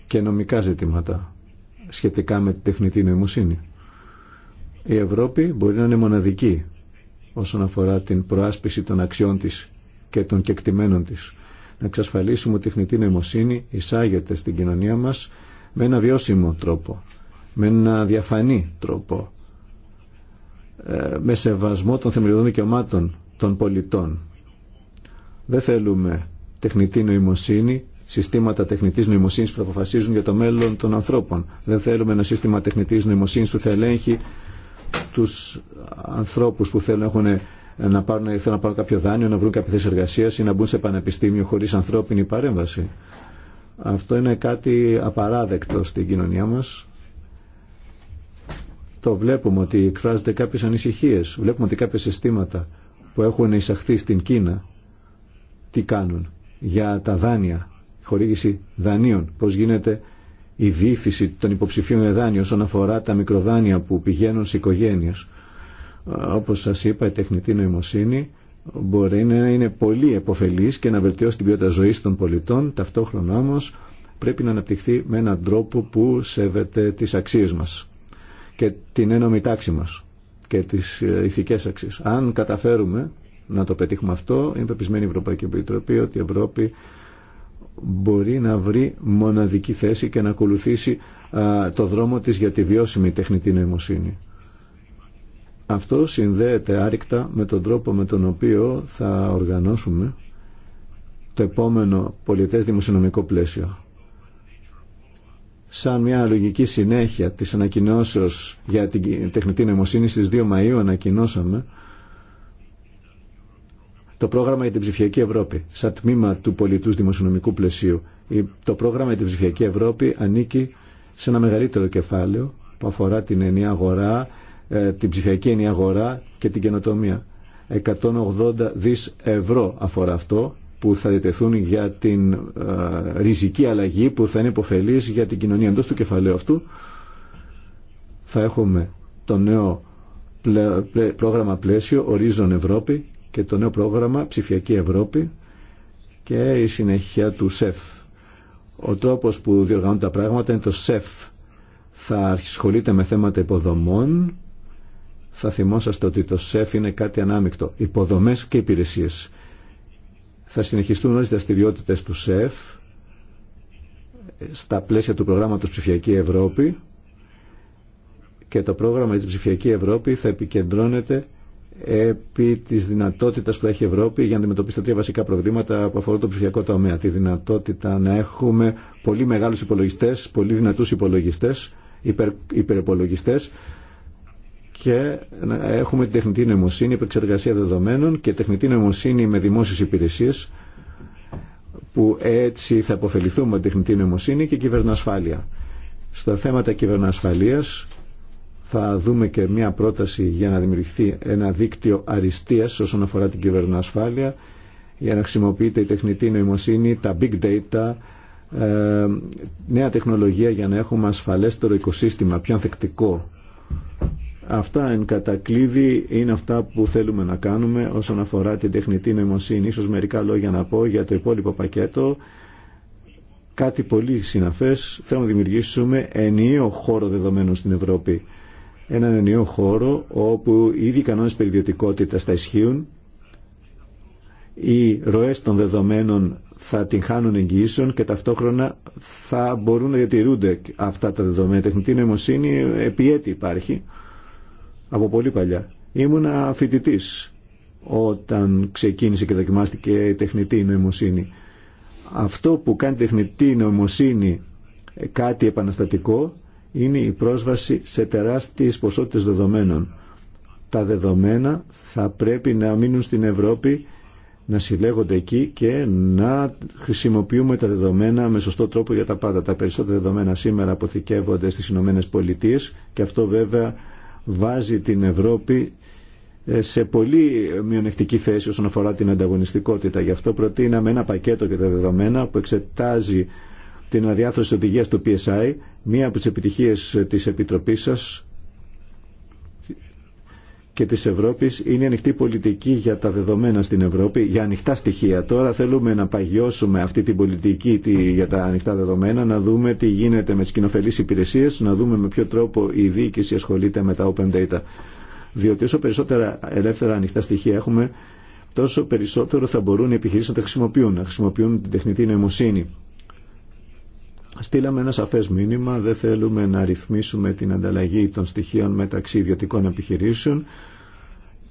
και νομικά ζητήματα σχετικά με τη τεχνητή νοημοσύνη. Η Ευρώπη μπορεί να είναι μοναδική όσον αφορά την προάσπιση των αξιών της και των κεκτημένων της. Να εξασφαλίσουμε ότι η τεχνητή νοημοσύνη εισάγεται στην κοινωνία μας με ένα βιώσιμο τρόπο, με ένα διαφανή τρόπο, ε, με σεβασμό των θεμελιωδών δικαιωμάτων των πολιτών. Δεν θέλουμε τεχνητή νοημοσύνη, συστήματα τεχνητής νοημοσύνης που θα αποφασίζουν για το μέλλον των ανθρώπων. Δεν θέλουμε ένα σύστημα τεχνητή νοημοσύνης που θα ελέγχει τους ανθρώπους που θέλουν, έχουν, ε, να πάρουν, θέλουν να πάρουν κάποιο δάνειο, να βρουν κάποια θέση εργασία ή να μπουν σε πανεπιστήμιο χωρίς ανθρώπινη παρέμβαση. Αυτό είναι κάτι απαράδεκτο στην κοινωνία μας. Το βλέπουμε ότι εκφράζονται κάποιες ανησυχίες. Βλέπουμε ότι κάποια συστήματα που έχουν εισαχθεί στην Κίνα τι κάνουν για τα δάνεια, χορήγηση δανείων, πώς γίνεται η δίθυση των υποψηφίων εδάνειων όσον αφορά τα μικροδάνεια που πηγαίνουν στι οικογένειε, ε, Όπως σας είπα, η τεχνητή νοημοσύνη μπορεί να είναι πολύ επωφελής και να βελτιώσει την ποιότητα ζωή των πολιτών, ταυτόχρονα όμω, πρέπει να αναπτυχθεί με έναν τρόπο που σέβεται τις αξίες μας και την ένωμη τάξη μα και τι ε, ηθικές αξίε. Αν καταφέρουμε να το πετύχουμε αυτό, είναι πεπισμένη η Ευρωπαϊκή Επιτροπή ότι η Ευρώπη μπορεί να βρει μοναδική θέση και να ακολουθήσει το δρόμο της για τη βιώσιμη τεχνητή νοημοσύνη. Αυτό συνδέεται άρρηκτα με τον τρόπο με τον οποίο θα οργανώσουμε το επόμενο πολιτές δημοσιονομικό πλαίσιο. Σαν μια λογική συνέχεια της ανακοινώσεως για την τεχνητή νοημοσύνη στις 2 Μαΐου ανακοινώσαμε το πρόγραμμα για την ψηφιακή Ευρώπη, σαν τμήμα του πολιτού δημοσιονομικού πλαισίου. Το πρόγραμμα για την ψηφιακή Ευρώπη ανήκει σε ένα μεγαλύτερο κεφάλαιο που αφορά την ενιαία αγορά, ε, την ψηφιακή ενιαία αγορά και την καινοτομία. 180 δις ευρώ αφορά αυτό που θα διτεθούν για την ε, ριζική αλλαγή που θα είναι υποφελής για την κοινωνία. Εντός του κεφαλαίου αυτού θα έχουμε το νέο πρόγραμμα πλαίσιο ορίζον Ευρώπη και το νέο πρόγραμμα Ψηφιακή Ευρώπη και η συνέχεια του ΣΕΦ. Ο τρόπος που διοργανώνουν τα πράγματα είναι το ΣΕΦ. Θα ασχολείται με θέματα υποδομών. Θα θυμόσαστε ότι το ΣΕΦ είναι κάτι ανάμεικτο. Υποδομές και υπηρεσίες. Θα συνεχιστούν όλες οι δραστηριότητε του ΣΕΦ στα πλαίσια του προγράμματος Ψηφιακή Ευρώπη και το πρόγραμμα της Ψηφιακή Ευρώπη θα επικεντρώνεται επί τη δυνατότητα που έχει η Ευρώπη για να αντιμετωπίσει τα τρία βασικά προβλήματα που αφορούν τον ψηφιακό τομέα. Τη δυνατότητα να έχουμε πολύ μεγάλου υπολογιστέ, πολύ δυνατού υπολογιστέ, υπερ, και να έχουμε την τεχνητή νοημοσύνη, επεξεργασία δεδομένων και τεχνητή νοημοσύνη με δημόσιε υπηρεσίε που έτσι θα αποφεληθούμε από τεχνητή νοημοσύνη και κυβερνοασφάλεια. Στα θέματα κυβερνοασφαλείας θα δούμε και μια πρόταση για να δημιουργηθεί ένα δίκτυο αριστείας όσον αφορά την κυβερνοασφάλεια για να χρησιμοποιείται η τεχνητή νοημοσύνη, τα big data, ε, νέα τεχνολογία για να έχουμε ασφαλέστερο οικοσύστημα, πιο ανθεκτικό. Αυτά εν κατακλείδη είναι αυτά που θέλουμε να κάνουμε όσον αφορά την τεχνητή νοημοσύνη. Ίσως μερικά λόγια να πω για το υπόλοιπο πακέτο. Κάτι πολύ συναφές, θέλουμε να δημιουργήσουμε ενιαίο χώρο δεδομένων στην Ευρώπη έναν ενιαίο χώρο όπου οι ίδιοι κανόνες περιδιωτικότητας θα ισχύουν, οι ροές των δεδομένων θα την χάνουν εγγυήσεων και ταυτόχρονα θα μπορούν να διατηρούνται αυτά τα δεδομένα. Τεχνητή νοημοσύνη επί έτη υπάρχει από πολύ παλιά. Ήμουνα φοιτητή όταν ξεκίνησε και δοκιμάστηκε η τεχνητή νοημοσύνη. Αυτό που κάνει τεχνητή νοημοσύνη κάτι επαναστατικό είναι η πρόσβαση σε τεράστιες ποσότητες δεδομένων. Τα δεδομένα θα πρέπει να μείνουν στην Ευρώπη, να συλλέγονται εκεί και να χρησιμοποιούμε τα δεδομένα με σωστό τρόπο για τα πάντα. Τα περισσότερα δεδομένα σήμερα αποθηκεύονται στις Ηνωμένες Πολιτείες και αυτό βέβαια βάζει την Ευρώπη ε, σε πολύ μειονεκτική θέση όσον αφορά την ανταγωνιστικότητα. Γι' αυτό προτείναμε ένα πακέτο για τα δεδομένα που εξετάζει την αδιάθρωση οδηγία του PSI, μία από τις επιτυχίες της Επιτροπής σας και της Ευρώπης είναι η ανοιχτή πολιτική για τα δεδομένα στην Ευρώπη, για ανοιχτά στοιχεία. Τώρα θέλουμε να παγιώσουμε αυτή την πολιτική για τα ανοιχτά δεδομένα, να δούμε τι γίνεται με τις κοινοφελείς υπηρεσίες, να δούμε με ποιο τρόπο η διοίκηση ασχολείται με τα open data. Διότι όσο περισσότερα ελεύθερα ανοιχτά στοιχεία έχουμε, τόσο περισσότερο θα μπορούν οι επιχειρήσεις να τα χρησιμοποιούν, να χρησιμοποιούν την τεχνητή νοημοσύνη Στείλαμε ένα σαφές μήνυμα, δεν θέλουμε να ρυθμίσουμε την ανταλλαγή των στοιχείων μεταξύ ιδιωτικών επιχειρήσεων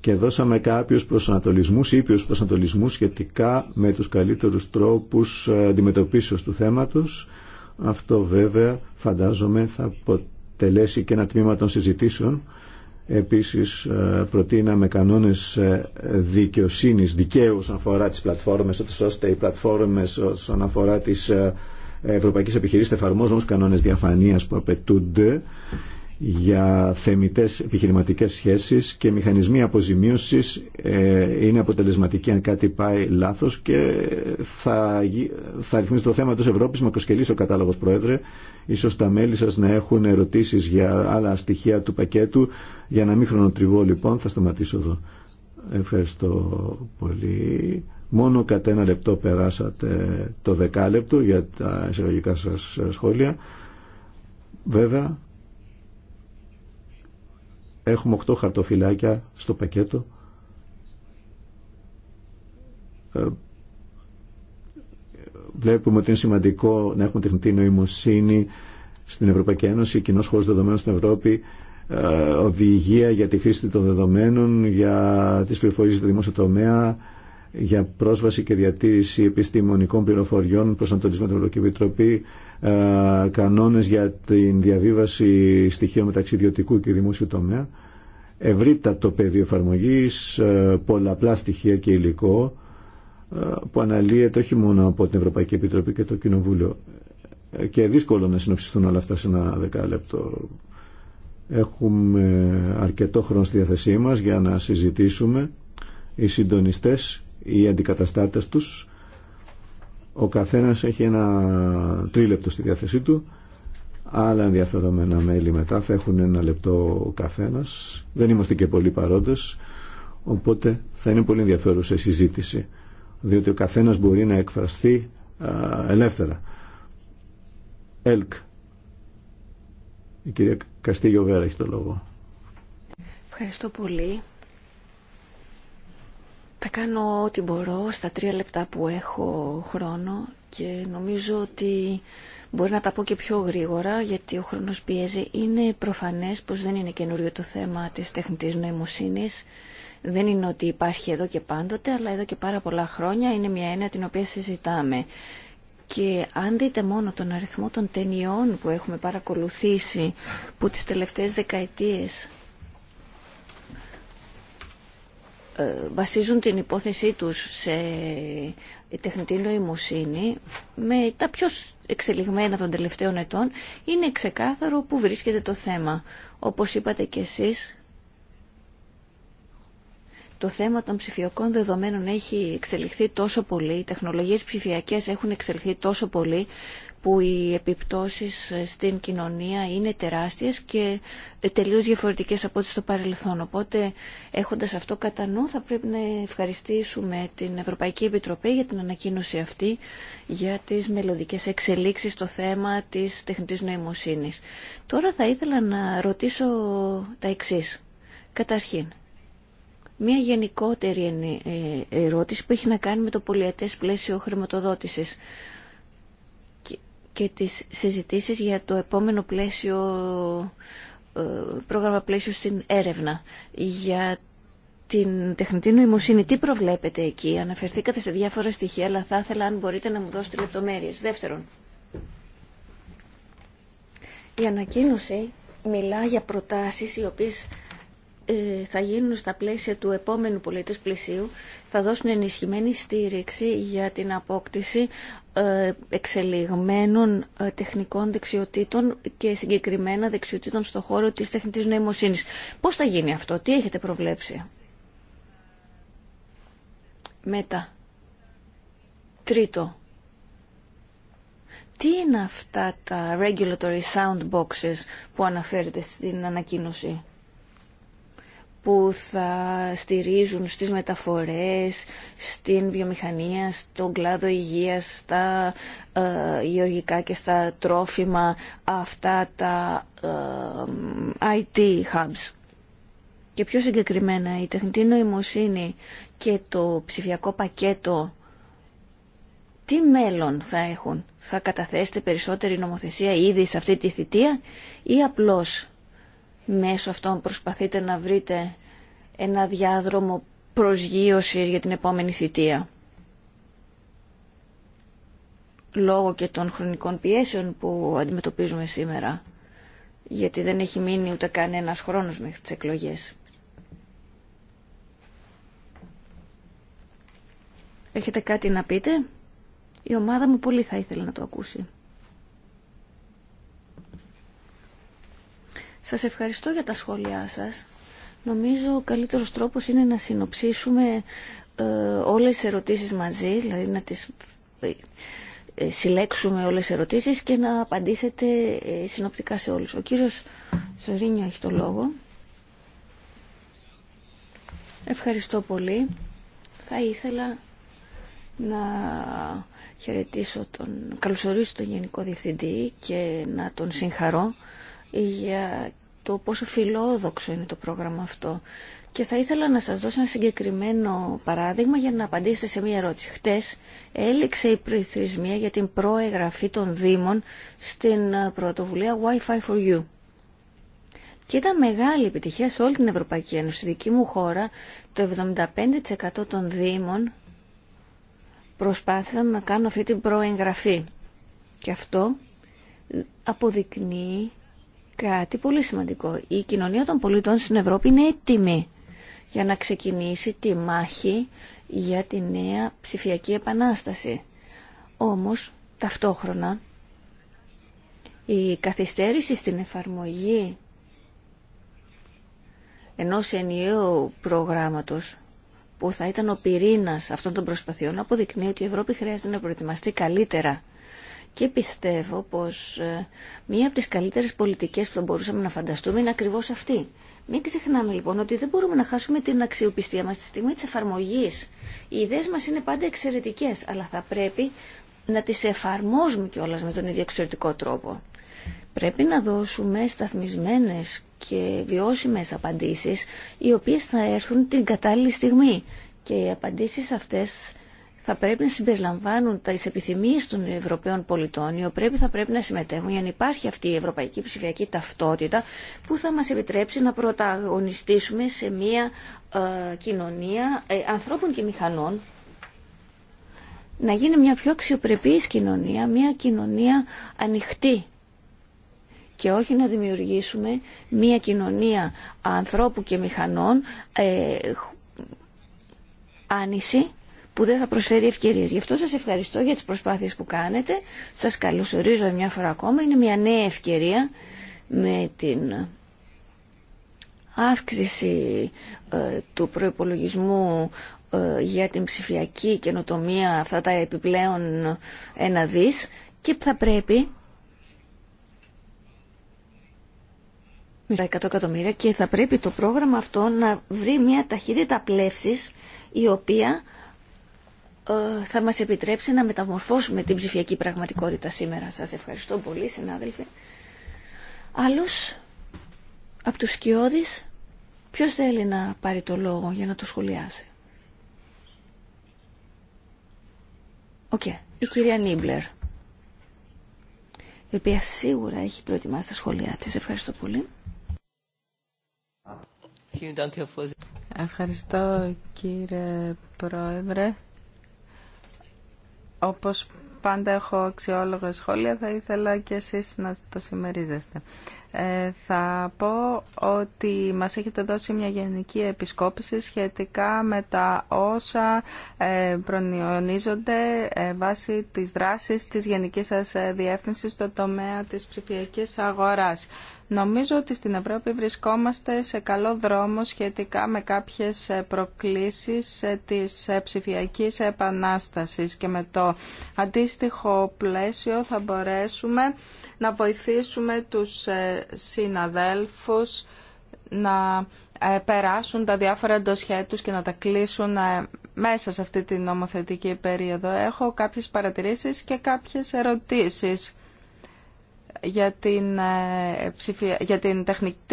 και δώσαμε κάποιους προσανατολισμούς, ήπιους προσανατολισμούς σχετικά με τους καλύτερους τρόπους ε, αντιμετωπίσεως του θέματος. Αυτό βέβαια φαντάζομαι θα αποτελέσει και ένα τμήμα των συζητήσεων. Επίσης ε, προτείναμε κανόνες ε, δικαιοσύνης, δικαίου όσον αφορά τις πλατφόρμες, ώστε οι πλατφόρμες όσον αφορά τις Ευρωπαϊκής επιχειρήσης, εφαρμόζουν κανόνες διαφανείας που απαιτούνται για θεμητές επιχειρηματικές σχέσεις και μηχανισμοί αποζημίωσης ε, είναι αποτελεσματικοί αν κάτι πάει λάθος και θα, θα ρυθμίσει το θέμα της Ευρώπης με ο κατάλογος Πρόεδρε. Ίσως τα μέλη σας να έχουν ερωτήσεις για άλλα στοιχεία του πακέτου για να μην χρονοτριβώ λοιπόν θα σταματήσω εδώ. Ευχαριστώ πολύ. Μόνο κατά ένα λεπτό περάσατε το δεκάλεπτο για τα εισαγωγικά σας σχόλια. Βέβαια, έχουμε 8 χαρτοφυλάκια στο πακέτο. Ε, βλέπουμε ότι είναι σημαντικό να έχουμε τεχνητή νοημοσύνη στην Ευρωπαϊκή Ένωση, κοινό χώρο δεδομένων στην Ευρώπη, ε, οδηγία για τη χρήση των δεδομένων, για τις πληροφορίες του δημόσιο τομέα, για πρόσβαση και διατήρηση επιστημονικών πληροφοριών προς την Ευρωπαϊκή Επιτροπή, ε, κανόνες για την διαβίβαση στοιχείων μεταξύ ιδιωτικού και δημόσιου τομέα, ευρύτατο πεδίο εφαρμογή, ε, πολλαπλά στοιχεία και υλικό ε, που αναλύεται όχι μόνο από την Ευρωπαϊκή Επιτροπή και το Κοινοβούλιο. Και δύσκολο να συνοψιστούν όλα αυτά σε ένα δεκάλεπτο. Έχουμε αρκετό χρόνο στη διάθεσή μας για να συζητήσουμε οι συντονιστές οι αντικαταστάτες τους. Ο καθένας έχει ένα τρίλεπτο στη διάθεσή του. Άλλα ενδιαφερόμενα μέλη μετά θα έχουν ένα λεπτό ο καθένας. Δεν είμαστε και πολλοί παρόντες, οπότε θα είναι πολύ ενδιαφέρουσα η συζήτηση, διότι ο καθένας μπορεί να εκφραστεί ελεύθερα. ΕΛΚ. Η κυρία Καστίγιο Βέρα έχει το λόγο. Ευχαριστώ πολύ. Θα κάνω ό,τι μπορώ στα τρία λεπτά που έχω χρόνο και νομίζω ότι μπορεί να τα πω και πιο γρήγορα γιατί ο χρόνος πιέζει. Είναι προφανές πως δεν είναι καινούριο το θέμα της τεχνητής νοημοσύνης. Δεν είναι ότι υπάρχει εδώ και πάντοτε, αλλά εδώ και πάρα πολλά χρόνια είναι μια έννοια την οποία συζητάμε. Και αν δείτε μόνο τον αριθμό των ταινιών που έχουμε παρακολουθήσει, που τις τελευταίες δεκαετίες Ε, βασίζουν την υπόθεσή τους σε τεχνητή νοημοσύνη με τα πιο εξελιγμένα των τελευταίων ετών είναι ξεκάθαρο που βρίσκεται το θέμα. Όπως είπατε κι εσείς, το θέμα των ψηφιακών δεδομένων έχει εξελιχθεί τόσο πολύ, οι τεχνολογίες ψηφιακές έχουν εξελιχθεί τόσο πολύ που οι επιπτώσεις στην κοινωνία είναι τεράστιες και τελείως διαφορετικές από ό,τι στο παρελθόν. Οπότε έχοντας αυτό κατά νου θα πρέπει να ευχαριστήσουμε την Ευρωπαϊκή Επιτροπή για την ανακοίνωση αυτή για τις μελλοντικέ εξελίξεις στο θέμα της τεχνητής νοημοσύνης. Τώρα θα ήθελα να ρωτήσω τα εξής. Καταρχήν, μια γενικότερη ε, ερώτηση που έχει να κάνει με το πολιετές πλαίσιο χρηματοδότησης και τις συζητήσεις για το επόμενο πλαίσιο, ε, πρόγραμμα πλαίσιο στην έρευνα. Για την τεχνητή νοημοσύνη, τι προβλέπετε εκεί. Αναφερθήκατε σε διάφορα στοιχεία, αλλά θα ήθελα αν μπορείτε να μου δώσετε λεπτομέρειες. Δεύτερον, η ανακοίνωση μιλά για προτάσεις οι οποίες ε, θα γίνουν στα πλαίσια του επόμενου πολίτης πλησίου θα δώσουν ενισχυμένη στήριξη για την απόκτηση ε, εξελιγμένων ε, τεχνικών δεξιοτήτων και συγκεκριμένα δεξιοτήτων στο χώρο της τεχνητής νοημοσύνης. Πώς θα γίνει αυτό, τι έχετε προβλέψει. Μετά. Τρίτο. Τι είναι αυτά τα regulatory sound boxes που αναφέρεται στην ανακοίνωση που θα στηρίζουν στις μεταφορές, στην βιομηχανία, στον κλάδο υγείας, στα ε, γεωργικά και στα τρόφιμα, αυτά τα IT ε, hubs. Και πιο συγκεκριμένα η τεχνητή νοημοσύνη και το ψηφιακό πακέτο τι μέλλον θα έχουν. Θα καταθέσετε περισσότερη νομοθεσία ήδη σε αυτή τη θητεία ή απλώς μέσω αυτών προσπαθείτε να βρείτε ένα διάδρομο προσγείωσης για την επόμενη θητεία. Λόγω και των χρονικών πιέσεων που αντιμετωπίζουμε σήμερα, γιατί δεν έχει μείνει ούτε κανένας χρόνος μέχρι τις εκλογές. Έχετε κάτι να πείτε? Η ομάδα μου πολύ θα ήθελε να το ακούσει. Σας ευχαριστώ για τα σχόλιά σας. Νομίζω ο καλύτερος τρόπος είναι να συνοψίσουμε ε, όλες τις ερωτήσεις μαζί, δηλαδή να τις ε, συλλέξουμε όλες τις ερωτήσεις και να απαντήσετε ε, συνοπτικά σε όλους. Ο κύριος Ζωρίνιο έχει το λόγο. Ευχαριστώ πολύ. Θα ήθελα να χαιρετήσω τον, καλωσορίσω τον Γενικό Διευθυντή και να τον συγχαρώ για το πόσο φιλόδοξο είναι το πρόγραμμα αυτό. Και θα ήθελα να σας δώσω ένα συγκεκριμένο παράδειγμα για να απαντήσετε σε μία ερώτηση. Χτες έληξε η πληθυσμία για την προεγραφή των Δήμων στην ε, πρωτοβουλία Wi-Fi for You. Και ήταν μεγάλη επιτυχία σε όλη την Ευρωπαϊκή Ένωση. δική μου χώρα το 75% των Δήμων προσπάθησαν να κάνουν αυτή την προεγγραφή. Και αυτό αποδεικνύει κάτι πολύ σημαντικό. Η κοινωνία των πολιτών στην Ευρώπη είναι έτοιμη για να ξεκινήσει τη μάχη για τη νέα ψηφιακή επανάσταση. Όμως, ταυτόχρονα, η καθυστέρηση στην εφαρμογή ενός ενιαίου προγράμματος που θα ήταν ο πυρήνας αυτών των προσπαθειών αποδεικνύει ότι η Ευρώπη χρειάζεται να προετοιμαστεί καλύτερα και πιστεύω πως ε, μία από τις καλύτερες πολιτικές που θα μπορούσαμε να φανταστούμε είναι ακριβώς αυτή. Μην ξεχνάμε λοιπόν ότι δεν μπορούμε να χάσουμε την αξιοπιστία μας στη στιγμή της εφαρμογής. Οι ιδέες μας είναι πάντα εξαιρετικές, αλλά θα πρέπει να τις εφαρμόζουμε κιόλα με τον ίδιο εξαιρετικό τρόπο. Πρέπει να δώσουμε σταθμισμένες και βιώσιμες απαντήσεις, οι οποίες θα έρθουν την κατάλληλη στιγμή. Και οι απαντήσεις αυτές θα πρέπει να συμπεριλαμβάνουν τι επιθυμίε των Ευρωπαίων πολιτών, οι οποίοι θα πρέπει να συμμετέχουν για να υπάρχει αυτή η ευρωπαϊκή ψηφιακή ταυτότητα που θα μα επιτρέψει να πρωταγωνιστήσουμε σε μια ε, κοινωνία ε, ανθρώπων και μηχανών, να γίνει μια πιο αξιοπρεπής κοινωνία, μια κοινωνία ανοιχτή και όχι να δημιουργήσουμε μια κοινωνία ανθρώπου και μηχανών ε, άνηση που δεν θα προσφέρει ευκαιρίες. Γι' αυτό σας ευχαριστώ για τις προσπάθειες που κάνετε. Σας καλωσορίζω μια φορά ακόμα. Είναι μια νέα ευκαιρία με την αύξηση ε, του προϋπολογισμού ε, για την ψηφιακή καινοτομία αυτά τα επιπλέον ένα δις και θα πρέπει με 100 εκατομμύρια και θα πρέπει το πρόγραμμα αυτό να βρει μια ταχύτητα πλεύσης η οποία ε, θα μας επιτρέψει να μεταμορφώσουμε την ψηφιακή πραγματικότητα σήμερα. Σας ευχαριστώ πολύ, συνάδελφοι. Άλλος, από τους Σκιώδης, ποιος θέλει να πάρει το λόγο για να το σχολιάσει. Οκ, η κυρία Νίμπλερ, η οποία σίγουρα έχει προετοιμάσει τα σχολεία της. Ευχαριστώ πολύ. Ευχαριστώ κύριε Πρόεδρε. Όπως πάντα έχω αξιόλογα σχόλια, θα ήθελα και εσείς να το συμμερίζεστε. Ε, θα πω ότι μας έχετε δώσει μια γενική επισκόπηση σχετικά με τα όσα ε, ε βάσει της δράσης της γενικής σας διεύθυνσης στο τομέα της ψηφιακής αγοράς. Νομίζω ότι στην Ευρώπη βρισκόμαστε σε καλό δρόμο σχετικά με κάποιες προκλήσεις της ψηφιακής επανάστασης και με το αντίστοιχο πλαίσιο θα μπορέσουμε να βοηθήσουμε τους ε, συναδέλφους να ε, περάσουν τα διάφορα εντοσχέτους τους και να τα κλείσουν ε, μέσα σε αυτή την νομοθετική περίοδο. Έχω κάποιες παρατηρήσεις και κάποιες ερωτήσεις για την, ε, για την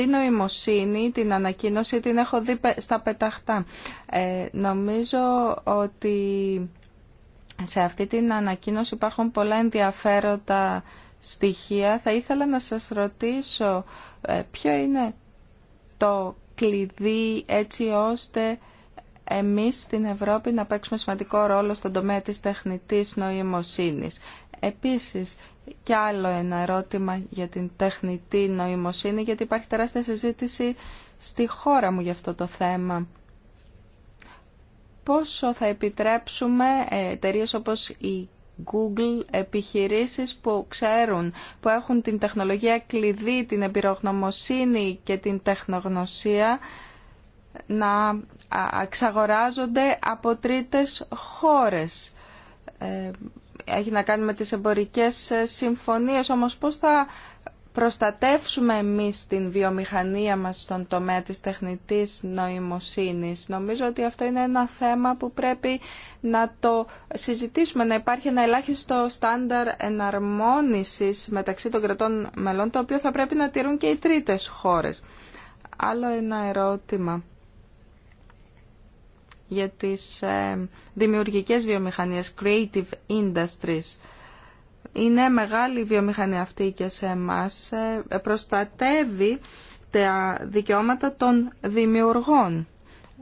νοημοσύνη, την ανακοίνωση, την έχω δει στα πεταχτά. Ε, νομίζω ότι σε αυτή την ανακοίνωση υπάρχουν πολλά ενδιαφέροντα στοιχεία. Θα ήθελα να σας ρωτήσω ε, ποιο είναι το κλειδί έτσι ώστε εμείς στην Ευρώπη να παίξουμε σημαντικό ρόλο στον τομέα της τεχνητής νοημοσύνης. Επίσης, κι άλλο ένα ερώτημα για την τεχνητή νοημοσύνη, γιατί υπάρχει τεράστια συζήτηση στη χώρα μου για αυτό το θέμα. Πόσο θα επιτρέψουμε ε, εταιρείε όπως η Google, επιχειρήσεις που ξέρουν, που έχουν την τεχνολογία κλειδί, την εμπειρογνωμοσύνη και την τεχνογνωσία, να εξαγοράζονται από τρίτες χώρες. Ε, έχει να κάνει με τις εμπορικές ε, συμφωνίες, όμως πώς θα προστατεύσουμε εμείς την βιομηχανία μας στον τομέα της τεχνητής νοημοσύνης. Νομίζω ότι αυτό είναι ένα θέμα που πρέπει να το συζητήσουμε, να υπάρχει ένα ελάχιστο στάνταρ εναρμόνισης μεταξύ των κρατών μελών, το οποίο θα πρέπει να τηρούν και οι τρίτες χώρες. Άλλο ένα ερώτημα για τις ε, δημιουργικές βιομηχανίες, creative industries. Είναι μεγάλη η βιομηχανία αυτή και σε εμάς. Ε, προστατεύει τα δικαιώματα των δημιουργών.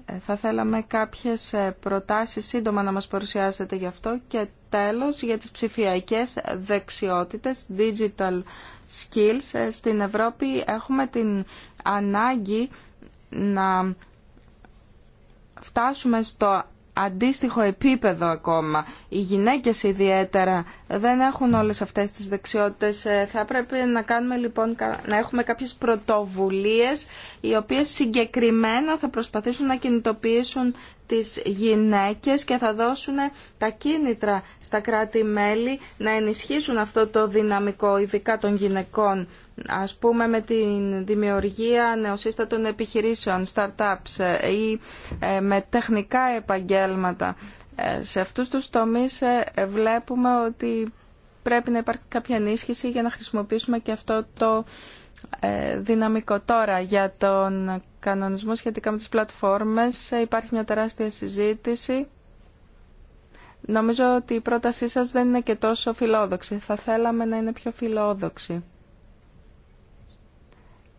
Ε, θα θέλαμε κάποιες προτάσεις σύντομα να μας παρουσιάσετε γι' αυτό και τέλος για τις ψηφιακές δεξιότητες, digital skills. Στην Ευρώπη έχουμε την ανάγκη να φτάσουμε στο αντίστοιχο επίπεδο ακόμα. Οι γυναίκες ιδιαίτερα δεν έχουν όλες αυτές τις δεξιότητες. Ε, θα πρέπει να, κάνουμε, λοιπόν, να έχουμε κάποιες πρωτοβουλίες οι οποίες συγκεκριμένα θα προσπαθήσουν να κινητοποιήσουν τις γυναίκες και θα δώσουν τα κίνητρα στα κράτη-μέλη να ενισχύσουν αυτό το δυναμικό ειδικά των γυναικών ας πούμε με την δημιουργία νεοσύστατων επιχειρήσεων, startups ε, ή ε, με τεχνικά επαγγέλματα. Ε, σε αυτούς τους τομείς βλέπουμε ότι πρέπει να υπάρχει κάποια ενίσχυση για να χρησιμοποιήσουμε και αυτό το δυναμικό. Τώρα για τον κανονισμό σχετικά με τις πλατφόρμες υπάρχει μια τεράστια συζήτηση. Νομίζω ότι η πρότασή σας δεν είναι και τόσο φιλόδοξη. Θα θέλαμε να είναι πιο φιλόδοξη.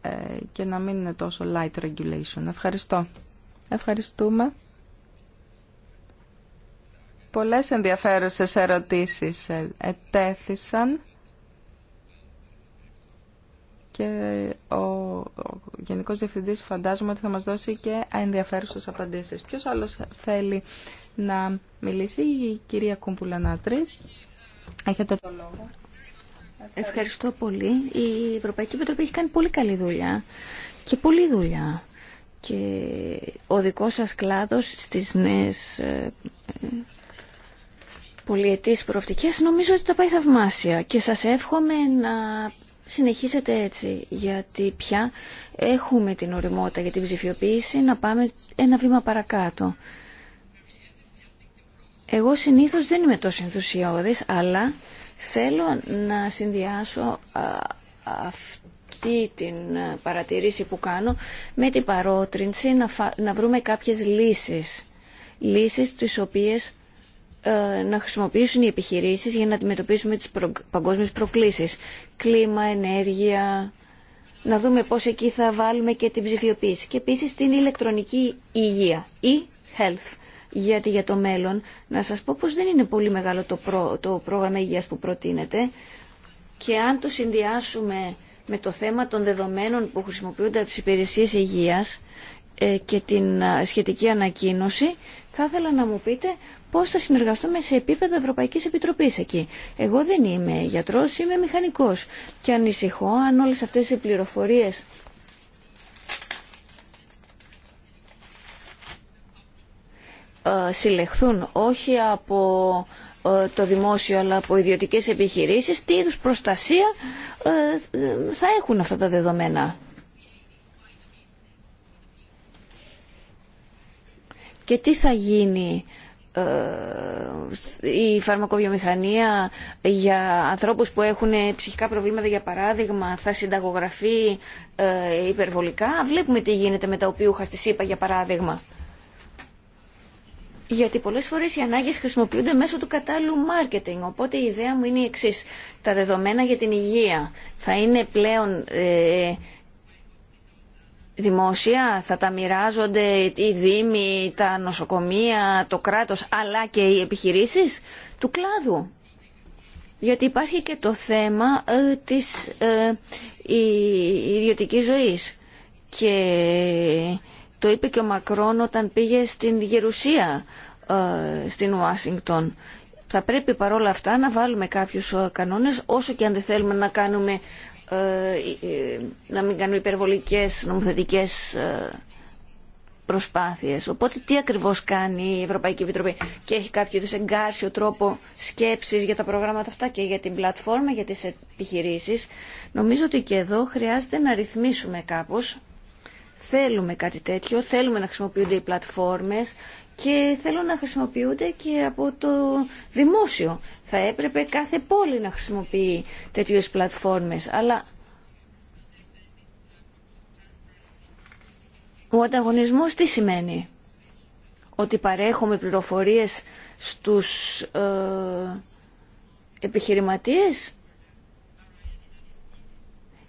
Ε, και να μην είναι τόσο light regulation. Ευχαριστώ. Ευχαριστούμε. Πολλές ενδιαφέρουσες ερωτήσεις ε, ετέθησαν και ο, ο Γενικός Διευθυντής φαντάζομαι ότι θα μας δώσει και ενδιαφέρουσες απαντήσεις. Ποιος άλλος θέλει να μιλήσει, η κυρία Κούμπουλα Νάτρη. Έχετε το λόγο. Ευχαριστώ πολύ. Η Ευρωπαϊκή Επιτροπή έχει κάνει πολύ καλή δουλειά και πολλή δουλειά. Και ο δικός σας κλάδος στις νέες ε, πολυετής προοπτικές νομίζω ότι τα πάει θαυμάσια και σας εύχομαι να συνεχίσετε έτσι γιατί πια έχουμε την οριμότητα για την ψηφιοποίηση να πάμε ένα βήμα παρακάτω. Εγώ συνήθως δεν είμαι τόσο ενθουσιώδης αλλά Θέλω να συνδυάσω αυτή την ε, παρατηρήση που κάνω με την παρότρινση να βρούμε κάποιες λύσεις. Λύσεις τις οποίες ε, να χρησιμοποιήσουν οι επιχειρήσεις για να αντιμετωπίσουμε τις παγκόσμιες προκλήσεις. Κλίμα, ενέργεια, να δούμε πώς εκεί θα βάλουμε και την ψηφιοποίηση. Και επίσης την ηλεκτρονική υγεία ή health γιατί για το μέλλον. Να σας πω πως δεν είναι πολύ μεγάλο το, το πρόγραμμα υγείας που προτείνεται και αν το συνδυάσουμε με το θέμα των δεδομένων που χρησιμοποιούνται από τις υπηρεσίες υγείας ε, και την σχετική ανακοίνωση, θα ήθελα να μου πείτε πώς θα συνεργαστούμε σε επίπεδο Ευρωπαϊκής Επιτροπής εκεί. Εγώ δεν είμαι γιατρός, είμαι μηχανικός και ανησυχώ αν όλες αυτές οι πληροφορίες Ε, συλλεχθούν όχι από ε, το δημόσιο αλλά από ιδιωτικές επιχειρήσεις τι προστασία ε, θα έχουν αυτά τα δεδομένα. Και τι θα γίνει η φαρμακοβιομηχανία για ανθρώπους που έχουν ψυχικά προβλήματα για παράδειγμα θα συνταγογραφεί υπερβολικά. Βλέπουμε τι γίνεται με τα οποία τι για παράδειγμα. Γιατί πολλές φορές οι ανάγκες χρησιμοποιούνται μέσω του κατάλληλου μάρκετινγκ. Οπότε η ιδέα μου είναι η εξή. Τα δεδομένα για την υγεία θα είναι πλέον ε, δημόσια, θα τα μοιράζονται οι δήμοι, τα νοσοκομεία, το κράτος, αλλά και οι επιχειρήσει του κλάδου. Γιατί υπάρχει και το θέμα ε, της ε, ιδιωτικής ζωής. Και το είπε και ο Μακρόν όταν πήγε στην Γερουσία ε, στην Ουάσιγκτον. Θα πρέπει παρόλα αυτά να βάλουμε κάποιους ε, κανόνες όσο και αν δεν θέλουμε να κάνουμε ε, να μην κάνουμε υπερβολικές νομοθετικές προσπάθειες. Οπότε τι ακριβώς κάνει η Ευρωπαϊκή Επιτροπή και έχει κάποιο είδους εγκάρσιο τρόπο σκέψης για τα προγράμματα αυτά και για την πλατφόρμα για τις επιχειρήσεις. Νομίζω ότι και εδώ χρειάζεται να ρυθμίσουμε κάπως Θέλουμε κάτι τέτοιο, θέλουμε να χρησιμοποιούνται οι πλατφόρμες και θέλω να χρησιμοποιούνται και από το δημόσιο. Θα έπρεπε κάθε πόλη να χρησιμοποιεί τέτοιες πλατφόρμες, αλλά ο ανταγωνισμός τι σημαίνει. Ότι παρέχουμε πληροφορίες στους ε, επιχειρηματίες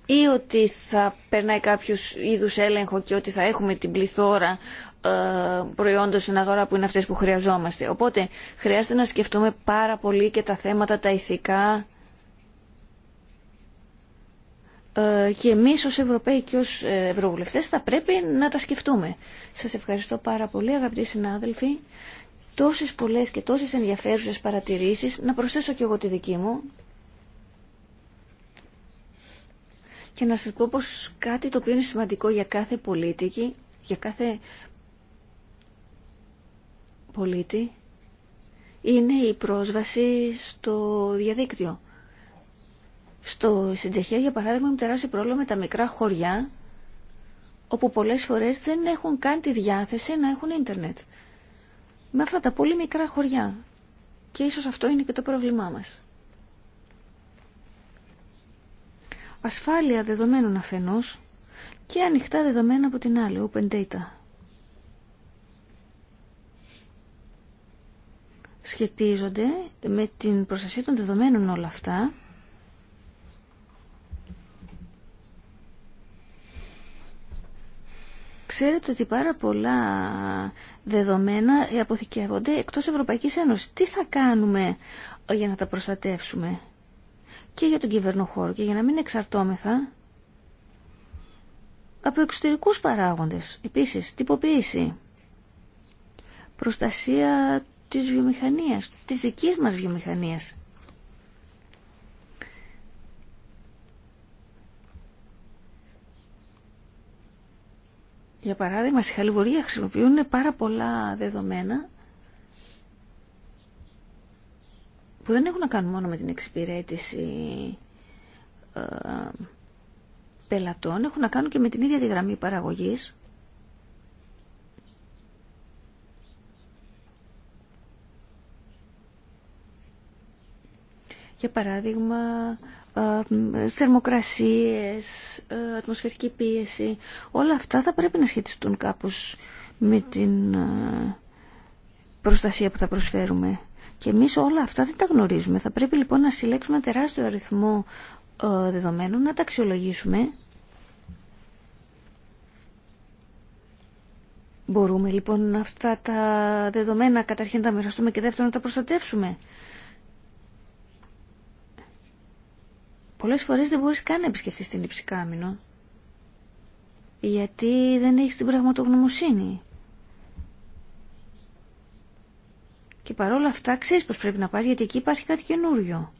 ή ότι θα περνάει κάποιο είδου έλεγχο και ότι θα έχουμε την πληθώρα ε, προϊόντων στην αγορά που είναι αυτέ που χρειαζόμαστε. Οπότε χρειάζεται να σκεφτούμε πάρα πολύ και τα θέματα τα ηθικά ε, και εμείς ως Ευρωπαίοι και ως ε, Ευρωβουλευτές θα πρέπει να τα σκεφτούμε. Σας ευχαριστώ πάρα πολύ αγαπητοί συνάδελφοι. Τόσες πολλές και τόσες ενδιαφέρουσες παρατηρήσεις. Να προσθέσω και εγώ τη δική μου. και να σας πω πως κάτι το οποίο είναι σημαντικό για κάθε πολίτικη, για κάθε πολίτη, είναι η πρόσβαση στο διαδίκτυο. Στο, στην για παράδειγμα, είναι τεράστιο πρόβλημα με τα μικρά χωριά, όπου πολλές φορές δεν έχουν καν τη διάθεση να έχουν ίντερνετ. Με αυτά τα πολύ μικρά χωριά. Και ίσως αυτό είναι και το πρόβλημά μας. ασφάλεια δεδομένων αφενός και ανοιχτά δεδομένα από την άλλη, open data. Σχετίζονται με την προστασία των δεδομένων όλα αυτά Ξέρετε ότι πάρα πολλά δεδομένα αποθηκεύονται εκτός Ευρωπαϊκής Ένωσης. Τι θα κάνουμε για να τα προστατεύσουμε και για τον κυβερνοχώρο και για να μην εξαρτώμεθα από εξωτερικούς παράγοντες. Επίσης, τυποποίηση, προστασία της βιομηχανίας, της δικής μας βιομηχανίας. Για παράδειγμα, στη Χαλιβουργία χρησιμοποιούν πάρα πολλά δεδομένα που δεν έχουν να κάνουν μόνο με την εξυπηρέτηση ε, πελατών, έχουν να κάνουν και με την ίδια τη γραμμή παραγωγής. Για παράδειγμα, ε, θερμοκρασίες, ε, ατμοσφαιρική πίεση, όλα αυτά θα πρέπει να σχετιστούν κάπως με την ε, προστασία που θα προσφέρουμε. Και εμείς όλα αυτά δεν τα γνωρίζουμε. Θα πρέπει λοιπόν να συλλέξουμε τεράστιο αριθμό ε, δεδομένων, να τα αξιολογήσουμε. Μπορούμε λοιπόν αυτά τα δεδομένα καταρχήν να τα μοιραστούμε και δεύτερον να τα προστατεύσουμε. Πολλές φορές δεν μπορείς καν να επισκεφτείς την Υψικάμινο γιατί δεν έχεις την πραγματογνωμοσύνη. Και παρόλα αυτά ξέρεις πως πρέπει να πας γιατί εκεί υπάρχει κάτι καινούριο.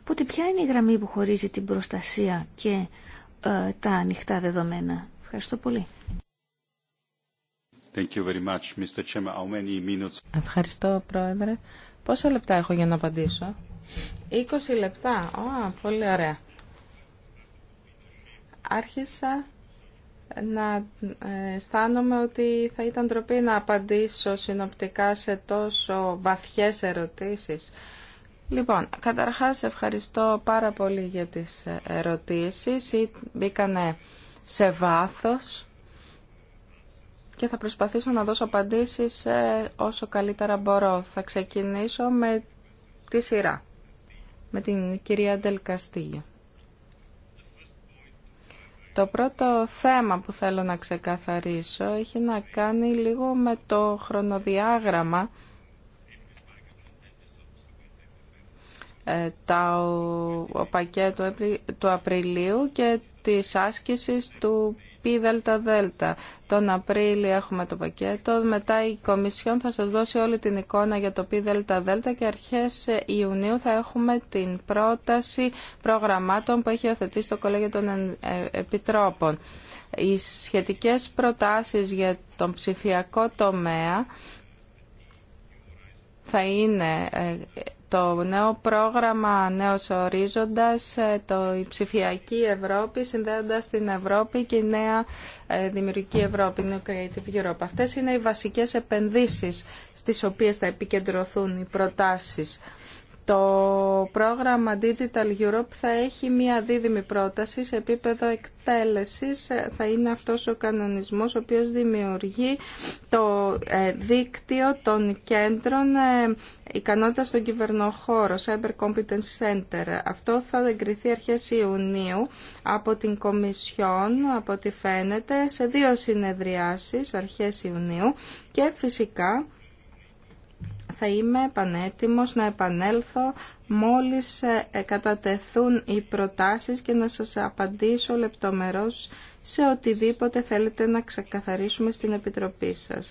Οπότε ποια είναι η γραμμή που χωρίζει την προστασία και ε, τα ανοιχτά δεδομένα. Ευχαριστώ πολύ. Thank you very much, Mr. Ευχαριστώ, Πρόεδρε. Πόσα λεπτά έχω για να απαντήσω. 20 λεπτά. Α, πολύ ωραία. Άρχισα να ε, αισθάνομαι ότι θα ήταν τροπή να απαντήσω συνοπτικά σε τόσο βαθιές ερωτήσεις. Λοιπόν, καταρχάς ευχαριστώ πάρα πολύ για τις ε, ερωτήσεις. Μπήκανε σε βάθος και θα προσπαθήσω να δώσω απαντήσεις ε, όσο καλύτερα μπορώ. Θα ξεκινήσω με τη σειρά, με την κυρία Ντελ το πρώτο θέμα που θέλω να ξεκαθαρίσω έχει να κάνει λίγο με το χρονοδιάγραμμα ε, το πακέτο του Απριλίου και της άσκησης του πι Τον Απρίλιο έχουμε το πακέτο, μετά η Κομισιόν θα σας δώσει όλη την εικόνα για το πι και αρχές Ιουνίου θα έχουμε την πρόταση προγραμμάτων που έχει οθετήσει το Κολέγιο των ε, Επιτρόπων. Οι σχετικές προτάσεις για τον ψηφιακό τομέα θα είναι ε, το νέο πρόγραμμα Νέος Ορίζοντας, ε, το, η ψηφιακή Ευρώπη, συνδέοντας την Ευρώπη και η νέα ε, δημιουργική Ευρώπη, New Creative Europe. Αυτές είναι οι βασικές επενδύσεις στις οποίες θα επικεντρωθούν οι προτάσεις. Το πρόγραμμα Digital Europe θα έχει μία δίδυμη πρόταση σε επίπεδο εκτέλεσης. Θα είναι αυτός ο κανονισμός ο οποίος δημιουργεί το ε, δίκτυο των κέντρων ε, ικανότητα στον κυβερνοχώρο, Cyber Competence Center. Αυτό θα εγκριθεί αρχές Ιουνίου από την Κομισιόν, από ό,τι φαίνεται, σε δύο συνεδριάσεις αρχές Ιουνίου και φυσικά θα είμαι πανέτοιμος να επανέλθω μόλις ε, κατατεθούν οι προτάσεις και να σας απαντήσω λεπτομερώς σε οτιδήποτε θέλετε να ξεκαθαρίσουμε στην Επιτροπή σας.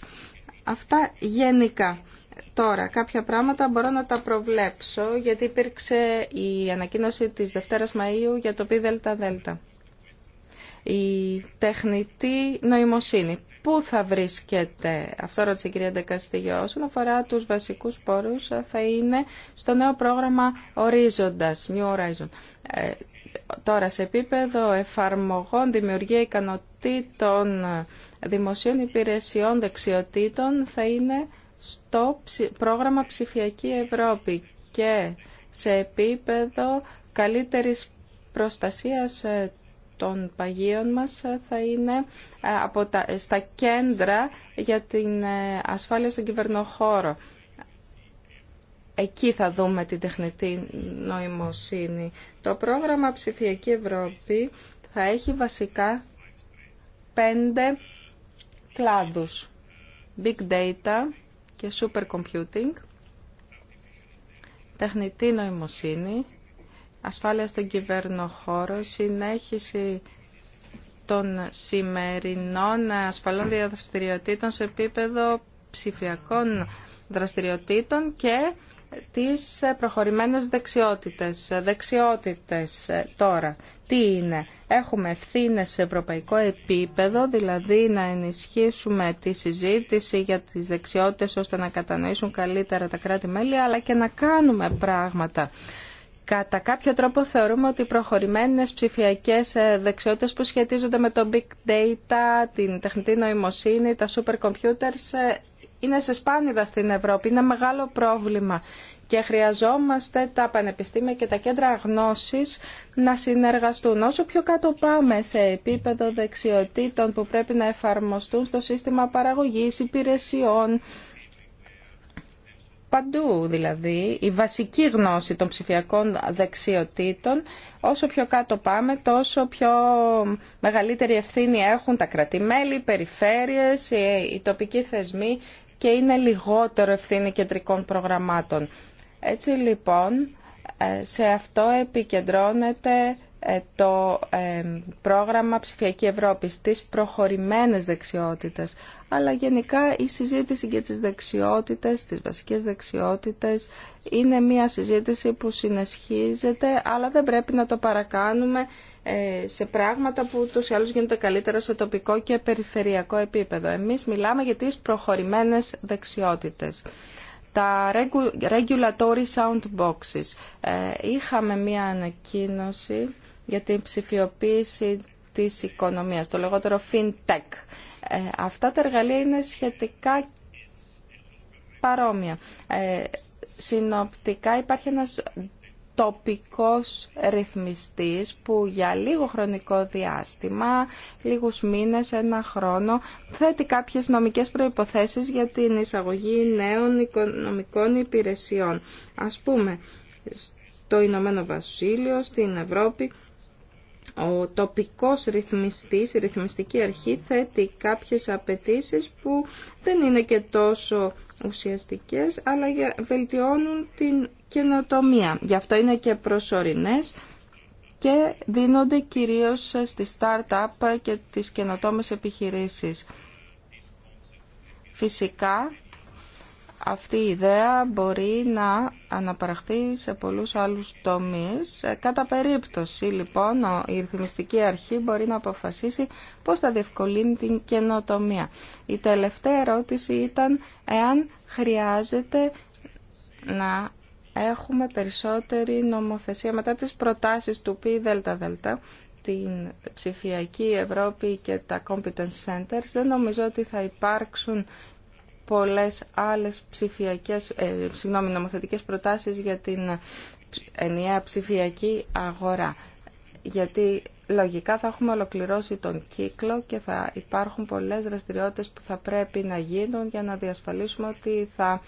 Αυτά γενικά. Τώρα, κάποια πράγματα μπορώ να τα προβλέψω, γιατί υπήρξε η ανακοίνωση της Δευτέρας Μαΐου για το δέλτα. Η τεχνητή νοημοσύνη. Πού θα βρίσκεται, αυτό ρώτησε η κυρία Ντεκαστηγιό, όσον αφορά τους βασικούς πόρους θα είναι στο νέο πρόγραμμα Ορίζοντας, New Horizon. Ε, τώρα σε επίπεδο εφαρμογών, δημιουργία ικανοτήτων, δημοσίων υπηρεσιών, δεξιοτήτων θα είναι στο πρόγραμμα Ψηφιακή Ευρώπη και σε επίπεδο καλύτερης προστασίας ε, των παγίων μας ε, θα είναι ε, στα κέντρα για την ε, ασφάλεια στον κυβερνοχώρο. Εκεί θα δούμε την τεχνητή νοημοσύνη. Το πρόγραμμα Ψηφιακή Ευρώπη θα έχει βασικά πέντε κλάδους. Big Data και Super Computing, τεχνητή νοημοσύνη, ασφάλεια στον κυβερνοχώρο, συνέχιση των σημερινών ασφαλών δραστηριοτήτων σε επίπεδο ψηφιακών δραστηριοτήτων και τις προχωρημένες δεξιότητες. Δεξιότητες ε, τώρα. Τι είναι. Έχουμε ευθύνε σε ευρωπαϊκό επίπεδο, δηλαδή να ενισχύσουμε τη συζήτηση για τις δεξιότητες ώστε να κατανοήσουν καλύτερα τα κράτη-μέλη, αλλά και να κάνουμε πράγματα. Κατά κάποιο τρόπο θεωρούμε ότι οι προχωρημένες ψηφιακές ε, δεξιότητες που σχετίζονται με το big data, την τεχνητή νοημοσύνη, τα super computers ε, είναι σε σπάνιδα στην Ευρώπη, είναι μεγάλο πρόβλημα και χρειαζόμαστε τα πανεπιστήμια και τα κέντρα γνώσης να συνεργαστούν. Όσο πιο κάτω πάμε σε επίπεδο δεξιοτήτων που πρέπει να εφαρμοστούν στο σύστημα παραγωγής υπηρεσιών, παντού δηλαδή η βασική γνώση των ψηφιακών δεξιοτήτων όσο πιο κάτω πάμε τόσο πιο μεγαλύτερη ευθύνη έχουν τα κρατημέλη, οι περιφέρειες, οι τοπικοί θεσμοί και είναι λιγότερο ευθύνη κεντρικών προγραμμάτων. Έτσι λοιπόν ε, σε αυτό επικεντρώνεται ε, το ε, πρόγραμμα Ψηφιακή Ευρώπη στις προχωρημένες δεξιότητες αλλά γενικά η συζήτηση για τις δεξιότητες, τις βασικές δεξιότητες είναι μια συζήτηση που συνεσχίζεται αλλά δεν πρέπει να το παρακάνουμε ε, σε πράγματα που τόσο ή γίνονται καλύτερα σε τοπικό και περιφερειακό επίπεδο. Εμείς μιλάμε για τις προχωρημένες δεξιότητες τα regulatory sound boxes. Είχαμε μία ανακοίνωση για την ψηφιοποίηση της οικονομίας, το λεγότερο FinTech. Ε, αυτά τα εργαλεία είναι σχετικά παρόμοια. Ε, συνοπτικά υπάρχει ένας τοπικός ρυθμιστής που για λίγο χρονικό διάστημα, λίγους μήνες, ένα χρόνο, θέτει κάποιες νομικές προϋποθέσεις για την εισαγωγή νέων οικονομικών υπηρεσιών. Ας πούμε, στο Ηνωμένο Βασίλειο, στην Ευρώπη, ο τοπικός ρυθμιστής, η ρυθμιστική αρχή θέτει κάποιες απαιτήσεις που δεν είναι και τόσο ουσιαστικές, αλλά βελτιώνουν την καινοτομία. Γι' αυτό είναι και προσωρινές και δίνονται κυρίως στη startup και τις καινοτόμες επιχειρήσεις. Φυσικά, αυτή η ιδέα μπορεί να αναπαραχθεί σε πολλούς άλλους τομείς. Κατά περίπτωση, λοιπόν, η ρυθμιστική αρχή μπορεί να αποφασίσει πώς θα διευκολύνει την καινοτομία. Η τελευταία ερώτηση ήταν εάν χρειάζεται να έχουμε περισσότερη νομοθεσία μετά τις προτάσεις του δελτα την ψηφιακή Ευρώπη και τα competence centers δεν νομίζω ότι θα υπάρξουν πολλές άλλες ψηφιακές, ε, συγγνώμη, νομοθετικές προτάσεις για την ενιαία ψηφιακή αγορά. Γιατί λογικά θα έχουμε ολοκληρώσει τον κύκλο και θα υπάρχουν πολλές δραστηριότητες που θα πρέπει να γίνουν για να διασφαλίσουμε ότι θα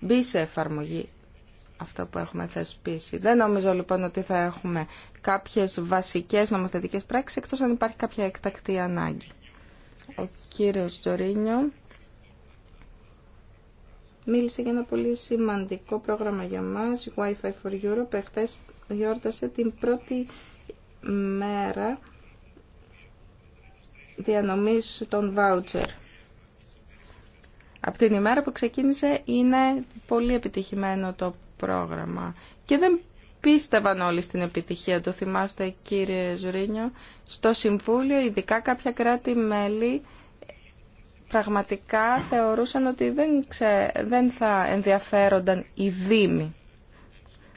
μπει σε εφαρμογή αυτό που έχουμε θεσπίσει. Δεν νομίζω λοιπόν ότι θα έχουμε κάποιες βασικές νομοθετικές πράξεις εκτός αν υπάρχει κάποια εκτακτή ανάγκη. Ο κύριος Τζορίνιο μίλησε για ένα πολύ σημαντικό πρόγραμμα για μας, Wi-Fi for Europe. Εχθές γιόρτασε την πρώτη μέρα διανομής των voucher. Από την ημέρα που ξεκίνησε είναι πολύ επιτυχημένο το πρόγραμμα. Και δεν πίστευαν όλοι στην επιτυχία, το θυμάστε κύριε Ζουρίνιο. Στο Συμβούλιο, ειδικά κάποια κράτη-μέλη, πραγματικά θεωρούσαν ότι δεν, δεν θα ενδιαφέρονταν οι δήμοι.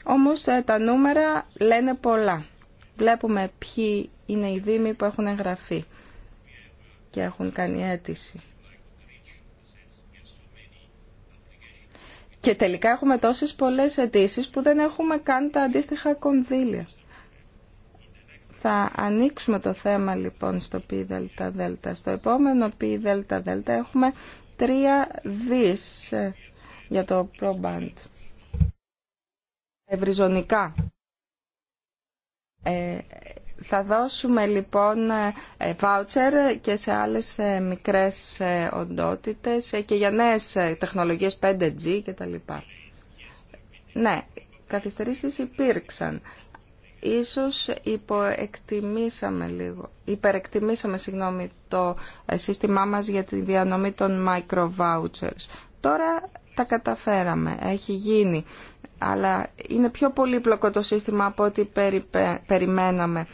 Όμως ε, τα νούμερα λένε πολλά. Βλέπουμε ποιοι είναι οι δήμοι που έχουν εγγραφεί και έχουν κάνει αίτηση. Και τελικά έχουμε τόσες πολλές αιτήσει που δεν έχουμε καν τα αντίστοιχα κονδύλια. Θα ανοίξουμε το θέμα λοιπόν στο δελτα. Στο επόμενο δελτα έχουμε τρία δις ε, για το προμπαντ Ευρυζωνικά. Ε, θα δώσουμε λοιπόν ε, voucher και σε άλλες μικρές οντότητες και για νέες τεχνολογίες 5G κτλ. Ναι, καθυστερήσεις υπήρξαν ίσως υποεκτιμήσαμε λίγο, υπερεκτιμήσαμε συγγνώμη, το ε, σύστημά μας για τη διανομή των micro-vouchers. Τώρα τα καταφέραμε, έχει γίνει, αλλά είναι πιο πολύπλοκο το σύστημα από ό,τι περιμέναμε.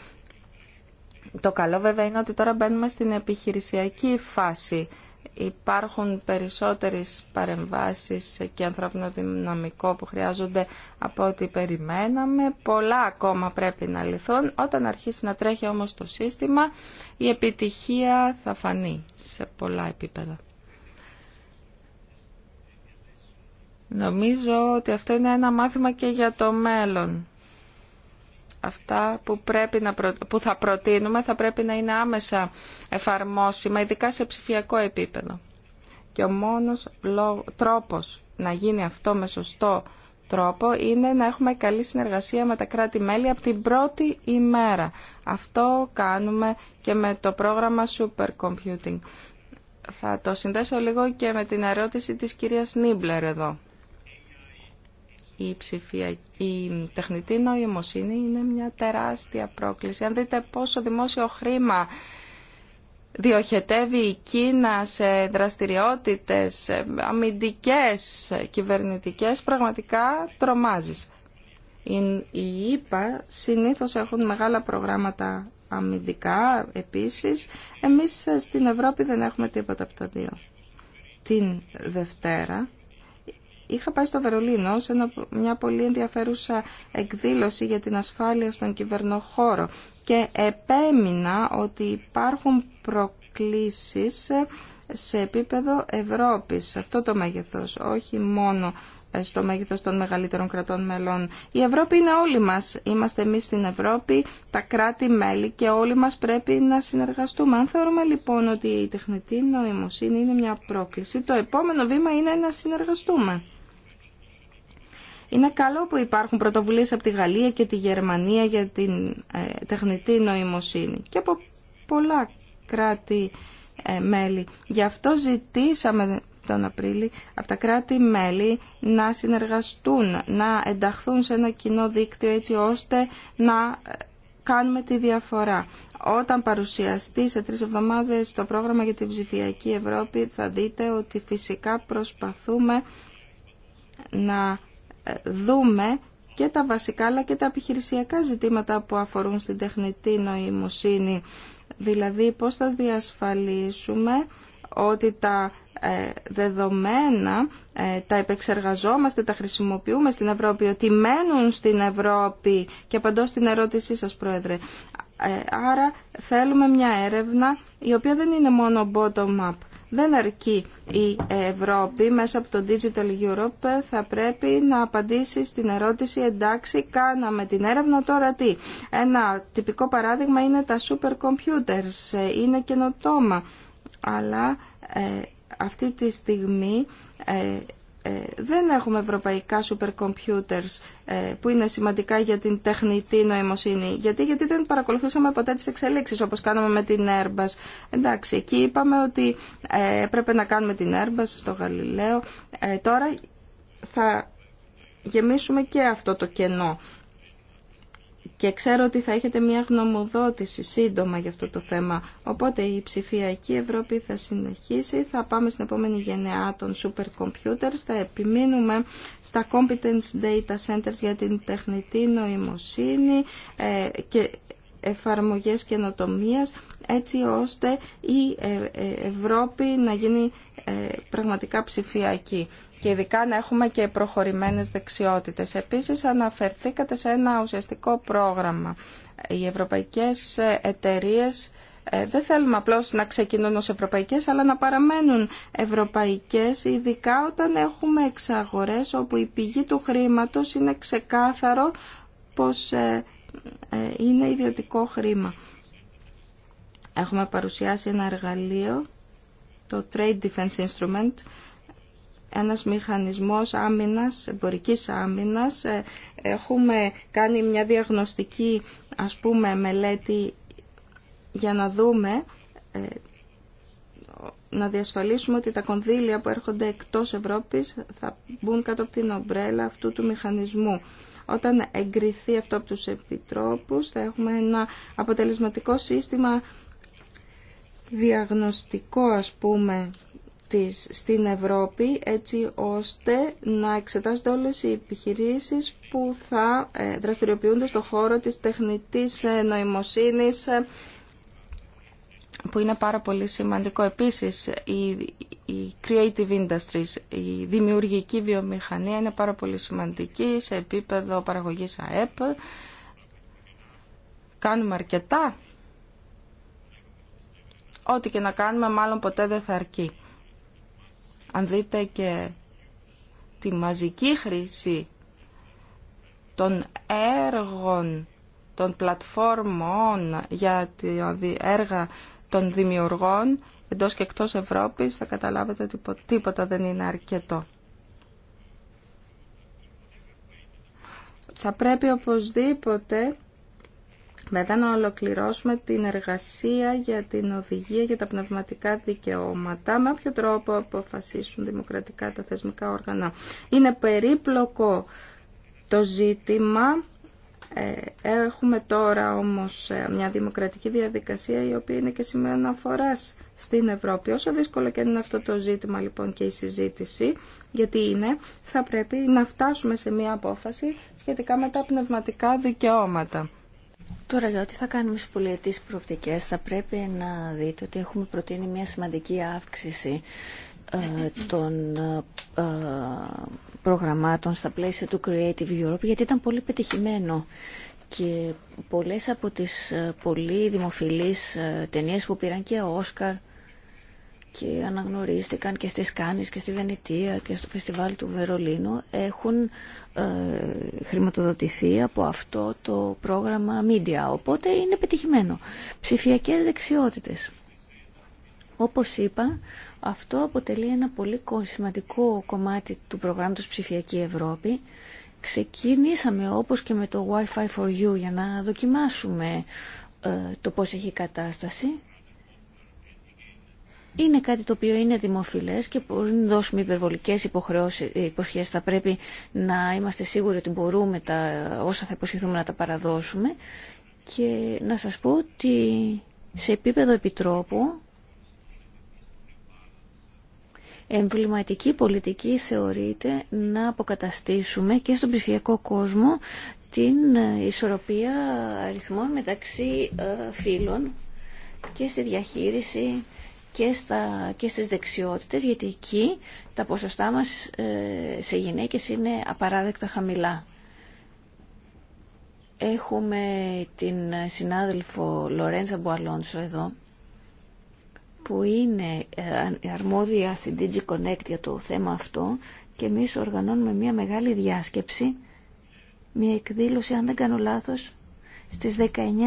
Το καλό βέβαια είναι ότι τώρα μπαίνουμε στην επιχειρησιακή φάση υπάρχουν περισσότερες παρεμβάσεις και ανθρώπινο δυναμικό που χρειάζονται από ό,τι περιμέναμε. Πολλά ακόμα πρέπει να λυθούν. Όταν αρχίσει να τρέχει όμως το σύστημα, η επιτυχία θα φανεί σε πολλά επίπεδα. Νομίζω ότι αυτό είναι ένα μάθημα και για το μέλλον. Αυτά που, πρέπει να θα προτείνουμε θα πρέπει να είναι άμεσα εφαρμόσιμα, ειδικά σε ψηφιακό επίπεδο. Και ο μόνος τρόπος να γίνει αυτό με σωστό τρόπο είναι να έχουμε καλή συνεργασία με τα κράτη-μέλη από την πρώτη ημέρα. Αυτό κάνουμε και με το πρόγραμμα Supercomputing. Θα το συνδέσω λίγο και με την ερώτηση της κυρίας Νίμπλερ εδώ η ψηφιακή, η τεχνητή νοημοσύνη είναι μια τεράστια πρόκληση. Αν δείτε πόσο δημόσιο χρήμα διοχετεύει η Κίνα σε δραστηριότητες αμυντικές, κυβερνητικές, πραγματικά τρομάζεις. Οι ΙΠΑ συνήθως έχουν μεγάλα προγράμματα αμυντικά επίσης. Εμείς στην Ευρώπη δεν έχουμε τίποτα από τα δύο. Την Δευτέρα Είχα πάει στο Βερολίνο σε μια πολύ ενδιαφέρουσα εκδήλωση για την ασφάλεια στον κυβερνοχώρο και επέμεινα ότι υπάρχουν προκλήσεις σε επίπεδο Ευρώπης, σε αυτό το μέγεθος, όχι μόνο ε, στο μέγεθος των μεγαλύτερων κρατών μελών. Η Ευρώπη είναι όλοι μας. Είμαστε εμείς στην Ευρώπη, τα κράτη-μέλη και όλοι μας πρέπει να συνεργαστούμε. Αν θεωρούμε λοιπόν ότι η τεχνητή νοημοσύνη είναι μια πρόκληση, το επόμενο βήμα είναι να συνεργαστούμε. Είναι καλό που υπάρχουν πρωτοβουλίες από τη Γαλλία και τη Γερμανία για την ε, τεχνητή νοημοσύνη και από πολλά κράτη ε, μέλη. Γι' αυτό ζητήσαμε τον Απρίλη από τα κράτη-μέλη να συνεργαστούν, να ενταχθούν σε ένα κοινό δίκτυο έτσι ώστε να ε, κάνουμε τη διαφορά. Όταν παρουσιαστεί σε τρεις εβδομάδες το πρόγραμμα για την ψηφιακή Ευρώπη θα δείτε ότι φυσικά προσπαθούμε να δούμε και τα βασικά αλλά και τα επιχειρησιακά ζητήματα που αφορούν στην τεχνητή νοημοσύνη. Δηλαδή πώς θα διασφαλίσουμε ότι τα ε, δεδομένα ε, τα επεξεργαζόμαστε, τα χρησιμοποιούμε στην Ευρώπη, ότι μένουν στην Ευρώπη και απαντώ στην ερώτησή σας Πρόεδρε. Ε, άρα θέλουμε μια έρευνα η οποία δεν είναι μόνο bottom-up δεν αρκεί η Ευρώπη μέσα από το Digital Europe θα πρέπει να απαντήσει στην ερώτηση εντάξει κάναμε την έρευνα τώρα τι. Ένα τυπικό παράδειγμα είναι τα super computers, είναι καινοτόμα αλλά ε, αυτή τη στιγμή ε, ε, δεν έχουμε ευρωπαϊκά super computers ε, που είναι σημαντικά για την τεχνητή νοημοσύνη. Γιατί, γιατί δεν παρακολουθούσαμε ποτέ τις εξελίξεις όπως κάναμε με την Airbus. Εντάξει, εκεί είπαμε ότι ε, πρέπει να κάνουμε την Airbus στο Γαλιλαίο. τώρα θα γεμίσουμε και αυτό το κενό και ξέρω ότι θα έχετε μια γνωμοδότηση σύντομα για αυτό το θέμα. Οπότε η ψηφιακή Ευρώπη θα συνεχίσει, θα πάμε στην επόμενη γενεά των super computers, θα επιμείνουμε στα competence data centers για την τεχνητή νοημοσύνη ε, και εφαρμογές καινοτομίας έτσι ώστε η ε, ε, Ευρώπη να γίνει πραγματικά ψηφιακή και ειδικά να έχουμε και προχωρημένες δεξιότητες. Επίσης αναφερθήκατε σε ένα ουσιαστικό πρόγραμμα. Οι ευρωπαϊκές εταιρείες ε, δεν θέλουμε απλώς να ξεκινούν ως ευρωπαϊκές αλλά να παραμένουν ευρωπαϊκές ειδικά όταν έχουμε εξαγορές όπου η πηγή του χρήματος είναι ξεκάθαρο πως ε, ε, είναι ιδιωτικό χρήμα. Έχουμε παρουσιάσει ένα εργαλείο, το Trade Defense Instrument, ένας μηχανισμός άμυνας, εμπορικής άμυνας. Ε, έχουμε κάνει μια διαγνωστική ας πούμε μελέτη για να δούμε ε, να διασφαλίσουμε ότι τα κονδύλια που έρχονται εκτός Ευρώπης θα μπουν κάτω από την ομπρέλα αυτού του μηχανισμού. Όταν εγκριθεί αυτό από τους επιτρόπους θα έχουμε ένα αποτελεσματικό σύστημα διαγνωστικό ας πούμε στην Ευρώπη έτσι ώστε να εξετάζονται όλες οι επιχειρήσεις που θα ε, δραστηριοποιούνται στον χώρο της τεχνητής ε, νοημοσύνης ε, που είναι πάρα πολύ σημαντικό. Επίσης, η creative industries, η δημιουργική βιομηχανία είναι πάρα πολύ σημαντική σε επίπεδο παραγωγής ΑΕΠ. Κάνουμε αρκετά. Ό,τι και να κάνουμε, μάλλον ποτέ δεν θα αρκεί. Αν δείτε και τη μαζική χρήση των έργων, των πλατφόρμων για έργα των δημιουργών εντός και εκτός Ευρώπης, θα καταλάβετε ότι τίποτα δεν είναι αρκετό. Θα πρέπει οπωσδήποτε μετά να ολοκληρώσουμε την εργασία για την οδηγία για τα πνευματικά δικαιώματα, με όποιο τρόπο αποφασίσουν δημοκρατικά τα θεσμικά όργανα. Είναι περίπλοκο το ζήτημα. Ε, έχουμε τώρα όμως ε, μια δημοκρατική διαδικασία η οποία είναι και σημείο αναφορά στην Ευρώπη. Όσο δύσκολο και είναι αυτό το ζήτημα λοιπόν και η συζήτηση, γιατί είναι, θα πρέπει να φτάσουμε σε μια απόφαση σχετικά με τα πνευματικά δικαιώματα. Τώρα για ό,τι θα κάνουμε στις πολιετήσεις προοπτικές θα πρέπει να δείτε ότι έχουμε προτείνει μια σημαντική αύξηση ε, των ε, ε, προγραμμάτων στα πλαίσια του Creative Europe γιατί ήταν πολύ πετυχημένο και πολλές από τις πολύ δημοφιλείς ταινίες που πήραν και ο Όσκαρ και αναγνωρίστηκαν και στις Κάνης και στη Βενετία και στο Φεστιβάλ του Βερολίνου έχουν ε, χρηματοδοτηθεί από αυτό το πρόγραμμα Media, οπότε είναι πετυχημένο. Ψηφιακές δεξιότητες. Όπως είπα, αυτό αποτελεί ένα πολύ σημαντικό κομμάτι του προγράμματος Ψηφιακή Ευρώπη. Ξεκινήσαμε όπως και με το Wi-Fi for You για να δοκιμάσουμε ε, το πώς έχει κατάσταση είναι κάτι το οποίο είναι δημοφιλές και μπορεί να δώσουμε υπερβολικές υποσχέσεις. Θα πρέπει να είμαστε σίγουροι ότι μπορούμε τα, όσα θα υποσχεθούμε να τα παραδώσουμε. Και να σας πω ότι σε επίπεδο επιτρόπου εμβληματική πολιτική θεωρείται να αποκαταστήσουμε και στον ψηφιακό κόσμο την ε, ισορροπία αριθμών μεταξύ ε, φύλων και στη διαχείριση και, στα, και στις δεξιότητες, γιατί εκεί τα ποσοστά μας ε, σε γυναίκες είναι απαράδεκτα χαμηλά. Έχουμε την συνάδελφο Λορέντζα Μπουαλόντσο εδώ, που είναι ε, αρμόδια στην DigiConnect για το θέμα αυτό και εμεί οργανώνουμε μια μεγάλη διάσκεψη, μια εκδήλωση, αν δεν κάνω λάθος, στις 19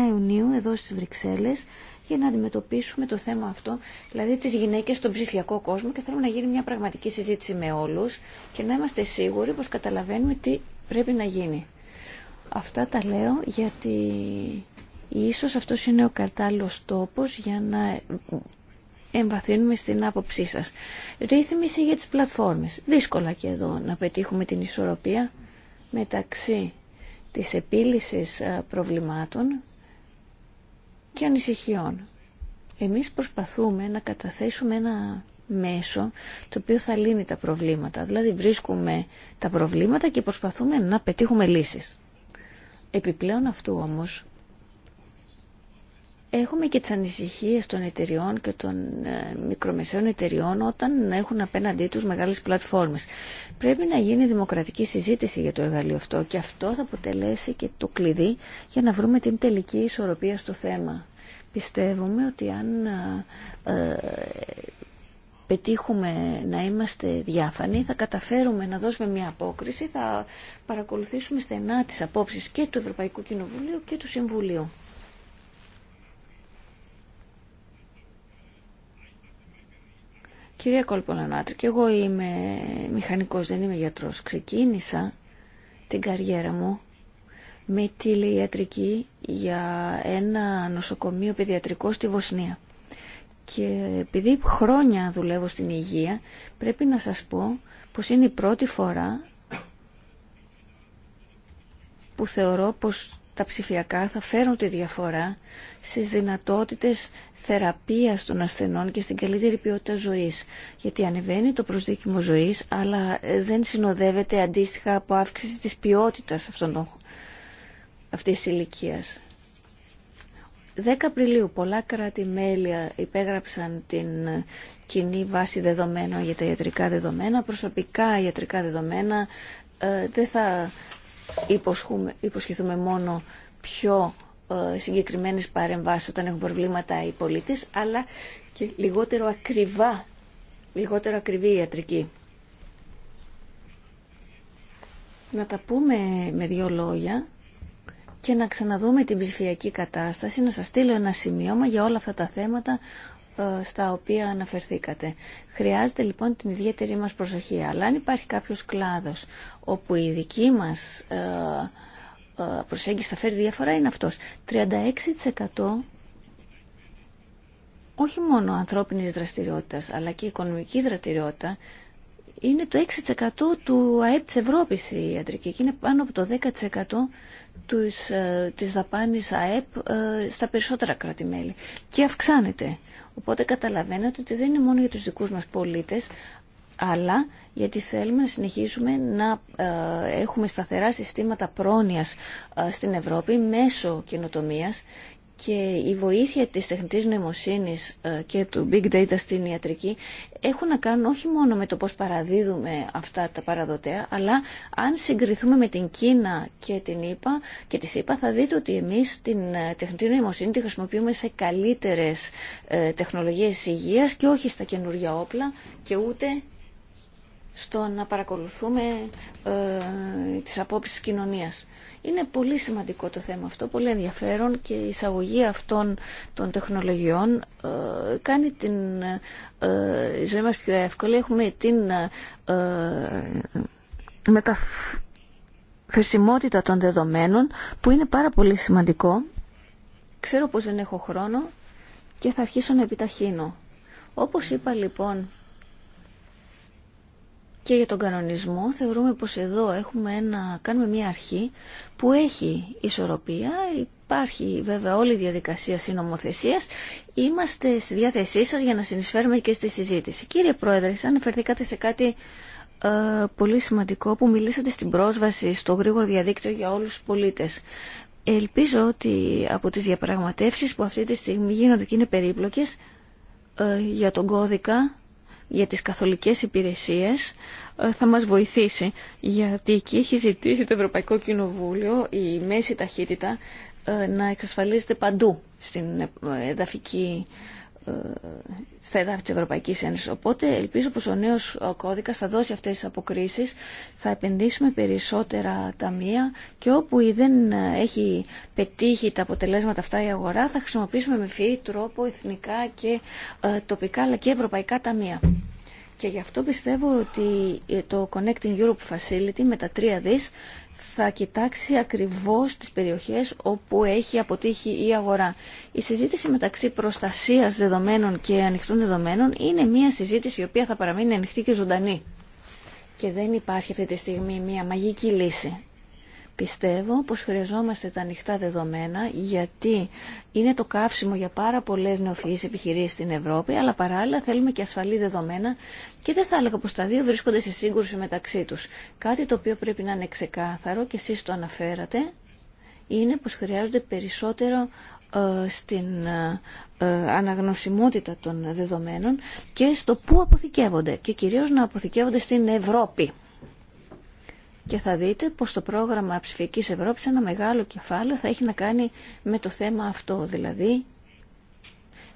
Ιουνίου εδώ στις Βρυξέλλες για να αντιμετωπίσουμε το θέμα αυτό, δηλαδή τις γυναίκες στον ψηφιακό κόσμο και θέλουμε να γίνει μια πραγματική συζήτηση με όλους και να είμαστε σίγουροι πως καταλαβαίνουμε τι πρέπει να γίνει. Αυτά τα λέω γιατί ίσως αυτός είναι ο κατάλληλος τόπος για να εμβαθύνουμε στην άποψή σας. Ρύθμιση για τις πλατφόρμες. Δύσκολα και εδώ να πετύχουμε την ισορροπία μεταξύ της επίλυσης προβλημάτων και ανησυχιών. Εμείς προσπαθούμε να καταθέσουμε ένα μέσο το οποίο θα λύνει τα προβλήματα. Δηλαδή βρίσκουμε τα προβλήματα και προσπαθούμε να πετύχουμε λύσεις. Επιπλέον αυτού όμως Έχουμε και τις ανησυχίες των εταιριών και των ε, μικρομεσαίων εταιριών όταν έχουν απέναντί τους μεγάλες πλατφόρμες. Πρέπει να γίνει δημοκρατική συζήτηση για το εργαλείο αυτό και αυτό θα αποτελέσει και το κλειδί για να βρούμε την τελική ισορροπία στο θέμα. Πιστεύουμε ότι αν ε, ε, πετύχουμε να είμαστε διάφανοι, θα καταφέρουμε να δώσουμε μια απόκριση, θα παρακολουθήσουμε στενά τις απόψεις και του Ευρωπαϊκού Κοινοβουλίου και του Συμβουλίου. Κυρία Κολπολανάτρη, και εγώ είμαι μηχανικός, δεν είμαι γιατρός. Ξεκίνησα την καριέρα μου με τηλεϊατρική για ένα νοσοκομείο παιδιατρικό στη Βοσνία. Και επειδή χρόνια δουλεύω στην υγεία, πρέπει να σας πω πως είναι η πρώτη φορά που θεωρώ πως τα ψηφιακά θα φέρουν τη διαφορά στις δυνατότητες θεραπεία των ασθενών και στην καλύτερη ποιότητα ζωής. Γιατί ανεβαίνει το προσδίκημο ζωής, αλλά ε, δεν συνοδεύεται αντίστοιχα από αύξηση της ποιότητα αυτή τη αυτής της ηλικίας. 10 Απριλίου πολλά κράτη-μέλη ε, υπέγραψαν την ε, κοινή βάση δεδομένων για τα ιατρικά δεδομένα. Προσωπικά ιατρικά δεδομένα δεν θα υποσχεθούμε μόνο πιο ε, συγκεκριμένες παρεμβάσεις όταν έχουν προβλήματα οι πολίτες, αλλά και λιγότερο ακριβά, λιγότερο ακριβή ιατρική. Να τα πούμε με δύο λόγια και να ξαναδούμε την ψηφιακή κατάσταση, να σας στείλω ένα σημείωμα για όλα αυτά τα θέματα ε, στα οποία αναφερθήκατε. Χρειάζεται λοιπόν την ιδιαίτερη μας προσοχή. Αλλά αν υπάρχει κάποιος κλάδος όπου η δική μας ε, προσέγγιση θα φέρει διαφορά είναι αυτός. 36% όχι μόνο ανθρώπινης δραστηριότητας αλλά και οικονομική δραστηριότητα είναι το 6% του ΑΕΠ της Ευρώπης η ιατρική και είναι πάνω από το 10% της, ε, της δαπάνης ΑΕΠ ε, στα περισσότερα κράτη-μέλη και αυξάνεται. Οπότε καταλαβαίνετε ότι δεν είναι μόνο για τους δικούς μας πολίτες αλλά γιατί θέλουμε να συνεχίσουμε να ε, έχουμε σταθερά συστήματα πρόνοιας ε, στην Ευρώπη μέσω καινοτομίας και η βοήθεια της τεχνητής νοημοσύνης ε, και του big data στην ιατρική έχουν να κάνουν όχι μόνο με το πώς παραδίδουμε αυτά τα παραδοτέα, αλλά αν συγκριθούμε με την Κίνα και την ΕΠΑ και τις ΕΠΑ θα δείτε ότι εμείς την τεχνητή νοημοσύνη τη χρησιμοποιούμε σε καλύτερες τεχνολογίες υγείας και όχι στα καινούργια όπλα και ούτε στο να παρακολουθούμε ε, τις απόψεις κοινωνίας. Είναι πολύ σημαντικό το θέμα αυτό, πολύ ενδιαφέρον και η εισαγωγή αυτών των τεχνολογιών ε, κάνει την ε, ζωή μας πιο εύκολη. Έχουμε την ε, μεταφερσιμότητα των δεδομένων που είναι πάρα πολύ σημαντικό. Ξέρω πως δεν έχω χρόνο και θα αρχίσω να επιταχύνω. Όπως είπα λοιπόν και για τον κανονισμό θεωρούμε πως εδώ έχουμε ένα, κάνουμε μια αρχή που έχει ισορροπία, υπάρχει βέβαια όλη η διαδικασία συνομοθεσίας, είμαστε στη διάθεσή σας για να συνεισφέρουμε και στη συζήτηση. Κύριε Πρόεδρε, σαν αναφερθήκατε σε κάτι ε, πολύ σημαντικό που μιλήσατε στην πρόσβαση στο γρήγορο διαδίκτυο για όλους τους πολίτες. Ελπίζω ότι από τις διαπραγματεύσεις που αυτή τη στιγμή γίνονται και είναι περίπλοκες ε, για τον κώδικα για τις καθολικές υπηρεσίες ε, θα μας βοηθήσει γιατί εκεί έχει ζητήσει το Ευρωπαϊκό Κοινοβούλιο η μέση ταχύτητα ε, να εξασφαλίζεται παντού στην ε, εδαφική ε, στα εδάφη της Ευρωπαϊκής Ένωση. Οπότε ελπίζω πως ο νέος κώδικας θα δώσει αυτές τις αποκρίσεις, θα επενδύσουμε περισσότερα ταμεία και όπου δεν έχει πετύχει τα αποτελέσματα αυτά η αγορά θα χρησιμοποιήσουμε με φυή τρόπο εθνικά και ε, τοπικά αλλά και ευρωπαϊκά ταμεία. Και γι' αυτό πιστεύω ότι ε, το Connecting Europe Facility με τα τρία δις θα κοιτάξει ακριβώς τις περιοχές όπου έχει αποτύχει η αγορά. Η συζήτηση μεταξύ προστασίας δεδομένων και ανοιχτών δεδομένων είναι μια συζήτηση η οποία θα παραμείνει ανοιχτή και ζωντανή. Και δεν υπάρχει αυτή τη στιγμή μια μαγική λύση. Πιστεύω πως χρειαζόμαστε τα ανοιχτά δεδομένα γιατί είναι το καύσιμο για πάρα πολλές νεοφυείς επιχειρήσεις στην Ευρώπη αλλά παράλληλα θέλουμε και ασφαλή δεδομένα και δεν θα έλεγα πως τα δύο βρίσκονται σε σύγκρουση μεταξύ τους. Κάτι το οποίο πρέπει να είναι ξεκάθαρο και εσείς το αναφέρατε είναι πως χρειάζονται περισσότερο ε, στην ε, αναγνωσιμότητα των δεδομένων και στο πού αποθηκεύονται και κυρίως να αποθηκεύονται στην Ευρώπη και θα δείτε πως το πρόγραμμα ψηφιακής Ευρώπης ένα μεγάλο κεφάλαιο θα έχει να κάνει με το θέμα αυτό, δηλαδή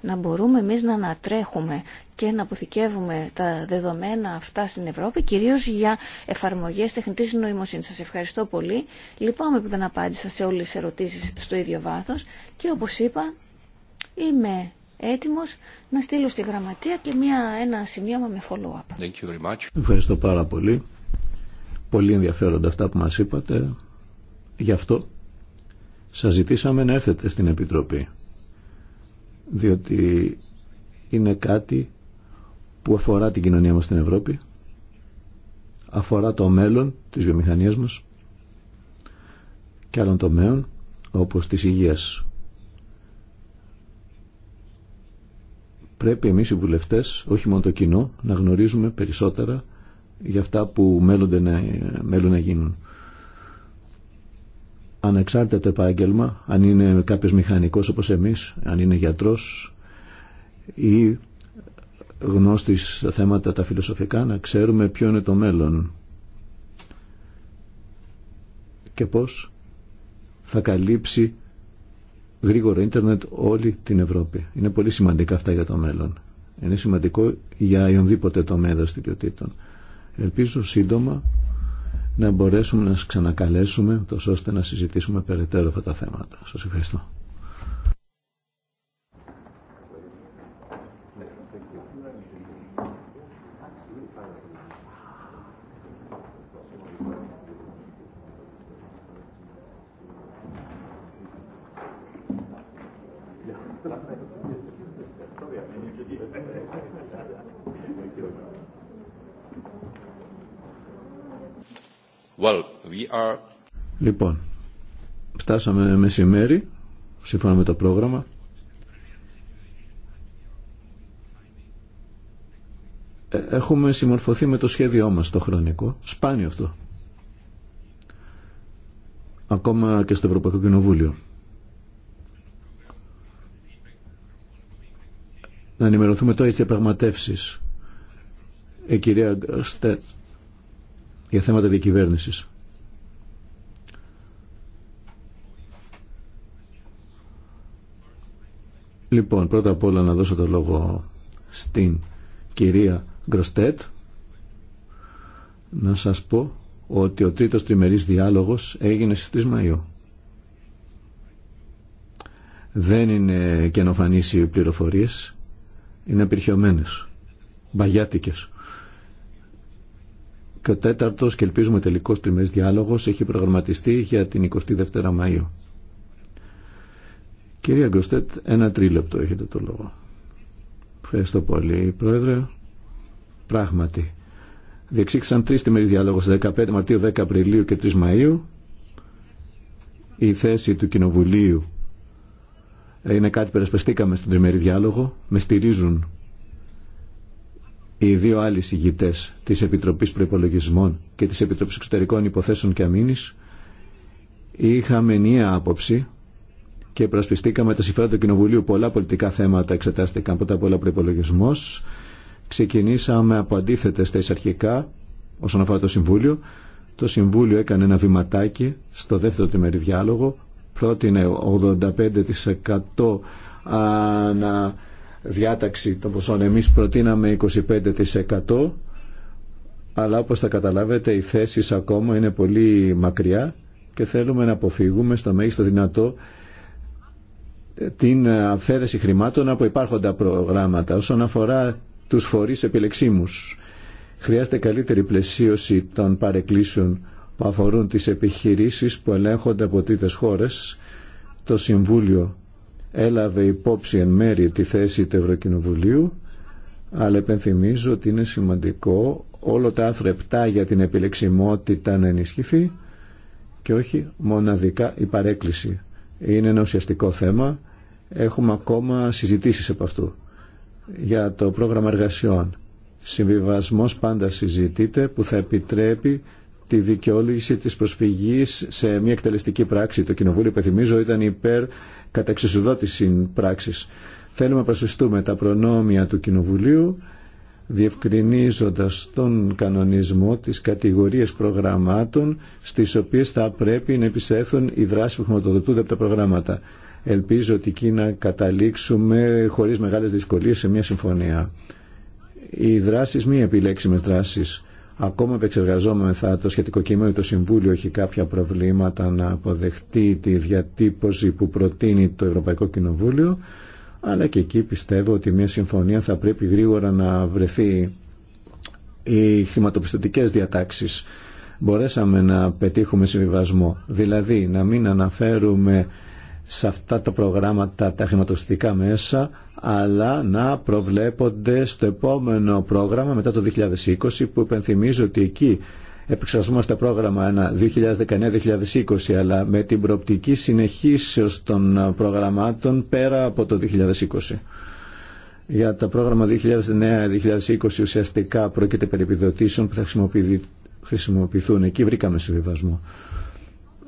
να μπορούμε εμείς να ανατρέχουμε και να αποθηκεύουμε τα δεδομένα αυτά στην Ευρώπη, κυρίως για εφαρμογές τεχνητής νοημοσύνης. Σας ευχαριστώ πολύ. Λυπάμαι που δεν απάντησα σε όλες τις ερωτήσεις στο ίδιο βάθος και όπως είπα είμαι έτοιμος να στείλω στη γραμματεία και μια, ένα σημείωμα με follow-up. Ευχαριστώ πάρα πολύ. Πολύ ενδιαφέροντα αυτά που μας είπατε. Γι' αυτό σας ζητήσαμε να έρθετε στην Επιτροπή. Διότι είναι κάτι που αφορά την κοινωνία μας στην Ευρώπη, αφορά το μέλλον της βιομηχανίας μας και άλλων τομέων όπως της υγείας. Πρέπει εμείς οι βουλευτές, όχι μόνο το κοινό, να γνωρίζουμε περισσότερα για αυτά που μέλλονται να, μέλλον να γίνουν. Ανεξάρτητα από το επάγγελμα, αν είναι κάποιος μηχανικός όπως εμείς, αν είναι γιατρός ή γνώστης θέματα τα φιλοσοφικά, να ξέρουμε ποιο είναι το μέλλον και πώς θα καλύψει γρήγορο ίντερνετ όλη την Ευρώπη. Είναι πολύ σημαντικά αυτά για το μέλλον. Είναι σημαντικό για ιονδήποτε τομέα δραστηριοτήτων. Ελπίζω σύντομα να μπορέσουμε να σας ξανακαλέσουμε, ώστε να συζητήσουμε περαιτέρω αυτά τα θέματα. Σας ευχαριστώ. Λοιπόν, φτάσαμε μεσημέρι, σύμφωνα με το πρόγραμμα. Ε, έχουμε συμμορφωθεί με το σχέδιό μας το χρονικό. Σπάνιο αυτό. Ακόμα και στο Ευρωπαϊκό Κοινοβούλιο. Να ενημερωθούμε τώρα για τις Η ε, κυρία για θέματα διακυβέρνησης. Λοιπόν, πρώτα απ' όλα να δώσω το λόγο στην κυρία Γκροστέτ να σας πω ότι ο τρίτος τριμερής διάλογος έγινε στις 3 Μαΐου. Δεν είναι καινοφανείς οι πληροφορίες, είναι απειρχιωμένες, μπαγιάτικες και ο τέταρτο και ελπίζουμε τελικό τριμερής διάλογος έχει προγραμματιστεί για την 22 Μαου. Κυρία Γκροστέτ, ένα τρίλεπτο έχετε το λόγο. Ευχαριστώ πολύ, Πρόεδρε. Πράγματι, διεξήχθησαν τρει τριμερείς διάλογο 15 Μαρτίου, 10 Απριλίου και 3 Μαΐου. Η θέση του Κοινοβουλίου είναι κάτι που περασπιστήκαμε στον τριμερή διάλογο. Με στηρίζουν οι δύο άλλοι συγητέ τη Επιτροπή Προπολογισμών και τη Επιτροπή Εξωτερικών Υποθέσεων και Αμήνη, είχαμε μία άποψη και προσπιστήκαμε τα συμφέροντα του Κοινοβουλίου. Πολλά πολιτικά θέματα εξετάστηκαν πρώτα απ' όλα προπολογισμό. Ξεκινήσαμε από αντίθετε θέσει αρχικά όσον αφορά το Συμβούλιο. Το Συμβούλιο έκανε ένα βηματάκι στο δεύτερο τριμερή διάλογο. Πρότεινε 85% να διάταξη των ποσών. Εμείς προτείναμε 25% αλλά όπως θα καταλάβετε οι θέσεις ακόμα είναι πολύ μακριά και θέλουμε να αποφύγουμε στο μέγιστο δυνατό την αφαίρεση χρημάτων από υπάρχοντα προγράμματα. Όσον αφορά τους φορείς επιλεξίμους, χρειάζεται καλύτερη πλαισίωση των παρεκκλήσεων που αφορούν τις επιχειρήσεις που ελέγχονται από τρίτες χώρες. Το Συμβούλιο έλαβε υπόψη εν μέρη τη θέση του Ευρωκοινοβουλίου αλλά επενθυμίζω ότι είναι σημαντικό όλο τα άθρο για την επιλεξιμότητα να ενισχυθεί και όχι μοναδικά η παρέκκληση. Είναι ένα ουσιαστικό θέμα. Έχουμε ακόμα συζητήσεις από αυτού για το πρόγραμμα εργασιών. Συμβιβασμός πάντα συζητείται που θα επιτρέπει τη δικαιόλογηση της προσφυγής σε μια εκτελεστική πράξη. Το Κοινοβούλιο, υπενθυμίζω, ήταν υπέρ κατά πράξης. Θέλουμε να προσφυστούμε τα προνόμια του Κοινοβουλίου διευκρινίζοντας τον κανονισμό της κατηγορίες προγραμμάτων στις οποίες θα πρέπει να επισέθουν οι δράσεις που χρηματοδοτούνται από τα προγράμματα. Ελπίζω ότι εκεί να καταλήξουμε χωρίς μεγάλες δυσκολίες σε μια συμφωνία. Οι δράσεις μη επιλέξιμες δράσεις Ακόμα επεξεργαζόμεθα το σχετικό κείμενο, το Συμβούλιο έχει κάποια προβλήματα να αποδεχτεί τη διατύπωση που προτείνει το Ευρωπαϊκό Κοινοβούλιο, αλλά και εκεί πιστεύω ότι μια συμφωνία θα πρέπει γρήγορα να βρεθεί οι χρηματοπιστωτικές διατάξεις. Μπορέσαμε να πετύχουμε συμβιβασμό, δηλαδή να μην αναφέρουμε σε αυτά τα προγράμματα τα χρηματοπιστωτικά μέσα, αλλά να προβλέπονται στο επόμενο πρόγραμμα μετά το 2020 που υπενθυμίζω ότι εκεί επεξεργαζόμαστε πρόγραμμα ένα 2019-2020 αλλά με την προοπτική συνεχίσεως των προγραμμάτων πέρα από το 2020. Για το πρόγραμμα 2009-2020 ουσιαστικά πρόκειται περί επιδοτήσεων που θα χρησιμοποιηθούν. Εκεί βρήκαμε συμβιβασμό.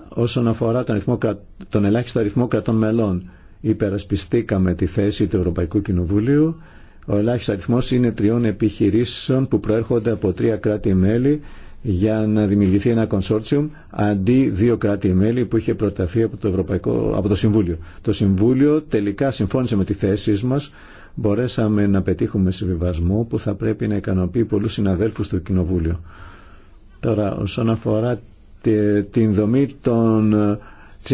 Όσον αφορά τον, τον ελάχιστο αριθμό κρατών μελών, υπερασπιστήκαμε τη θέση του Ευρωπαϊκού Κοινοβουλίου. Ο ελάχιστο αριθμό είναι τριών επιχειρήσεων που προέρχονται από τρία κράτη-μέλη για να δημιουργηθεί ένα ένα αντί δύο κράτη-μέλη που είχε προταθεί από το, Ευρωπαϊκό, από το Συμβούλιο. Το Συμβούλιο τελικά συμφώνησε με τη θέση μα, Μπορέσαμε να πετύχουμε συμβιβασμό που θα πρέπει να ικανοποιεί πολλού συναδέλφου του Κοινοβούλιο. Τώρα, όσον αφορά την δομή τη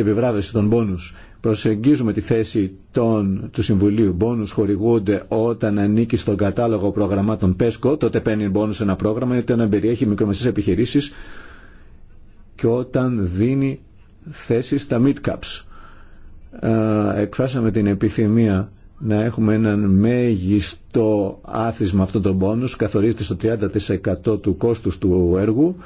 ε, της των πόνους, προσεγγίζουμε τη θέση των, του Συμβουλίου. Μπόνους χορηγούνται όταν ανήκει στον κατάλογο προγραμμάτων ΠΕΣΚΟ, τότε παίρνει μπόνους ένα πρόγραμμα, είτε όταν περιέχει μικρομεσαίες επιχειρήσεις και όταν δίνει θέση στα mid ε, Εκφράσαμε την επιθυμία να έχουμε έναν μέγιστο άθισμα αυτών των πόνους, καθορίζεται στο 30% του κόστους του έργου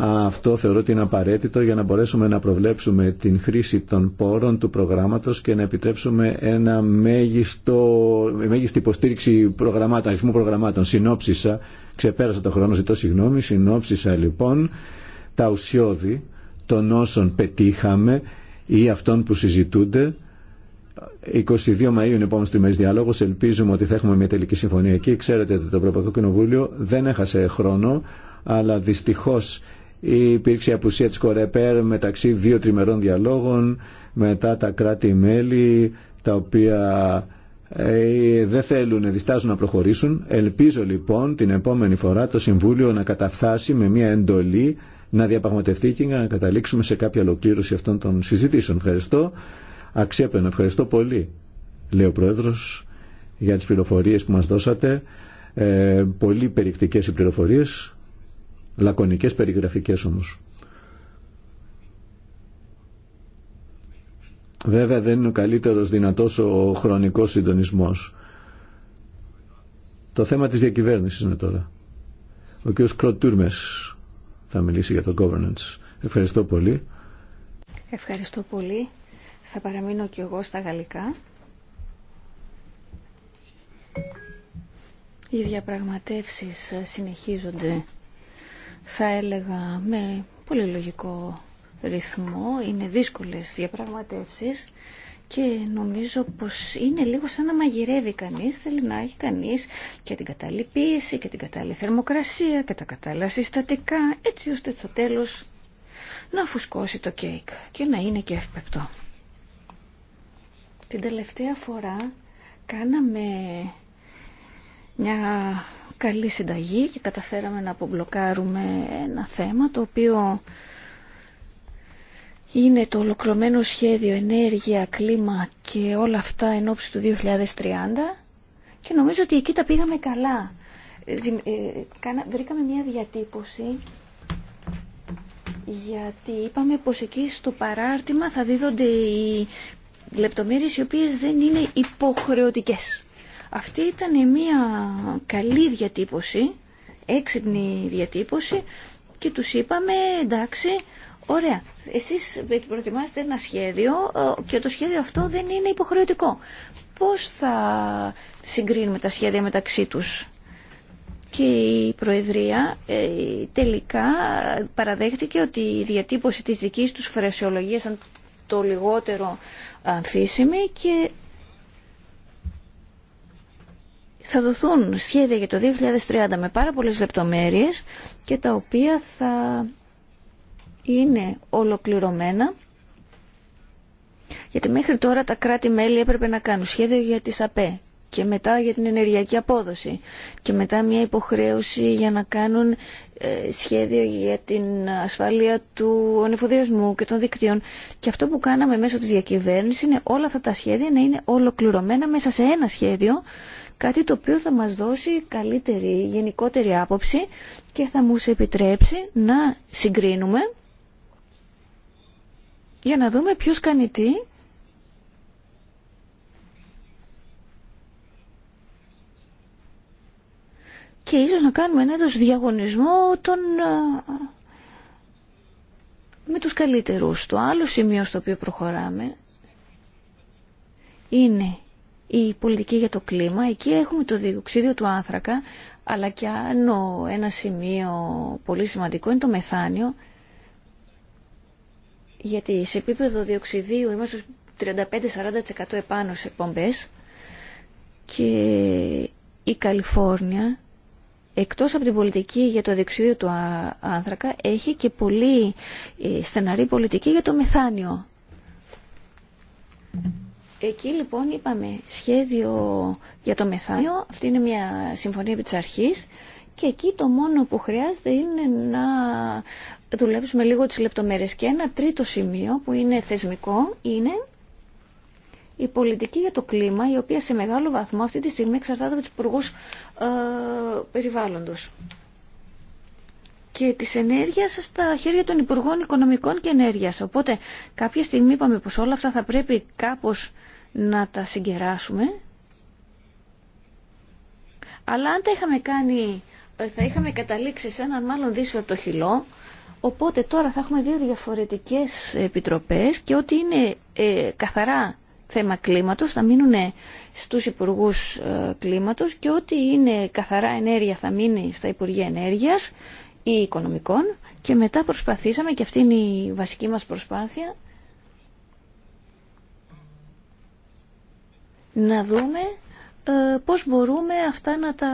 αυτό θεωρώ ότι είναι απαραίτητο για να μπορέσουμε να προβλέψουμε την χρήση των πόρων του προγράμματος και να επιτρέψουμε ένα μέγιστο, μέγιστη υποστήριξη προγραμμάτων, αριθμού προγραμμάτων. Συνόψισα, ξεπέρασα το χρόνο, ζητώ συγγνώμη, συνόψισα λοιπόν τα ουσιώδη των όσων πετύχαμε ή αυτών που συζητούνται. 22 Μαΐου είναι επόμενο τριμερή διάλογο. Ελπίζουμε ότι θα έχουμε μια τελική συμφωνία εκεί. Ξέρετε ότι το Ευρωπαϊκό Κοινοβούλιο δεν έχασε χρόνο, αλλά δυστυχώ Υπήρξε η απουσία της Κορεπέρ μεταξύ δύο τριμερών διαλόγων, μετά τα κράτη-μέλη τα οποία ε, δεν θέλουν, διστάζουν να προχωρήσουν. Ελπίζω λοιπόν την επόμενη φορά το Συμβούλιο να καταφθάσει με μια εντολή να διαπραγματευτεί και να καταλήξουμε σε κάποια ολοκλήρωση αυτών των συζητήσεων. Ευχαριστώ. Αξιέπαινο, ευχαριστώ πολύ, λέει ο για τις πληροφορίες που μας δώσατε. Ε, πολύ περιεκτικές οι πληροφορίες λακωνικές περιγραφικές όμως. Βέβαια δεν είναι ο καλύτερος δυνατός ο χρονικός συντονισμός. Το θέμα της διακυβέρνησης είναι τώρα. Ο κ. Κροτούρμες θα μιλήσει για το governance. Ευχαριστώ πολύ. Ευχαριστώ πολύ. Θα παραμείνω και εγώ στα γαλλικά. Οι διαπραγματεύσεις συνεχίζονται θα έλεγα με πολύ λογικό ρυθμό. Είναι δύσκολες διαπραγματεύσεις και νομίζω πως είναι λίγο σαν να μαγειρεύει κανείς, θέλει να έχει κανείς και την κατάλληλη πίεση και την κατάλληλη θερμοκρασία και τα κατάλληλα συστατικά έτσι ώστε στο τέλος να φουσκώσει το κέικ και να είναι και εύπεπτο. Την τελευταία φορά κάναμε μια καλή συνταγή και καταφέραμε να απομπλοκάρουμε ένα θέμα το οποίο είναι το ολοκληρωμένο σχέδιο ενέργεια, κλίμα και όλα αυτά εν ώψη του 2030 και νομίζω ότι εκεί τα πήγαμε καλά. Ε, βρήκαμε μια διατύπωση γιατί είπαμε πως εκεί στο παράρτημα θα δίδονται οι λεπτομέρειες οι οποίες δεν είναι υποχρεωτικές. Αυτή ήταν μια καλή διατύπωση, έξυπνη διατύπωση και τους είπαμε εντάξει, ωραία, εσείς προετοιμάσετε ένα σχέδιο ε, και το σχέδιο αυτό δεν είναι υποχρεωτικό. Πώς θα συγκρίνουμε τα σχέδια μεταξύ τους και η Προεδρία ε, τελικά παραδέχτηκε ότι η διατύπωση της δικής τους φρασιολογίας ήταν το λιγότερο ε, αμφίσιμη και θα δοθούν σχέδια για το 2030 με πάρα πολλές λεπτομέρειες και τα οποία θα είναι ολοκληρωμένα γιατί μέχρι τώρα τα κράτη-μέλη έπρεπε να κάνουν σχέδιο για τις ΑΠΕ και μετά για την ενεργειακή απόδοση και μετά μια υποχρέωση για να κάνουν ε, σχέδιο για την ασφάλεια του ανεφοδιασμού και των δικτύων και αυτό που κάναμε μέσω της διακυβέρνησης είναι όλα αυτά τα σχέδια να είναι ολοκληρωμένα μέσα σε ένα σχέδιο κάτι το οποίο θα μας δώσει καλύτερη, γενικότερη άποψη και θα μου σε επιτρέψει να συγκρίνουμε για να δούμε ποιος κάνει τι και ίσως να κάνουμε ένα είδος διαγωνισμό των, με τους καλύτερους. Το άλλο σημείο στο οποίο προχωράμε είναι η πολιτική για το κλίμα. Εκεί έχουμε το διοξίδιο του άνθρακα, αλλά και ένα σημείο πολύ σημαντικό είναι το μεθάνιο, γιατί σε επίπεδο διοξιδίου είμαστε 35-40% επάνω σε πομπές και η Καλιφόρνια εκτός από την πολιτική για το διοξίδιο του άνθρακα έχει και πολύ ε, στεναρή πολιτική για το μεθάνιο. Εκεί λοιπόν είπαμε σχέδιο για το μεθάνιο, αυτή είναι μια συμφωνία επί της αρχής και εκεί το μόνο που χρειάζεται είναι να δουλέψουμε λίγο τις λεπτομέρειες. Και ένα τρίτο σημείο που είναι θεσμικό είναι η πολιτική για το κλίμα, η οποία σε μεγάλο βαθμό αυτή τη στιγμή εξαρτάται από τους υπουργού ε, περιβάλλοντος και της ενέργειας στα χέρια των Υπουργών Οικονομικών και Ενέργειας. Οπότε κάποια στιγμή είπαμε πως όλα αυτά θα πρέπει κάπως να τα συγκεράσουμε. Αλλά αν τα είχαμε κάνει, ε, θα είχαμε καταλήξει σε έναν μάλλον το χυλό, οπότε τώρα θα έχουμε δύο διαφορετικές επιτροπές και ό,τι είναι ε, καθαρά θέμα κλίματος θα μείνουν στους Υπουργούς ε, Κλίματος και ό,τι είναι καθαρά ενέργεια θα μείνει στα Υπουργεία Ενέργειας ή Οικονομικών και μετά προσπαθήσαμε, και αυτή είναι η βασική μας προσπάθεια, να δούμε ε, πώς μπορούμε αυτά να τα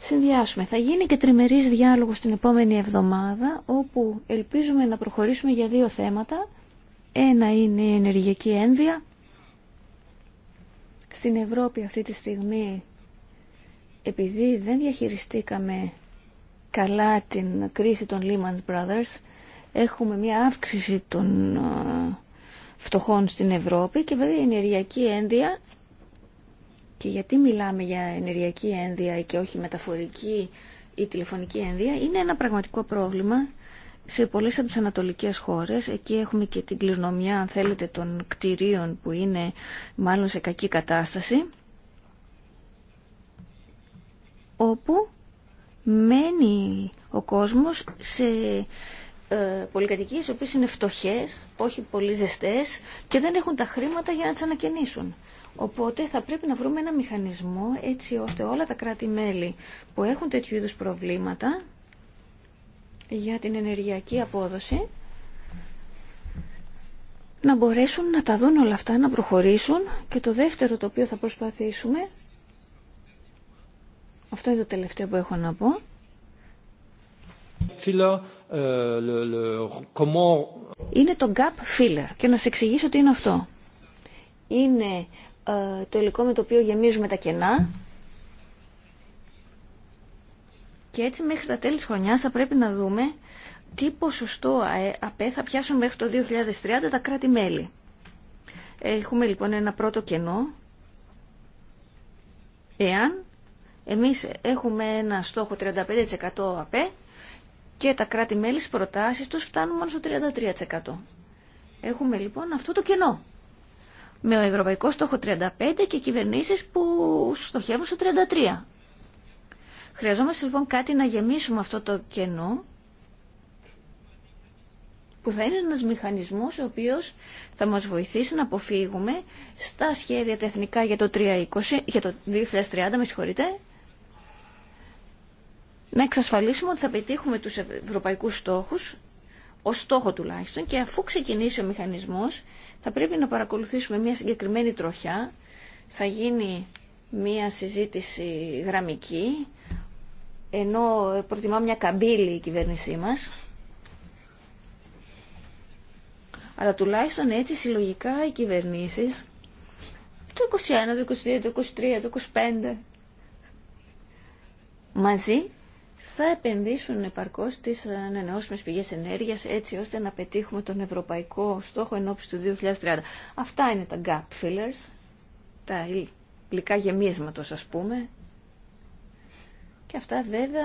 συνδυάσουμε. Θα γίνει και τριμερής διάλογος την επόμενη εβδομάδα, όπου ελπίζουμε να προχωρήσουμε για δύο θέματα. Ένα είναι η ενεργειακή ένδυα. Στην Ευρώπη αυτή τη στιγμή, επειδή δεν διαχειριστήκαμε καλά την κρίση των Lehman Brothers, έχουμε μια αύξηση των ε, φτωχών στην Ευρώπη και βέβαια η ενεργειακή ένδια και γιατί μιλάμε για ενεργειακή ένδια και όχι μεταφορική ή τηλεφωνική ένδια είναι ένα πραγματικό πρόβλημα σε πολλές από τις ανατολικές χώρες. Εκεί έχουμε και την κληρονομιά, αν θέλετε, των κτηρίων που είναι μάλλον σε κακή κατάσταση όπου μένει ο κόσμος σε ε, πολυκατοικίε οι οποίε είναι φτωχές, όχι πολύ ζεστές και δεν έχουν τα χρήματα για να τι ανακαινήσουν. Οπότε θα πρέπει να βρούμε ένα μηχανισμό έτσι ώστε όλα τα κράτη-μέλη που έχουν τέτοιου είδου προβλήματα για την ενεργειακή απόδοση να μπορέσουν να τα δουν όλα αυτά, να προχωρήσουν και το δεύτερο το οποίο θα προσπαθήσουμε αυτό είναι το τελευταίο που έχω να πω Euh, είναι το gap filler και να σε εξηγήσω τι είναι αυτό. Είναι ε, το υλικό με το οποίο γεμίζουμε τα κενά και έτσι μέχρι τα τέλη της χρονιάς θα πρέπει να δούμε τι ποσοστό ΑΕ ε θα πιάσουν μέχρι το 2030 τα κράτη-μέλη. Έχουμε λοιπόν ένα πρώτο κενό. Εάν εμείς έχουμε ένα στόχο 35% ΑΠΕ, και τα κράτη-μέλη στις προτάσεις τους φτάνουν μόνο στο 33%. Έχουμε λοιπόν αυτό το κενό. Με ο ευρωπαϊκό στόχο 35 και κυβερνήσεις που στοχεύουν στο 33. Χρειαζόμαστε λοιπόν κάτι να γεμίσουμε αυτό το κενό που θα είναι ένας μηχανισμός ο οποίος θα μας βοηθήσει να αποφύγουμε στα σχέδια τα για το, 320, για το 2030 με συγχωρείτε, να εξασφαλίσουμε ότι θα πετύχουμε τους ευρωπαϊκούς στόχους, ω στόχο τουλάχιστον, και αφού ξεκινήσει ο μηχανισμός θα πρέπει να παρακολουθήσουμε μια συγκεκριμένη τροχιά, θα γίνει μια συζήτηση γραμμική, ενώ προτιμά μια καμπύλη η κυβέρνησή μας. Αλλά τουλάχιστον έτσι συλλογικά οι κυβερνήσεις το 21, το 22, το 23, το 25 μαζί θα επενδύσουν επαρκώ τι ανανεώσιμε πηγές ενέργειας έτσι ώστε να πετύχουμε τον ευρωπαϊκό στόχο ενώπιση του 2030. Αυτά είναι τα gap fillers, τα υλικά γεμίσματος ας πούμε. Και αυτά βέβαια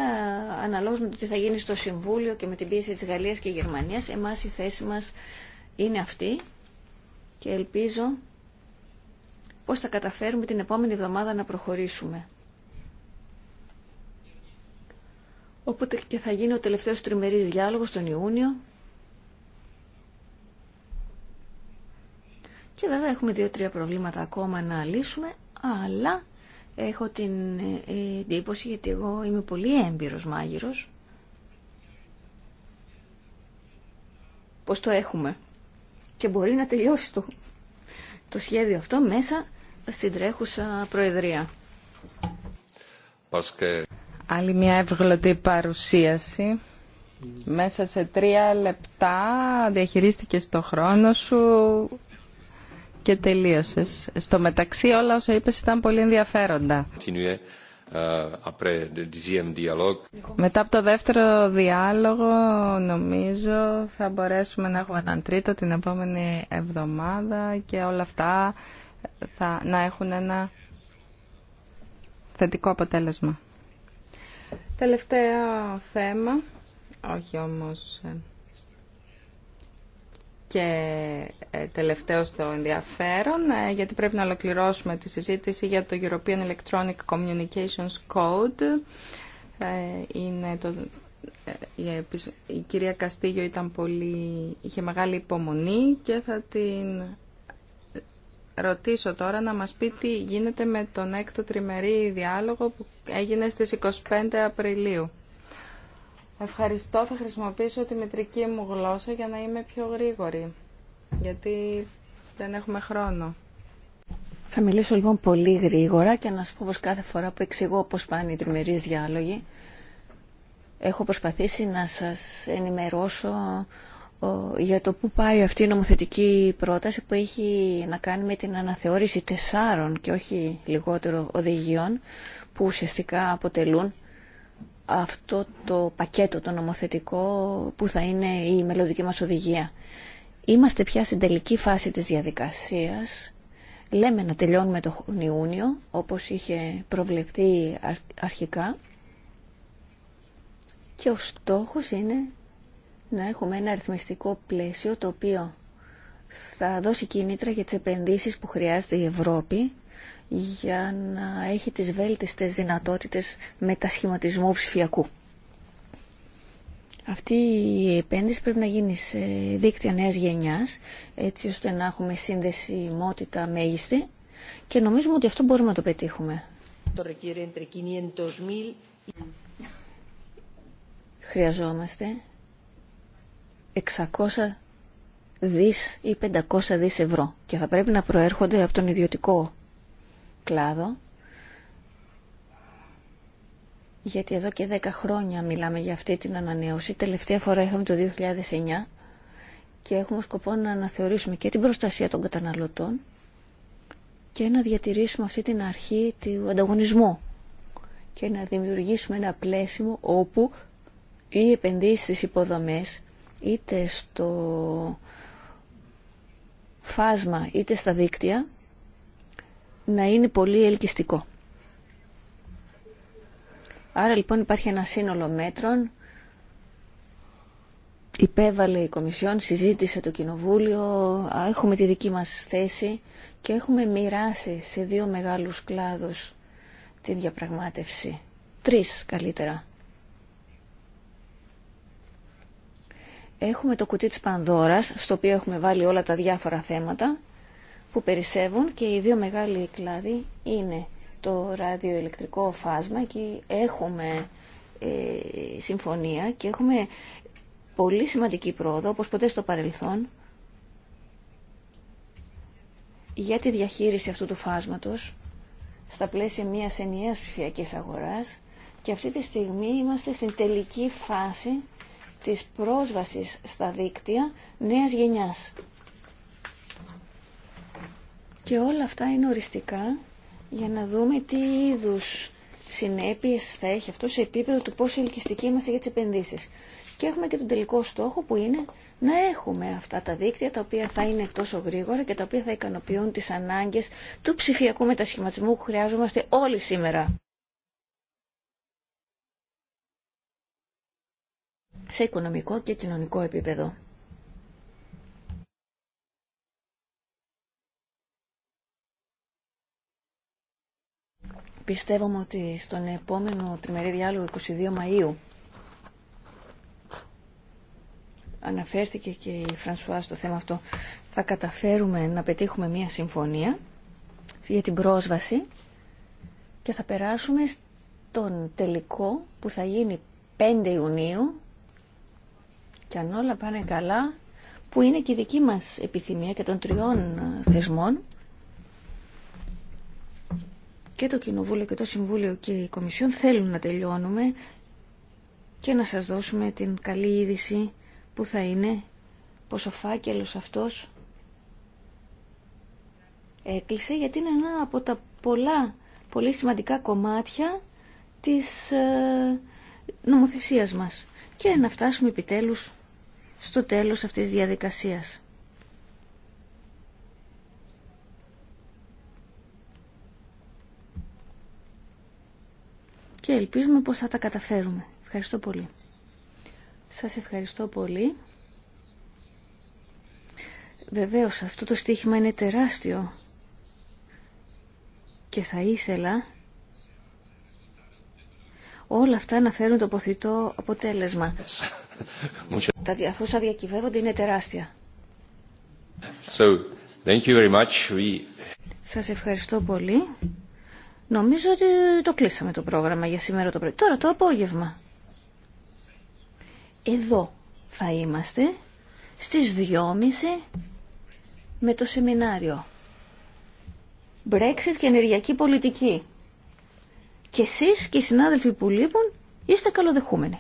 αναλόγω με το τι θα γίνει στο Συμβούλιο και με την πίεση της Γαλλίας και Γερμανίας. Εμά η θέση μας είναι αυτή και ελπίζω πώς θα καταφέρουμε την επόμενη εβδομάδα να προχωρήσουμε. Οπότε και θα γίνει ο τελευταίος τριμερής διάλογος τον Ιούνιο. Και βέβαια έχουμε δύο-τρία προβλήματα ακόμα να λύσουμε, αλλά έχω την ε, εντύπωση, γιατί εγώ είμαι πολύ έμπειρος μάγειρος, πως το έχουμε. Και μπορεί να τελειώσει το, το σχέδιο αυτό μέσα στην τρέχουσα προεδρία. Άλλη μια εύγλωτη παρουσίαση. Μέσα σε τρία λεπτά διαχειρίστηκες το χρόνο σου και τελείωσες. Στο μεταξύ όλα όσα είπες ήταν πολύ ενδιαφέροντα. Euh, Μετά από το δεύτερο διάλογο νομίζω θα μπορέσουμε να έχουμε έναν τρίτο την επόμενη εβδομάδα και όλα αυτά θα, να έχουν ένα θετικό αποτέλεσμα. Τελευταίο θέμα, όχι όμως και ε, τελευταίο στο ενδιαφέρον, ε, γιατί πρέπει να ολοκληρώσουμε τη συζήτηση για το European Electronic Communications Code. Ε, είναι το... Η κυρία Καστίγιο ήταν πολύ... είχε μεγάλη υπομονή και θα την ρωτήσω τώρα να μας πει τι γίνεται με τον έκτο τριμερή διάλογο που έγινε στις 25 Απριλίου. Ευχαριστώ. Θα χρησιμοποιήσω τη μετρική μου γλώσσα για να είμαι πιο γρήγορη, γιατί δεν έχουμε χρόνο. Θα μιλήσω λοιπόν πολύ γρήγορα και να σας πω πως κάθε φορά που εξηγώ πώς πάνε οι τριμερείς διάλογοι, έχω προσπαθήσει να σας ενημερώσω για το που πάει αυτή η νομοθετική πρόταση που έχει να κάνει με την αναθεώρηση τεσσάρων και όχι λιγότερο οδηγιών που ουσιαστικά αποτελούν αυτό το πακέτο το νομοθετικό που θα είναι η μελλοντική μας οδηγία. Είμαστε πια στην τελική φάση της διαδικασίας. Λέμε να τελειώνουμε τον Ιούνιο, όπως είχε προβλεφθεί αρχικά. Και ο στόχος είναι να έχουμε ένα αριθμιστικό πλαίσιο το οποίο θα δώσει κίνητρα για τις επενδύσεις που χρειάζεται η Ευρώπη για να έχει τις βέλτιστες δυνατότητες μετασχηματισμού ψηφιακού. Αυτή η επένδυση πρέπει να γίνει σε δίκτυα νέας γενιάς, έτσι ώστε να έχουμε σύνδεσιμότητα μέγιστη και νομίζουμε ότι αυτό μπορούμε να το πετύχουμε. Χρειαζόμαστε 600 δις ή 500 δις ευρώ και θα πρέπει να προέρχονται από τον ιδιωτικό κλάδο γιατί εδώ και 10 χρόνια μιλάμε για αυτή την ανανέωση. Τελευταία φορά είχαμε το 2009 και έχουμε σκοπό να αναθεωρήσουμε και την προστασία των καταναλωτών και να διατηρήσουμε αυτή την αρχή του ανταγωνισμού και να δημιουργήσουμε ένα πλαίσιο όπου οι επενδύσεις στις υποδομές είτε στο φάσμα είτε στα δίκτυα να είναι πολύ ελκυστικό. Άρα λοιπόν υπάρχει ένα σύνολο μέτρων. Υπέβαλε η Κομισιόν, συζήτησε το Κοινοβούλιο, έχουμε τη δική μας θέση και έχουμε μοιράσει σε δύο μεγάλους κλάδους την διαπραγμάτευση. Τρεις καλύτερα. έχουμε το κουτί της Πανδώρας, στο οποίο έχουμε βάλει όλα τα διάφορα θέματα που περισσεύουν και οι δύο μεγάλοι κλάδοι είναι το ραδιοελεκτρικό φάσμα και έχουμε ε, συμφωνία και έχουμε πολύ σημαντική πρόοδο, όπως ποτέ στο παρελθόν, για τη διαχείριση αυτού του φάσματος στα πλαίσια μιας ενιαίας ψηφιακής αγοράς και αυτή τη στιγμή είμαστε στην τελική φάση της πρόσβασης στα δίκτυα νέας γενιάς. Και όλα αυτά είναι οριστικά για να δούμε τι είδους συνέπειες θα έχει αυτό σε επίπεδο του πόσο ελκυστικοί είμαστε για τις επενδύσεις. Και έχουμε και τον τελικό στόχο που είναι να έχουμε αυτά τα δίκτυα τα οποία θα είναι τόσο γρήγορα και τα οποία θα ικανοποιούν τις ανάγκες του ψηφιακού μετασχηματισμού που χρειάζομαστε όλοι σήμερα. σε οικονομικό και κοινωνικό επίπεδο. Πιστεύουμε ότι στον επόμενο τριμερή διάλογο 22 Μαΐου αναφέρθηκε και η Φρανσουά στο θέμα αυτό, θα καταφέρουμε να πετύχουμε μια συμφωνία για την πρόσβαση και θα περάσουμε στον τελικό που θα γίνει 5 Ιουνίου και αν όλα πάνε καλά, που είναι και η δική μας επιθυμία και των τριών ε, θεσμών, και το Κοινοβούλιο και το Συμβούλιο και η Κομισιόν θέλουν να τελειώνουμε και να σας δώσουμε την καλή είδηση που θα είναι πως ο φάκελος αυτός έκλεισε γιατί είναι ένα από τα πολλά πολύ σημαντικά κομμάτια της ε, νομοθεσίας μας και να φτάσουμε επιτέλους στο τέλος αυτής της διαδικασίας. Και ελπίζουμε πως θα τα καταφέρουμε. Ευχαριστώ πολύ. Σας ευχαριστώ πολύ. Βεβαίως αυτό το στοίχημα είναι τεράστιο και θα ήθελα όλα αυτά αναφέρουν το ποθητό αποτέλεσμα. Τα διαφούσα διακυβεύονται είναι τεράστια. So, thank you very much. We... Σας ευχαριστώ πολύ. Νομίζω ότι το κλείσαμε το πρόγραμμα για σήμερα το πρωί. Τώρα το απόγευμα. Εδώ θα είμαστε στις 2.30 με το σεμινάριο. Brexit και ενεργειακή πολιτική και εσείς και οι συνάδελφοι που λείπουν είστε καλοδεχούμενοι.